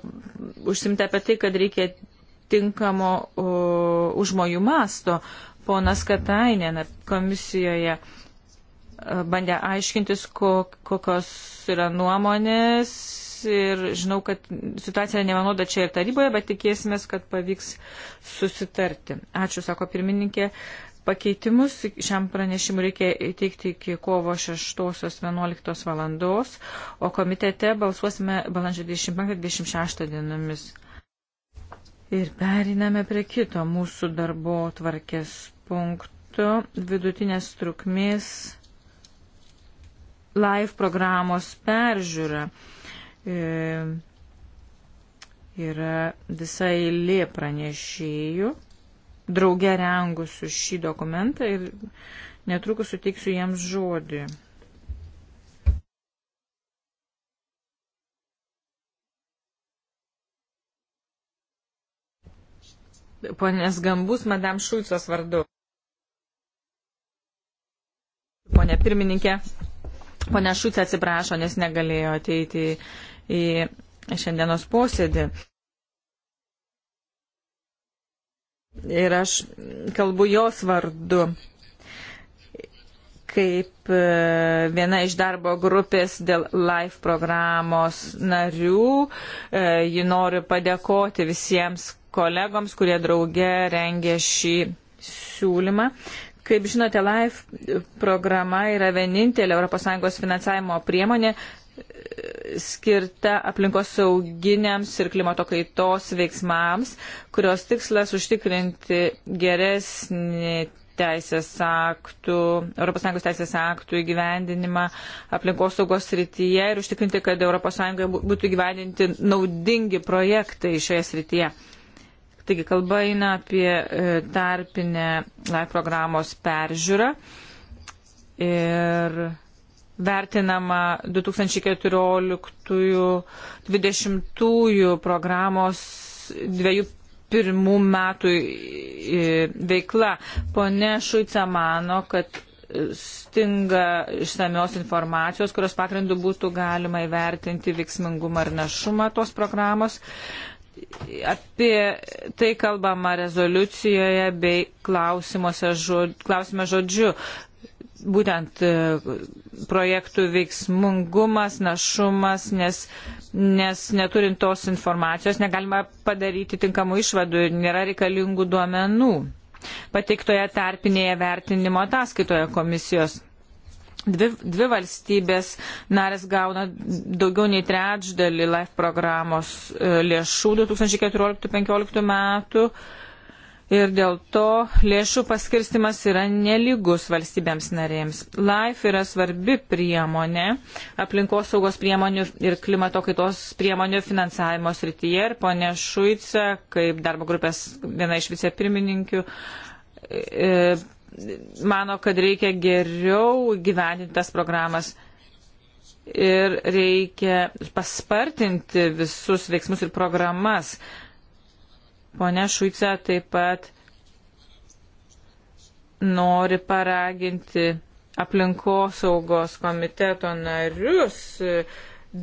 užsimta apie tai, kad reikia tinkamo užmojų masto. Ponas Katainė komisijoje e, bandė aiškintis, kokios yra nuomonės ir žinau, kad situacija nevienoda čia ir taryboje, bet tikėsimės, kad pavyks susitarti. Ačiū, sako pirmininkė. Uh, Pakeitimus šiam pranešimui reikia įteikti iki kovo 6.11 valandos, o komitete balsuosime balandžio 25-26 dienomis. Ir periname prie kito mūsų darbo tvarkės punkto vidutinės trukmės live programos peržiūra. E, yra visai lė pranešėjų drauge rengusių šį dokumentą ir netrukus suteiksiu jiems žodį. Ponės Gambus, Madame Šulcos vardu. Pone pirmininkė, ponė Šulcė atsiprašo, nes negalėjo ateiti į šiandienos posėdį. Ir aš kalbu jos vardu kaip e, viena iš darbo grupės dėl LIFE programos narių. E, ji nori padėkoti visiems kolegoms, kurie drauge rengė šį siūlymą. Kaip žinote, LIFE programa yra vienintelė ES finansavimo priemonė skirta aplinkos sauginiams ir klimato kaitos veiksmams, kurios tikslas užtikrinti geresnį teisės aktų, ES teisės aktų įgyvendinimą aplinkos saugos srityje ir užtikrinti, kad ES būtų įgyvendinti naudingi projektai šioje srityje. Taigi kalba eina apie e, tarpinę LIFE programos peržiūrą ir vertinama 2014-2020 programos dviejų pirmų metų e, veikla. Pone Šuica mano, kad stinga išsamios informacijos, kurios pagrindų būtų galima įvertinti veiksmingumą ir našumą tos programos. Apie tai kalbama rezoliucijoje bei žod, klausime žodžiu būtent e, projektų veiksmungumas, našumas, nes, nes neturint tos informacijos negalima padaryti tinkamų išvadų ir nėra reikalingų duomenų. Pateiktoje tarpinėje vertinimo ataskaitoje komisijos dvi, dvi valstybės narės gauna daugiau nei trečdalį LIFE programos e, lėšų 2014-2015 metų ir dėl to lėšų paskirstimas yra neligus valstybėms narėms. LIFE yra svarbi priemonė aplinkosaugos priemonių ir klimato kaitos priemonių finansavimo srityje ir ponė Šuica, kaip darbo grupės viena iš vicepirmininkių, e, mano, kad reikia geriau gyveninti tas programas. Ir reikia paspartinti visus veiksmus ir programas, uh, Pone Šuica taip pat nori paraginti aplinkosaugos komiteto narius e,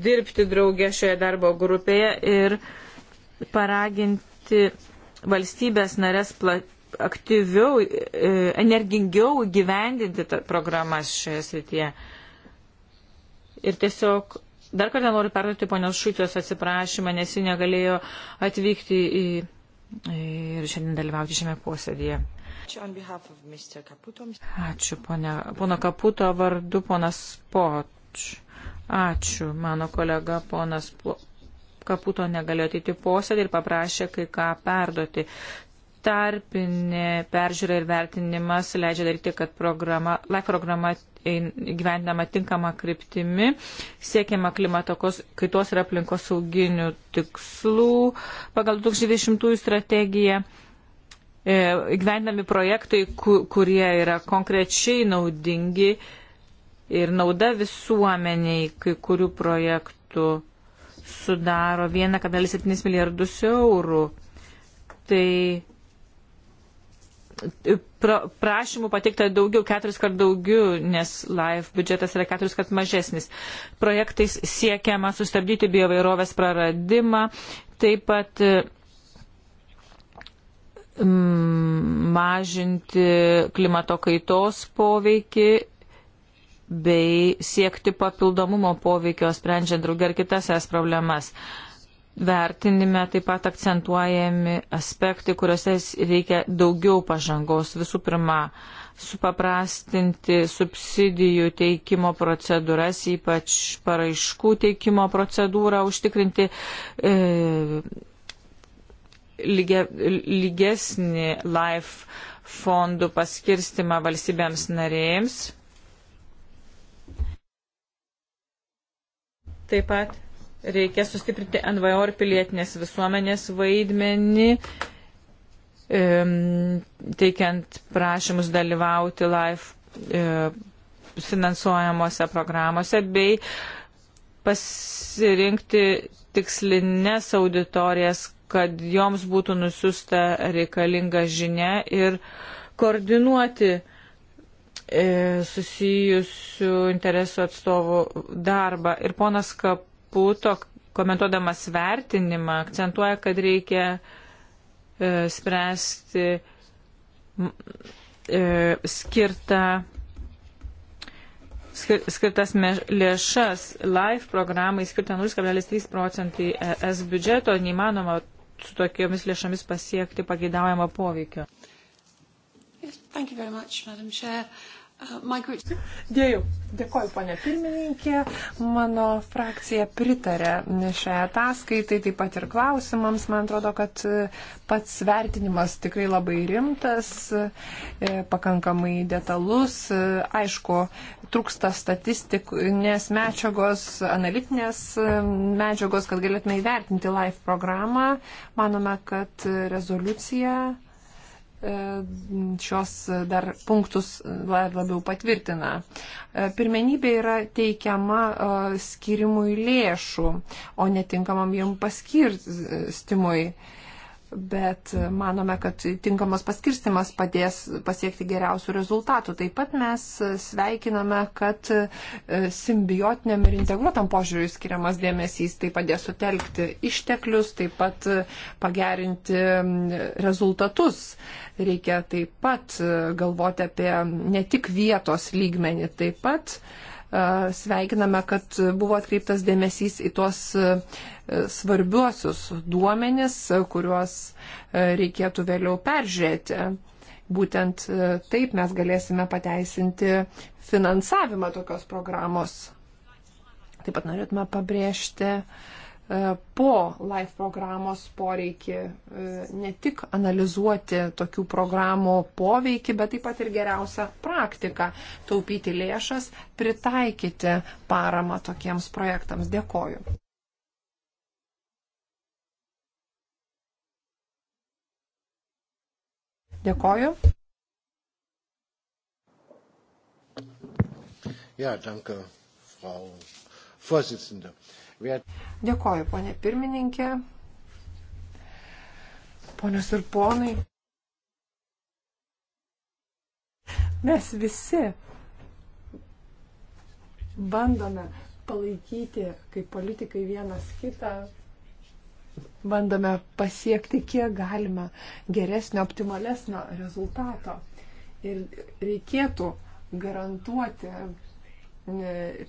dirbti draugė šioje darbo grupėje ir paraginti valstybės narės aktyviau, e, energingiau gyvendinti programas šioje srityje. Ir tiesiog dar kartą noriu perduoti ponios Šutijos atsiprašymą, nes ji negalėjo atvykti į ir šiandien dalyvauti šiame posėdėje. Ačiū, ponia, pono Kaputo vardu, ponas Poč. Ačiū, mano kolega ponas Kaputo negalėjo ateiti posėdį ir paprašė kai ką perduoti tarpinė peržiūra ir vertinimas leidžia daryti, kad programa, LIFE programa gyvendinama tinkama kryptimi, siekiama klimatokos kaitos ir aplinkos sauginių tikslų pagal 2020 strategiją. E, Gyvendami projektai, kurie yra konkrečiai naudingi ir nauda visuomeniai kai kurių projektų sudaro 1,7 milijardus eurų. Tai prašymų pateikta daugiau, keturis kart daugiau, nes LIFE biudžetas yra keturis kart mažesnis. Projektais siekiama sustabdyti biovairovės praradimą, taip pat e, mažinti klimato kaitos poveikį bei siekti papildomumo poveikio, sprendžiant draugę ir kitas es problemas. Uh, vertinime taip pat akcentuojami aspektai, kuriuose reikia daugiau pažangos. Visų pirma, supaprastinti subsidijų teikimo procedūras, ypač paraiškų teikimo procedūrą, užtikrinti e, lygia, lygesnį LIFE fondų paskirstimą valstybėms narėjams. Taip pat Reikia sustiprinti NVO ir pilietinės visuomenės vaidmenį, teikiant prašymus dalyvauti live e, finansuojamuose programuose bei pasirinkti tikslinės auditorijas, kad joms būtų nusiusta reikalinga žinia ir koordinuoti e, susijusių interesų atstovų darbą. Ir ponas Kap Puto, komentuodamas vertinimą, akcentuoja, kad reikia e, spręsti e, skirtą skirtas lėšas LIFE programai skirta 0,3 procentai ES biudžeto, neįmanoma su tokiomis lėšomis pasiekti pageidaujamo poveikio. Yes, Dėjau. Dėkoju, ponė pirmininkė. Mano frakcija pritarė šią ataskaitai, taip pat ir klausimams. Man atrodo, kad e, pats vertinimas tikrai labai rimtas, e, pakankamai detalus. E, aišku, trūksta statistikinės medžiagos, analitinės medžiagos, kad galėtume įvertinti live programą. Manome, kad rezoliucija E, šios dar punktus labiau patvirtina. E, pirmenybė yra teikiama e, skirimui lėšų, o netinkamam jam paskirstimui. Paskir bet manome, kad tinkamas paskirstimas padės pasiekti geriausių rezultatų. Taip pat mes sveikiname, kad e, simbiotiniam ir integruotam požiūriui skiriamas dėmesys, tai padės sutelkti išteklius, taip pat e, pagerinti rezultatus. Reikia taip pat e, galvoti apie ne tik vietos lygmenį, taip pat uh, sveikiname, kad buvo atkreiptas dėmesys į tuos svarbiuosius duomenis, kuriuos reikėtų vėliau peržiūrėti. Būtent taip mes galėsime pateisinti finansavimą tokios programos. Taip pat norėtume pabrėžti uh, E, po LIFE programos poreikį e, ne tik analizuoti tokių programų poveikį, bet taip pat ir geriausią praktiką - taupyti lėšas, pritaikyti paramą tokiems projektams. Dėkoju. Dėkoju. Ja, danke, Frau Vorsitzende. Äh, Dėkoju, ponė pirmininkė, ponios ir ponai. Mes visi bandome palaikyti kaip politikai vienas kitą, bandome pasiekti kiek galima geresnio, optimalesnio rezultato. Ir reikėtų garantuoti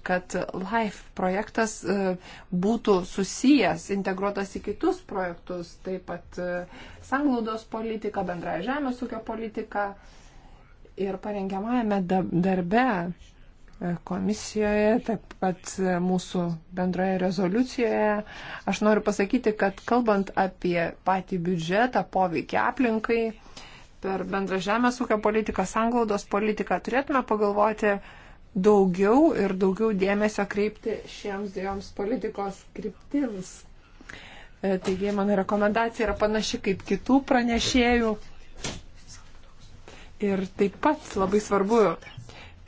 kad LIFE projektas e, būtų susijęs, integruotas į kitus projektus, taip pat e, sanglaudos politika, bendraja žemės ūkio politika ir parengiamajame darbe e, komisijoje, taip pat mūsų bendroje rezoliucijoje. Aš noriu pasakyti, kad kalbant apie patį biudžetą, poveikį aplinkai, per bendrą žemės ūkio politiką, sanglaudos politiką, turėtume pagalvoti, daugiau ir daugiau dėmesio kreipti šiems dviejoms politikos kryptims. E, taigi mano rekomendacija yra panaši kaip kitų pranešėjų. Ir taip pat labai svarbu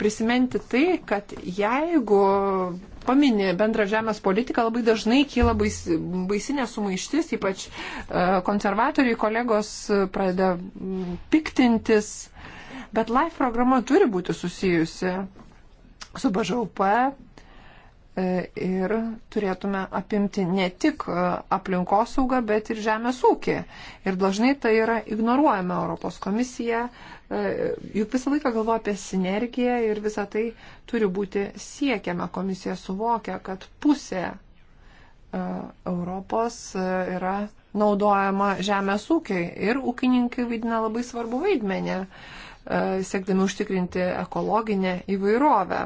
prisiminti tai, kad jeigu paminė bendrą žemės politiką, labai dažnai kyla bais, baisinė sumaištis, ypač e, konservatoriai kolegos pradeda piktintis. Bet LIFE programa turi būti susijusi su BŽUP e, ir turėtume apimti ne tik e, aplinkosaugą, bet ir žemės ūkį. Ir dažnai tai yra ignoruojama Europos komisija, e, juk visą laiką galvoja apie sinergiją ir visą tai turi būti siekiama. Komisija suvokia, kad pusė Europos yra naudojama žemės ūkiai ir ūkininkai vaidina labai svarbu vaidmenį, siekdami užtikrinti ekologinę įvairovę.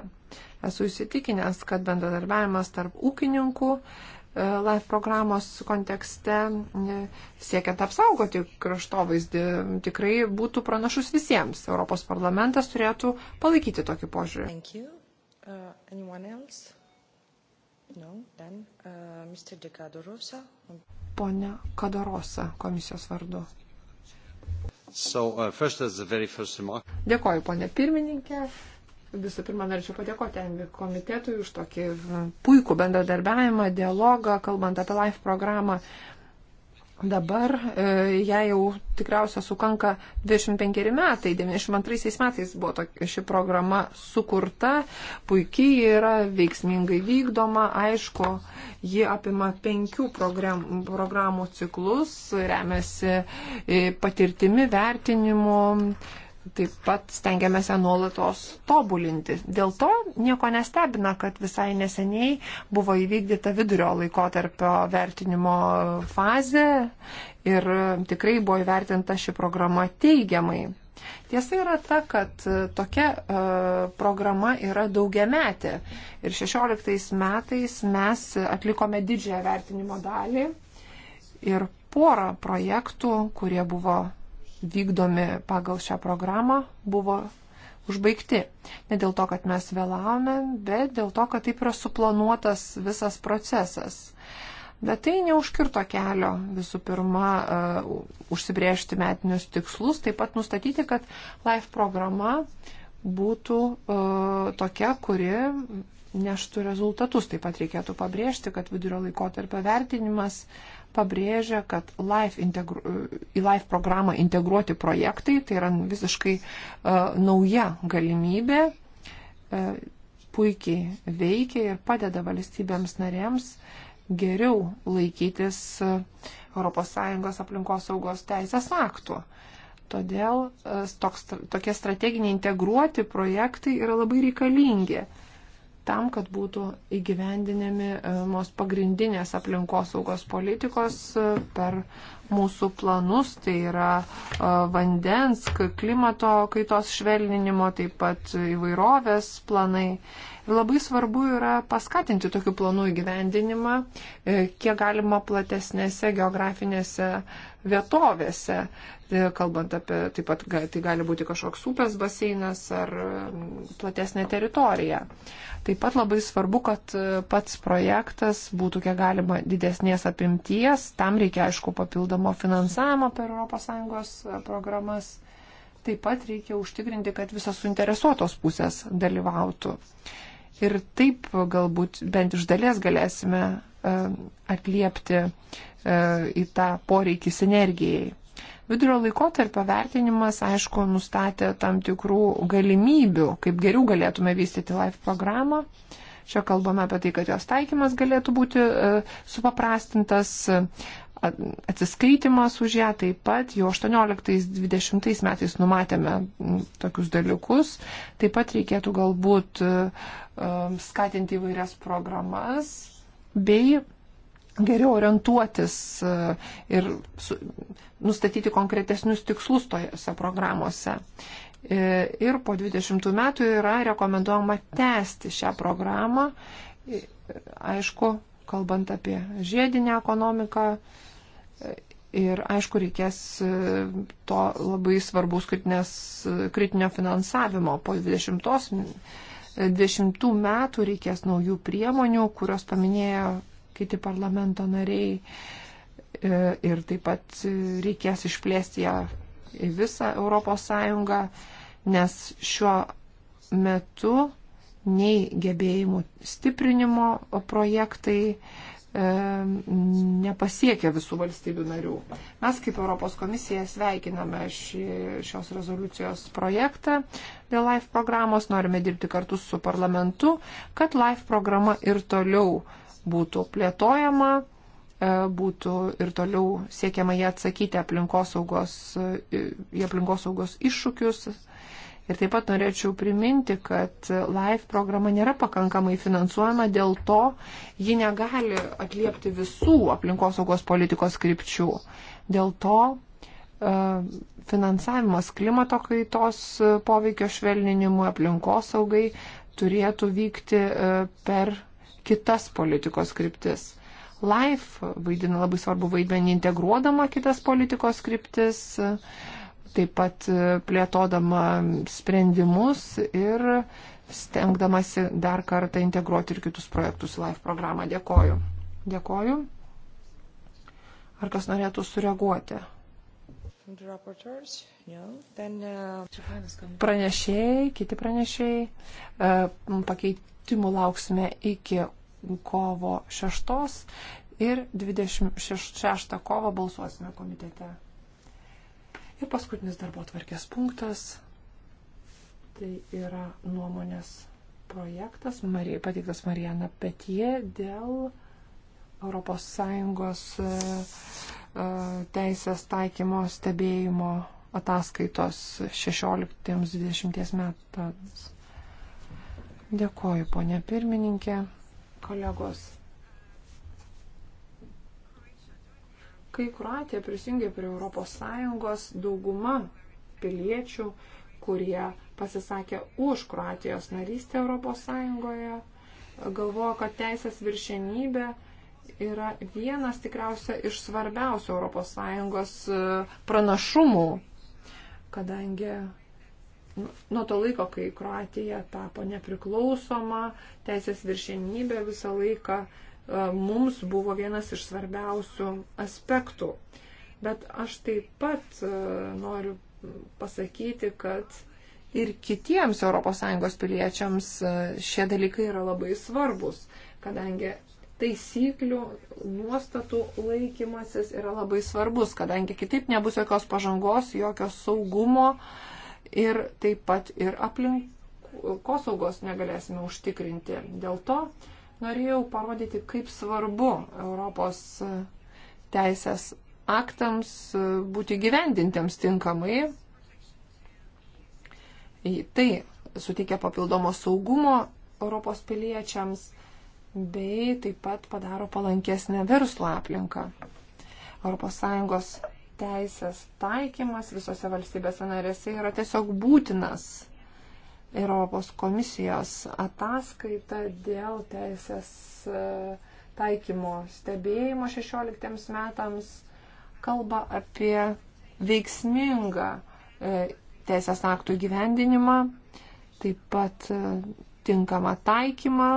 Esu įsitikinęs, kad bendradarbiavimas tarp ūkininkų e, LIFE programos kontekste e, siekiant apsaugoti kraštovaizdį tikrai būtų pranašus visiems. Europos parlamentas turėtų palaikyti tokį požiūrį. Uh, no, then, uh, Pone Kadarosa komisijos vardu. So, uh, first, Dėkoju, ponė pirmininkė. Visų pirma, norėčiau padėkoti Envi komitetui už tokį puikų bendradarbiavimą, dialogą, kalbant apie LIFE programą. Dabar e, jai jau tikriausia sukanka 25 metai, 92 metais buvo tokia, ši programa sukurta, puikiai yra, veiksmingai vykdoma, aišku, ji apima penkių program, programų ciklus, remiasi e, patirtimi, vertinimu taip pat stengiamės ją nuolatos tobulinti. Dėl to nieko nestebina, kad visai neseniai buvo įvykdyta vidurio laikotarpio vertinimo fazė ir tikrai buvo įvertinta ši programa teigiamai. Tiesa yra ta, kad tokia e, programa yra daugiametė ir 16 metais mes atlikome didžiąją vertinimo dalį ir porą projektų, kurie buvo vykdomi pagal šią programą buvo užbaigti. Ne dėl to, kad mes vėlavome, bet dėl to, kad taip yra suplanuotas visas procesas. Bet tai neužkirto kelio visų pirma uh, užsibriežti metinius tikslus, taip pat nustatyti, kad LIFE programa būtų uh, tokia, kuri neštų rezultatus. Taip pat reikėtų pabrėžti, kad vidurio laikotarpio vertinimas uh, pabrėžia, kad life integru, į LIFE programą integruoti projektai tai yra visiškai uh, nauja galimybė, uh, puikiai veikia ir padeda valstybėms narėms geriau laikytis ES aplinkosaugos teisės aktų. Todėl e, toks, tokie strateginiai integruoti projektai yra labai reikalingi. Uh, tam, kad būtų įgyvendinami e, mūsų pagrindinės aplinkosaugos politikos e, per mūsų planus, tai yra e, vandens, klimato kaitos švelninimo, taip pat įvairovės planai. Ir labai svarbu yra paskatinti tokių planų įgyvendinimą, kiek galima platesnėse geografinėse vietovėse. E, kalbant apie, taip pat tai gali būti kažkoks upės baseinas ar platesnė teritorija. Taip pat labai svarbu, kad e, pats projektas būtų kiek galima didesnės apimties. Tam reikia, aišku, papildomo finansavimo per ES programas. Taip pat reikia užtikrinti, kad visos suinteresuotos pusės dalyvautų. Ir taip galbūt bent iš dalies galėsime e, atliepti E, į tą poreikį sinergijai. Vidurio laikotarpio vertinimas, aišku, nustatė tam tikrų galimybių, kaip geriau galėtume vystyti LIFE programą. Čia kalbame apie tai, kad jos taikymas galėtų būti e, supaprastintas, atsiskaitimas už ją taip pat, jau 18-20 metais numatėme tokius dalykus, taip pat reikėtų galbūt e, skatinti įvairias programas bei geriau orientuotis e, ir nustatyti konkretesnius tikslus tojose programuose. E, ir po 20 metų yra rekomenduojama tęsti šią programą, e, aišku, kalbant apie žiedinę ekonomiką. Ir aišku, reikės to labai svarbus kritinės, kritinio finansavimo po 20 20 metų reikės naujų priemonių, kurios paminėjo kiti parlamento nariai. E, ir taip pat reikės išplėsti ją į visą Europos Sąjungą, nes šiuo metu nei gebėjimų stiprinimo projektai e, nepasiekia visų valstybių narių. Mes kaip Europos komisija sveikiname šį, šios rezoliucijos projektą dėl LIFE programos, norime dirbti kartu su parlamentu, kad LIFE programa ir toliau būtų plėtojama, e, būtų ir toliau siekiama jie atsakyti aplinkosaugos, e, į aplinkosaugos iššūkius. Ir taip pat norėčiau priminti, kad LIFE programa nėra pakankamai finansuojama, dėl to ji negali atliepti visų aplinkosaugos politikos krypčių. Dėl to e, finansavimas klimato kaitos poveikio švelninimui aplinkosaugai turėtų vykti per kitas politikos kryptis. LIFE vaidina labai svarbu vaidmenį integruodama kitas politikos kryptis, taip pat plėtodama sprendimus ir stengdamasi dar kartą integruoti ir kitus projektus į LIFE programą. Dėkoju. Dėkoju. Ar kas norėtų sureaguoti? Pranešėjai, kiti pranešėjai, e, pakeitimų lauksime iki kovo 6 ir 26 kovo balsuosime komitete. Ir paskutinis darbo tvarkės punktas. Tai yra nuomonės projektas, pateiktas Marijana Petie dėl ES e, e, teisės taikymo stebėjimo ataskaitos 16-20 metams. Dėkoju, ponė pirmininkė kolegos. Kai Kroatija prisijungė prie ES, dauguma piliečių, kurie pasisakė už Kroatijos narystę ES, galvojo, kad teisės viršenybė yra vienas tikriausia iš svarbiausių ES e, pranašumų, kadangi Nuo to laiko, kai Kroatija tapo nepriklausoma, teisės viršenybė visą laiką e, mums buvo vienas iš svarbiausių aspektų. Bet aš taip pat e, noriu pasakyti, kad ir kitiems ES piliečiams e, šie dalykai yra labai svarbus, kadangi taisyklių, nuostatų laikymasis yra labai svarbus, kadangi kitaip nebus jokios pažangos, jokios saugumo, uh, ir taip pat ir aplinkosaugos negalėsime užtikrinti. Dėl to norėjau parodyti, kaip svarbu Europos teisės aktams būti gyvendintiems tinkamai. Tai suteikia papildomo saugumo Europos piliečiams bei taip pat padaro palankesnę verslo aplinką. ES teisės taikymas visose valstybėse narėse yra tiesiog būtinas. Ir Europos komisijos ataskaita dėl teisės e, taikymo stebėjimo 16 metams kalba apie veiksmingą e, teisės aktų gyvendinimą, taip pat e, tinkamą taikymą.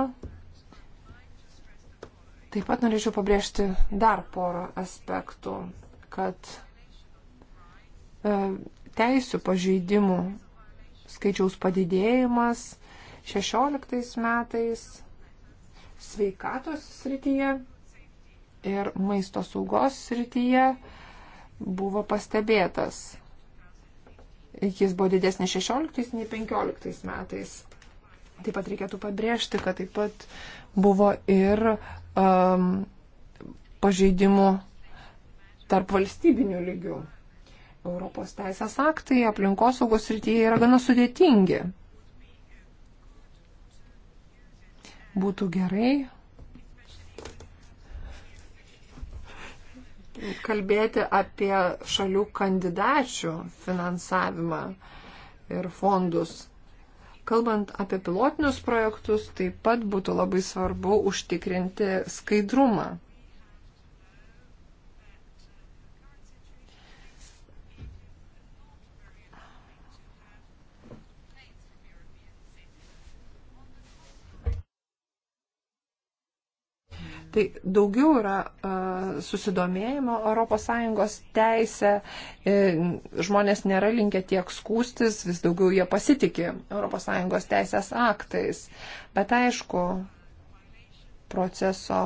Taip pat norėčiau pabrėžti dar porą aspektų, kad E, teisų pažeidimų skaičiaus padidėjimas 16 metais sveikatos srityje ir maisto saugos srityje buvo pastebėtas. Jis buvo didesnis 16 nei 15 metais. Taip pat reikėtų pabrėžti, kad taip pat buvo ir um, pažeidimų tarp valstybinių lygių. Europos teisės aktai aplinkosaugos rytyje yra gana sudėtingi. Būtų gerai kalbėti apie šalių kandidačių finansavimą ir fondus. Kalbant apie pilotinius projektus, taip pat būtų labai svarbu užtikrinti skaidrumą. tai daugiau yra susidomėjimo ES teisė, e, žmonės nėra linkę tiek skūstis, vis daugiau jie pasitikė ES teisės aktais. Bet aišku, proceso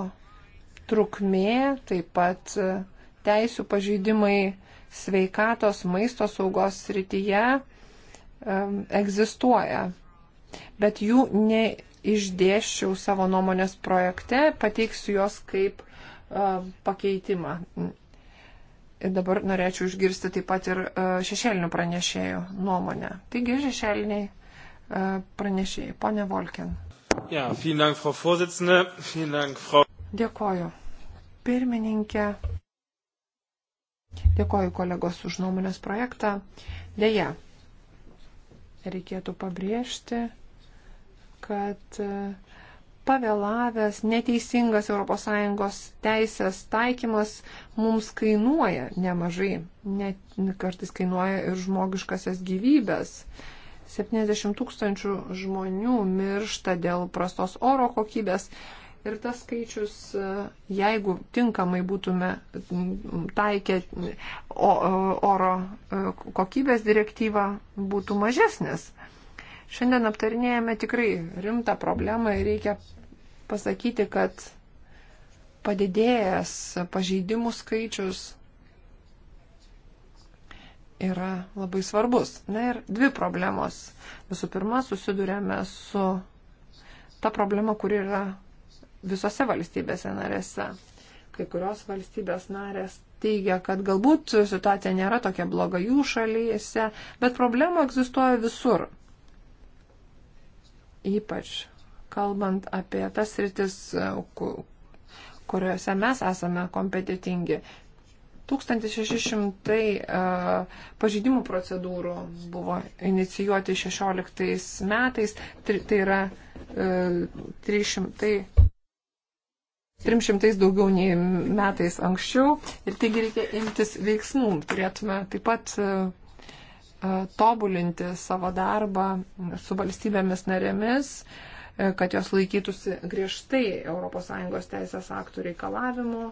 trukmė, taip pat e, teisų pažeidimai sveikatos, maisto saugos srityje e, egzistuoja. Bet jų ne, išdėščiau savo nuomonės projekte, pateiksiu jos kaip uh, pakeitimą. Ir dabar norėčiau išgirsti taip pat ir uh, šešėlinių pranešėjų nuomonę. Taigi šešėliniai uh, pranešėjai. Pone Volkin. Ja, dank, Frau dank, Frau... Dėkoju. Pirmininkė. Dėkoju kolegos už nuomonės projektą. Deja, reikėtų pabrėžti, kad e, pavėlavęs neteisingas ES teisės taikymas mums kainuoja nemažai, net kartais kainuoja ir žmogiškasias gyvybės. 70 tūkstančių žmonių miršta dėl prastos oro kokybės ir tas skaičius, e, jeigu tinkamai būtume taikę oro e, kokybės direktyvą, būtų mažesnis. Šiandien aptarinėjame tikrai rimtą problemą ir reikia pasakyti, kad padidėjęs pažeidimų skaičius yra labai svarbus. Na ir dvi problemos. Visų pirma, susidurėme su ta problema, kuri yra visose valstybėse narėse. Kai kurios valstybės narės teigia, kad galbūt situacija nėra tokia bloga jų šalyse, bet problema egzistuoja visur. Ypač kalbant apie tas rytis, kuriuose mes esame kompetitingi. 1600 e, pažydimų procedūrų buvo inicijuoti 16 metais, tai yra 300, e, 300 daugiau nei metais anksčiau. Ir taigi reikia imtis veiksmų. Turėtume taip pat e, E, tobulinti savo darbą su valstybėmis narėmis, e, kad jos laikytųsi griežtai ES teisės aktų reikalavimų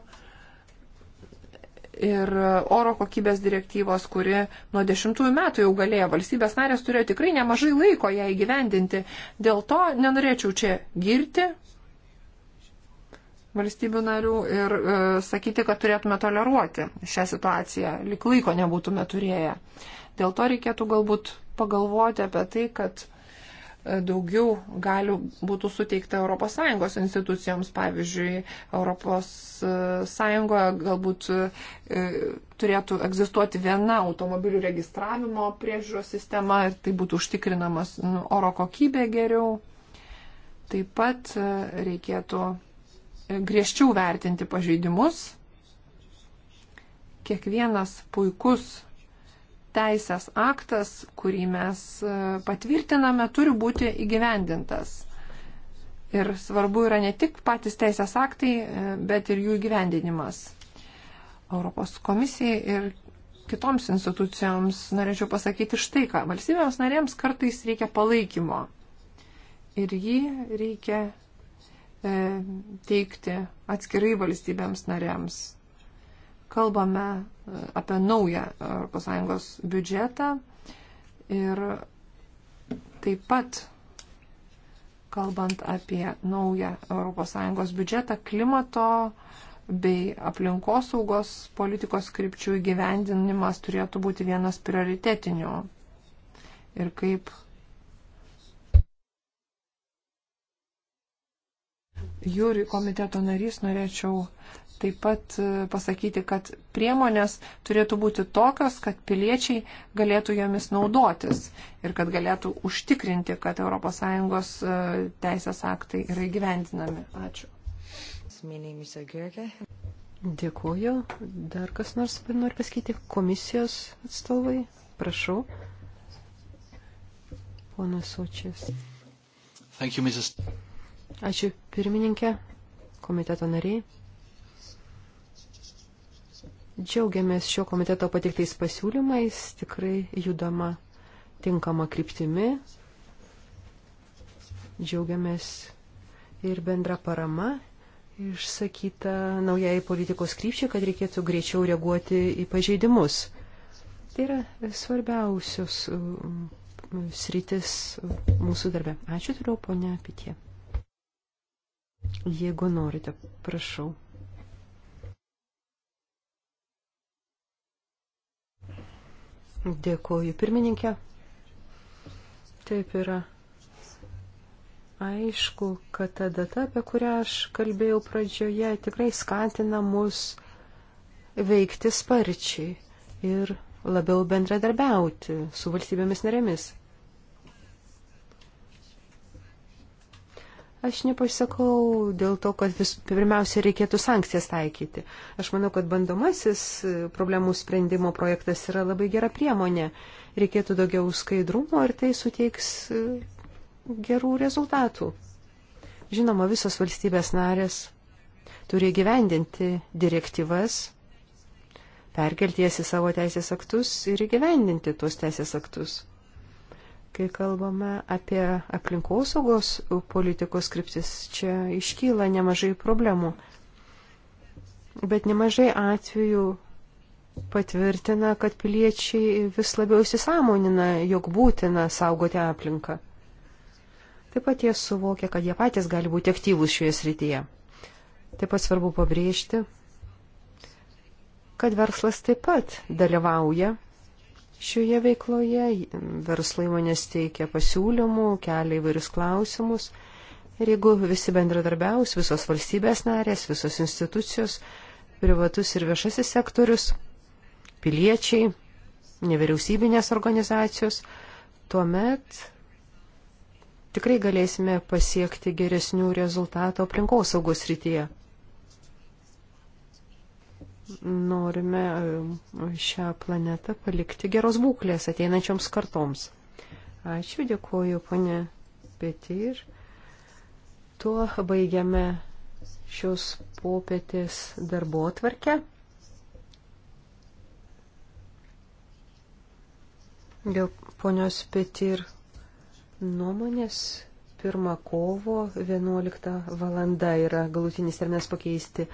ir oro kokybės direktyvos, kuri nuo dešimtųjų metų jau galėjo. Valstybės narės turėjo tikrai nemažai laiko ją įgyvendinti. Dėl to nenorėčiau čia girti valstybių narių ir e, sakyti, kad turėtume toleruoti šią situaciją, lik laiko nebūtume turėję. Dėl to reikėtų galbūt pagalvoti apie tai, kad e, daugiau galių būtų suteikta ES institucijoms. Pavyzdžiui, ES e, galbūt e, turėtų egzistuoti viena automobilių registravimo priežiūros sistema ir tai būtų užtikrinamas nu, oro kokybė geriau. Taip pat reikėtų griežčiau vertinti pažeidimus. Kiekvienas puikus teisės aktas, kurį mes e, patvirtiname, turi būti įgyvendintas. Ir svarbu yra ne tik patys teisės aktai, e, bet ir jų įgyvendinimas. Europos komisijai ir kitoms institucijoms norėčiau pasakyti štai ką. Valstybėms narėms kartais reikia palaikymo. Ir jį reikia e, teikti atskirai valstybėms narėms kalbame e, apie naują ES biudžetą ir taip pat kalbant apie naują ES biudžetą klimato bei aplinkosaugos politikos krypčių įgyvendinimas turėtų būti vienas prioritetinių. Ir kaip jūri komiteto narys norėčiau taip pat e, pasakyti, kad priemonės turėtų būti tokios, kad piliečiai galėtų jomis naudotis ir kad galėtų užtikrinti, kad ES e, teisės aktai yra įgyvendinami. Ačiū. Dėkuoju. Dar kas nors nori pasakyti? Komisijos atstovai, prašau. Ponas Očias. Ačiū pirmininkė, komiteto nariai. Džiaugiamės šio komiteto patiktais pasiūlymais, tikrai judama tinkama kryptimi. Džiaugiamės ir bendra parama išsakyta naujai politikos krypčiai, kad reikėtų greičiau reaguoti į pažeidimus. Tai yra svarbiausios um, sritis mūsų darbe. Ačiū turiu, ponia Pitie. Jeigu norite, prašau. Dėkuoju, pirmininkė. Taip yra. Aišku, kad ta data, apie kurią aš kalbėjau pradžioje, tikrai skatina mus veikti sparčiai ir labiau bendradarbiauti su valstybėmis narėmis. Aš nepasakau dėl to, kad vis, pirmiausia reikėtų sankcijas taikyti. Aš manau, kad bandomasis e, problemų sprendimo projektas yra labai gera priemonė. Reikėtų daugiau skaidrumo ir tai suteiks e, gerų rezultatų. Žinoma, visos valstybės narės turi gyvendinti direktyvas, perkelti jas į savo teisės aktus ir įgyvendinti tuos teisės aktus. Kai kalbame apie aplinkosaugos politikos kryptis, čia iškyla nemažai problemų. Bet nemažai atvejų patvirtina, kad piliečiai vis labiau įsisamonina, jog būtina saugoti aplinką. Taip pat jie suvokia, kad jie patys gali būti aktyvūs šioje srityje. Taip pat svarbu pabrėžti, kad verslas taip pat dalyvauja Šioje veikloje verslai manęs teikia pasiūlymų, kelia įvairius klausimus. Ir jeigu visi bendradarbiaus, visos valstybės narės, visos institucijos, privatus ir viešasis sektorius, piliečiai, nevyriausybinės organizacijos, tuomet tikrai galėsime pasiekti geresnių rezultatų aplinkosaugos rytyje norime e, šią planetą palikti geros būklės ateinančioms kartoms. Ačiū, dėkuoju, ponė Petir. Tuo baigiame šios popietės darbo atvarkę. Dėl ponios Petir nuomonės 1 kovo 11 valanda yra galutinis terminas pakeisti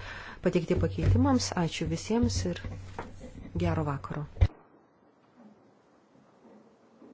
pateikti pakeitimams. Ačiū visiems ir gero vakaro.